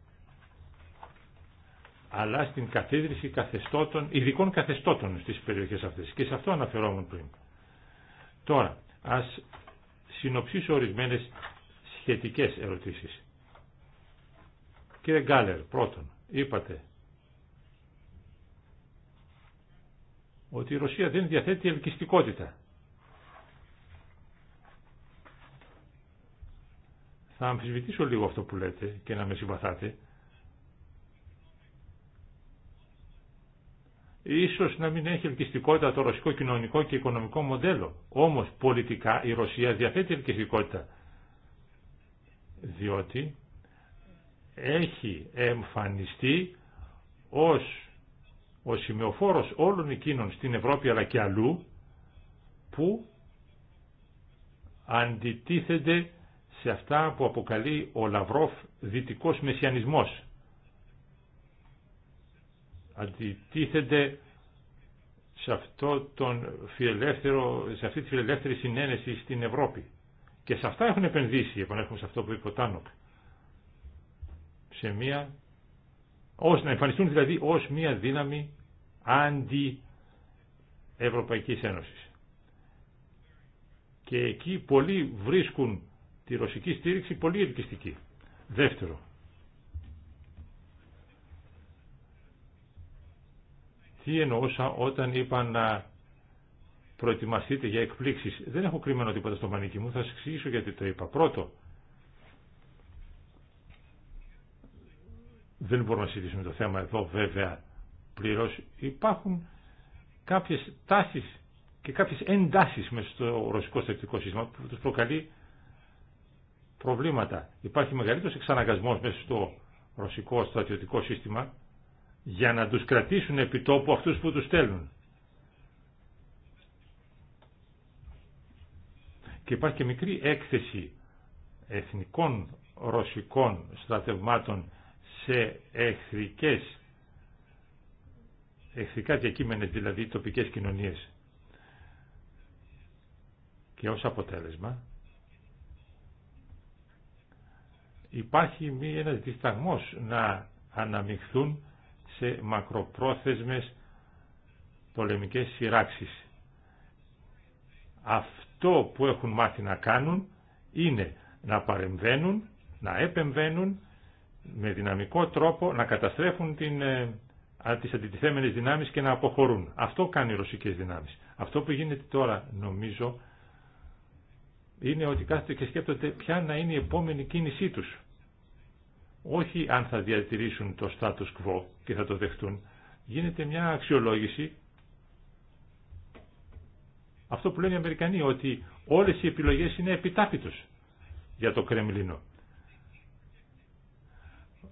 αλλά στην καθίδρυση καθεστώτων, ειδικών καθεστώτων στις περιοχές αυτές. Και σε αυτό αναφερόμουν πριν. Τώρα, ας συνοψίσω ορισμένες σχετικές ερωτήσεις. Κύριε Γκάλερ, πρώτον, είπατε ότι η Ρωσία δεν διαθέτει ελκυστικότητα. να αμφισβητήσω λίγο αυτό που λέτε και να με συμπαθάτε. Ίσως να μην έχει ελκυστικότητα το ρωσικό κοινωνικό και οικονομικό μοντέλο. Όμως πολιτικά η Ρωσία διαθέτει ελκυστικότητα. Διότι έχει εμφανιστεί ως ο σημεοφόρος όλων εκείνων στην Ευρώπη αλλά και αλλού που αντιτίθεται σε αυτά που αποκαλεί ο Λαυρόφ δυτικός μεσιανισμός. Αντιτίθεται σε, αυτό τον φιλελεύθερο, σε αυτή τη φιλελεύθερη συνένεση στην Ευρώπη. Και σε αυτά έχουν επενδύσει, επανέρχομαι σε αυτό που είπε ο Τάνοκ. Σε μία, να εμφανιστούν δηλαδή ως μία δύναμη αντι-Ευρωπαϊκής Ένωσης. Και εκεί πολλοί βρίσκουν τη ρωσική στήριξη πολύ ελκυστική. Δεύτερο, τι εννοούσα όταν είπα να προετοιμαστείτε για εκπλήξεις. Δεν έχω κρυμμένο τίποτα στο μανίκι μου, θα σας εξηγήσω γιατί το είπα. Πρώτο, δεν μπορούμε να συζητήσουμε το θέμα εδώ βέβαια πλήρως. Υπάρχουν κάποιες τάσεις και κάποιες εντάσεις μέσα στο ρωσικό στρατιωτικό σύστημα που τους προκαλεί προβλήματα. Υπάρχει μεγαλύτερο εξαναγκασμός μέσα στο ρωσικό στρατιωτικό σύστημα για να τους κρατήσουν επί τόπου αυτούς που τους στέλνουν. Και υπάρχει και μικρή έκθεση εθνικών ρωσικών στρατευμάτων σε εχθρικές, εχθρικά διακείμενες δηλαδή τοπικές κοινωνίες. Και ως αποτέλεσμα υπάρχει μία, ένας δισταγμός να αναμειχθούν σε μακροπρόθεσμες πολεμικές σειράξεις. Αυτό που έχουν μάθει να κάνουν είναι να παρεμβαίνουν, να επεμβαίνουν με δυναμικό τρόπο να καταστρέφουν την, ε, τις αντιτιθέμενες δυνάμεις και να αποχωρούν. Αυτό κάνει οι ρωσικές δυνάμεις. Αυτό που γίνεται τώρα νομίζω είναι ότι κάθεται και σκέπτονται ποια να είναι η επόμενη κίνησή τους όχι αν θα διατηρήσουν το status quo και θα το δεχτούν. Γίνεται μια αξιολόγηση, αυτό που λένε οι Αμερικανοί, ότι όλες οι επιλογές είναι επιτάπητος για το Κρεμλίνο.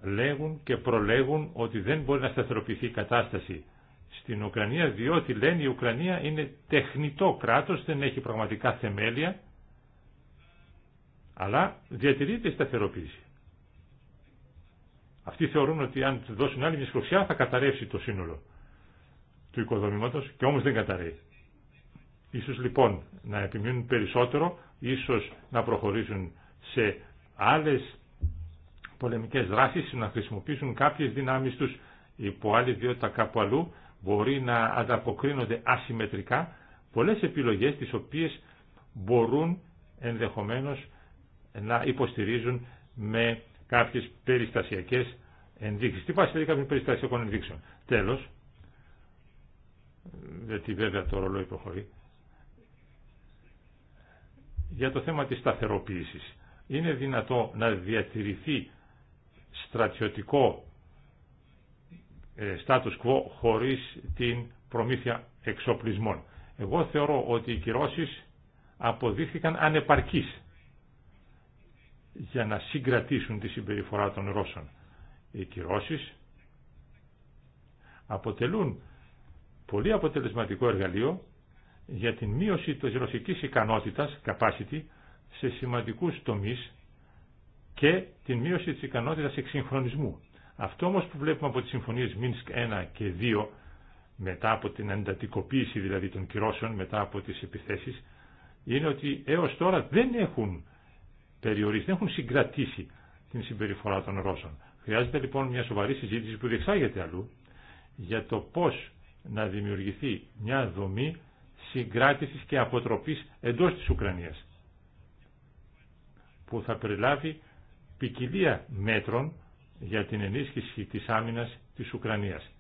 Λέγουν και προλέγουν ότι δεν μπορεί να σταθεροποιηθεί η κατάσταση στην Ουκρανία, διότι λένε η Ουκρανία είναι τεχνητό κράτος, δεν έχει πραγματικά θεμέλια, αλλά διατηρείται η σταθεροποίηση. Αυτοί θεωρούν ότι αν του δώσουν άλλη μια σκοπιά θα καταρρεύσει το σύνολο του οικοδομήματος και όμως δεν καταρρεύει. Ίσως λοιπόν να επιμείνουν περισσότερο, ίσως να προχωρήσουν σε άλλες πολεμικές δράσεις, να χρησιμοποιήσουν κάποιες δυνάμεις τους υπό άλλη ιδιότητα κάπου αλλού, μπορεί να ανταποκρίνονται ασυμμετρικά πολλές επιλογές τις οποίες μπορούν ενδεχομένως να υποστηρίζουν με κάποιες περιστασιακές ενδείξεις. Τι πάση δηλαδή κάποιων περιστασιακών ενδείξεων. Τέλος, γιατί βέβαια το ρολόι προχωρεί, για το θέμα της σταθεροποίησης. Είναι δυνατό να διατηρηθεί στρατιωτικό ε, status quo χωρίς την προμήθεια εξοπλισμών. Εγώ θεωρώ ότι οι κυρώσεις αποδείχθηκαν ανεπαρκείς για να συγκρατήσουν τη συμπεριφορά των Ρώσων. Οι κυρώσεις αποτελούν πολύ αποτελεσματικό εργαλείο για την μείωση της ρωσικής ικανότητας, capacity, σε σημαντικούς τομείς και την μείωση της ικανότητας εξυγχρονισμού. Αυτό όμως που βλέπουμε από τις συμφωνίες Μίνσκ 1 και 2, μετά από την εντατικοποίηση δηλαδή των κυρώσεων, μετά από τις επιθέσεις, είναι ότι έως τώρα δεν έχουν περιορίσει, δεν έχουν συγκρατήσει την συμπεριφορά των Ρώσων. Χρειάζεται λοιπόν μια σοβαρή συζήτηση που διεξάγεται αλλού για το πώς να δημιουργηθεί μια δομή συγκράτησης και αποτροπής εντός της Ουκρανίας που θα περιλάβει ποικιλία μέτρων για την ενίσχυση της άμυνας της Ουκρανίας.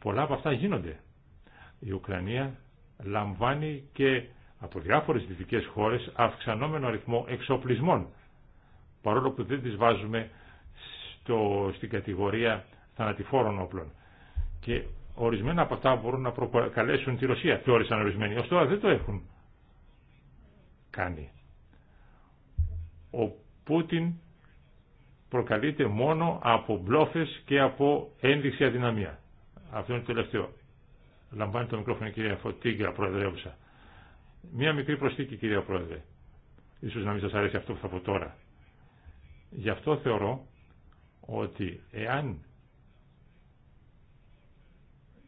Πολλά από αυτά γίνονται. Η Ουκρανία λαμβάνει και από διάφορες δυτικές χώρες αυξανόμενο αριθμό εξοπλισμών παρόλο που δεν τις βάζουμε στο, στην κατηγορία θανατηφόρων όπλων. Και ορισμένα από αυτά μπορούν να προκαλέσουν τη Ρωσία, θεώρησαν ορισμένοι. Ωστόσο, δεν το έχουν κάνει. Ο Πούτιν προκαλείται μόνο από μπλόφες και από ένδειξη αδυναμία. Αυτό είναι το τελευταίο. Λαμβάνει το μικρόφωνο κυρία Φωτίγκα, Προεδρεύουσα. Μία μικρή προσθήκη κυρία Πρόεδρε. Ίσως να μην σας αρέσει αυτό που θα πω τώρα. Γι' αυτό θεωρώ ότι εάν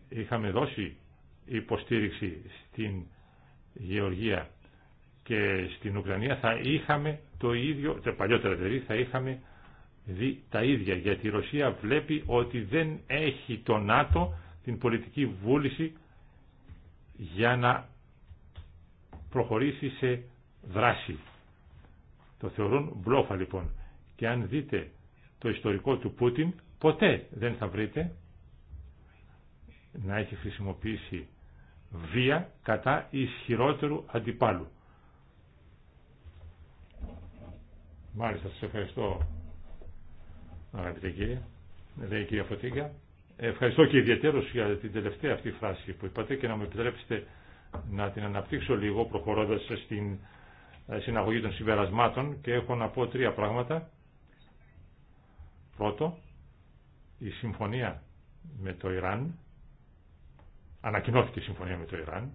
είχαμε δώσει υποστήριξη στην Γεωργία και στην Ουκρανία θα είχαμε το ίδιο, τα παλιότερα δηλαδή θα είχαμε δει τα ίδια γιατί η Ρωσία βλέπει ότι δεν έχει το ΝΑΤΟ την πολιτική βούληση για να προχωρήσει σε δράση. Το θεωρούν μπλόφα λοιπόν. Και αν δείτε το ιστορικό του Πούτιν, ποτέ δεν θα βρείτε να έχει χρησιμοποιήσει βία κατά ισχυρότερου αντιπάλου. Μάλιστα, σας ευχαριστώ αγαπητέ κύριε, λέει η κυρία Φωτίγκα. Ευχαριστώ και ιδιαίτερως για την τελευταία αυτή φράση που είπατε και να μου επιτρέψετε να την αναπτύξω λίγο προχωρώντας στην ε, συναγωγή των συμπερασμάτων και έχω να πω τρία πράγματα Πρώτο, η συμφωνία με το Ιράν, ανακοινώθηκε η συμφωνία με το Ιράν,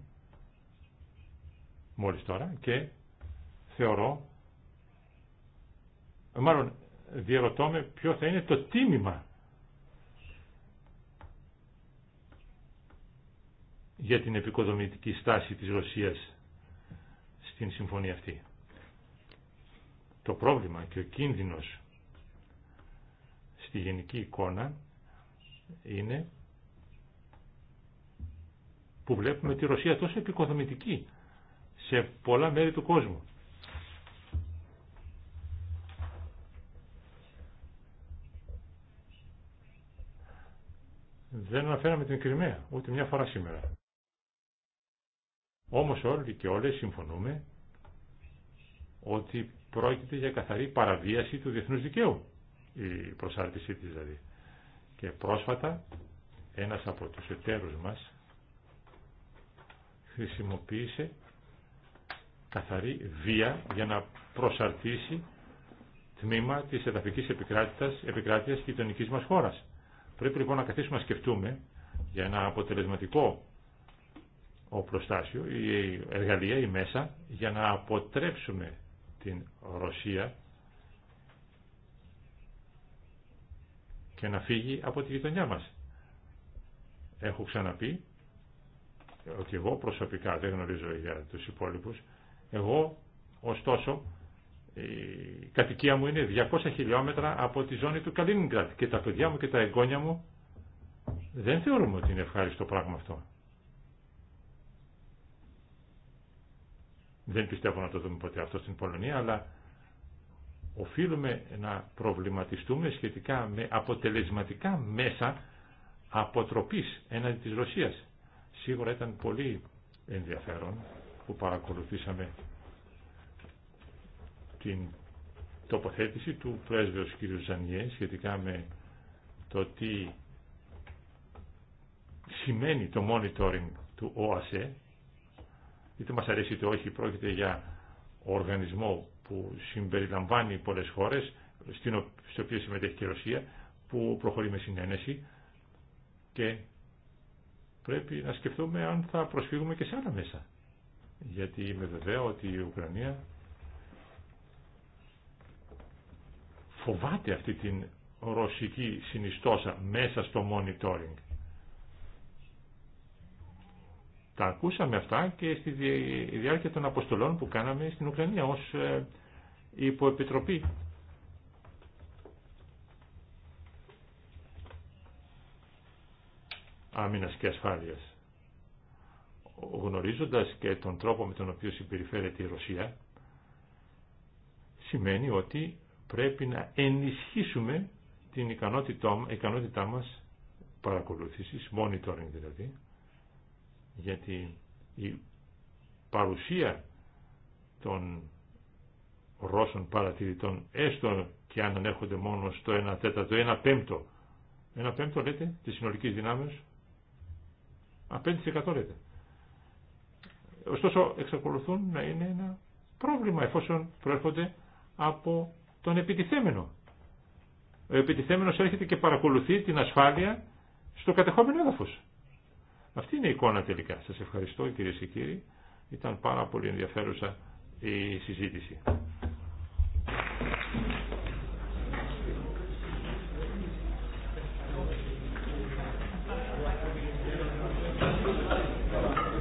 μόλις τώρα, και θεωρώ, μάλλον διαρωτώ με ποιο θα είναι το τίμημα για την επικοδομητική στάση της Ρωσίας στην συμφωνία αυτή. Το πρόβλημα και ο κίνδυνος στη γενική εικόνα είναι που βλέπουμε τη Ρωσία τόσο επικοδομητική σε πολλά μέρη του κόσμου. Δεν αναφέραμε την Κρυμαία, ούτε μια φορά σήμερα. Όμως όλοι και όλες συμφωνούμε ότι πρόκειται για καθαρή παραβίαση του διεθνούς δικαίου η προσάρτησή της δηλαδή. Και πρόσφατα ένας από τους εταίρους μας χρησιμοποίησε καθαρή βία για να προσαρτήσει τμήμα της εδαφικής επικράτειας, επικράτειας γειτονική μας χώρας. Πρέπει λοιπόν να καθίσουμε να σκεφτούμε για ένα αποτελεσματικό οπλοστάσιο, η εργαλεία, η μέσα, για να αποτρέψουμε την Ρωσία και να φύγει από τη γειτονιά μας. Έχω ξαναπεί ότι εγώ προσωπικά δεν γνωρίζω για τους υπόλοιπους. Εγώ, ωστόσο, η κατοικία μου είναι 200 χιλιόμετρα από τη ζώνη του Καλίνιγκρατ και τα παιδιά μου και τα εγγόνια μου δεν θεωρούμε ότι είναι ευχάριστο πράγμα αυτό. Δεν πιστεύω να το δούμε ποτέ αυτό στην Πολωνία, αλλά οφείλουμε να προβληματιστούμε σχετικά με αποτελεσματικά μέσα αποτροπής έναντι της Ρωσίας. Σίγουρα ήταν πολύ ενδιαφέρον που παρακολουθήσαμε την τοποθέτηση του πρέσβεως κ. Ζανιέ σχετικά με το τι σημαίνει το monitoring του ΟΑΣΕ είτε μας αρέσει είτε όχι πρόκειται για οργανισμό που συμπεριλαμβάνει πολλές χώρες, στην, οποίε συμμετέχει και η Ρωσία, που προχωρεί με συνένεση και πρέπει να σκεφτούμε αν θα προσφύγουμε και σε άλλα μέσα. Γιατί είμαι βεβαίω ότι η Ουκρανία φοβάται αυτή την ρωσική συνιστόσα μέσα στο monitoring. Τα ακούσαμε αυτά και στη διάρκεια των αποστολών που κάναμε στην Ουκρανία ως ε, η υποεπιτροπή. Άμυνας και ασφάλειας. Γνωρίζοντας και τον τρόπο με τον οποίο συμπεριφέρεται η Ρωσία, σημαίνει ότι πρέπει να ενισχύσουμε την ικανότητά, μας παρακολούθησης, monitoring δηλαδή, γιατί η παρουσία των Ρώσων παρατηρητών, έστω και αν ανέρχονται μόνο στο 1 τέταρτο, 1 πέμπτο. 1 πέμπτο λέτε, τη συνολική δυνάμεως. Α, 5% λέτε. Ωστόσο, εξακολουθούν να είναι ένα πρόβλημα, εφόσον προέρχονται από τον επιτιθέμενο. Ο επιτιθέμενος έρχεται και παρακολουθεί την ασφάλεια στο κατεχόμενο έδαφος. Αυτή είναι η εικόνα τελικά. Σας ευχαριστώ κυρίε και κύριοι. Ήταν πάρα πολύ ενδιαφέρουσα η συζήτηση.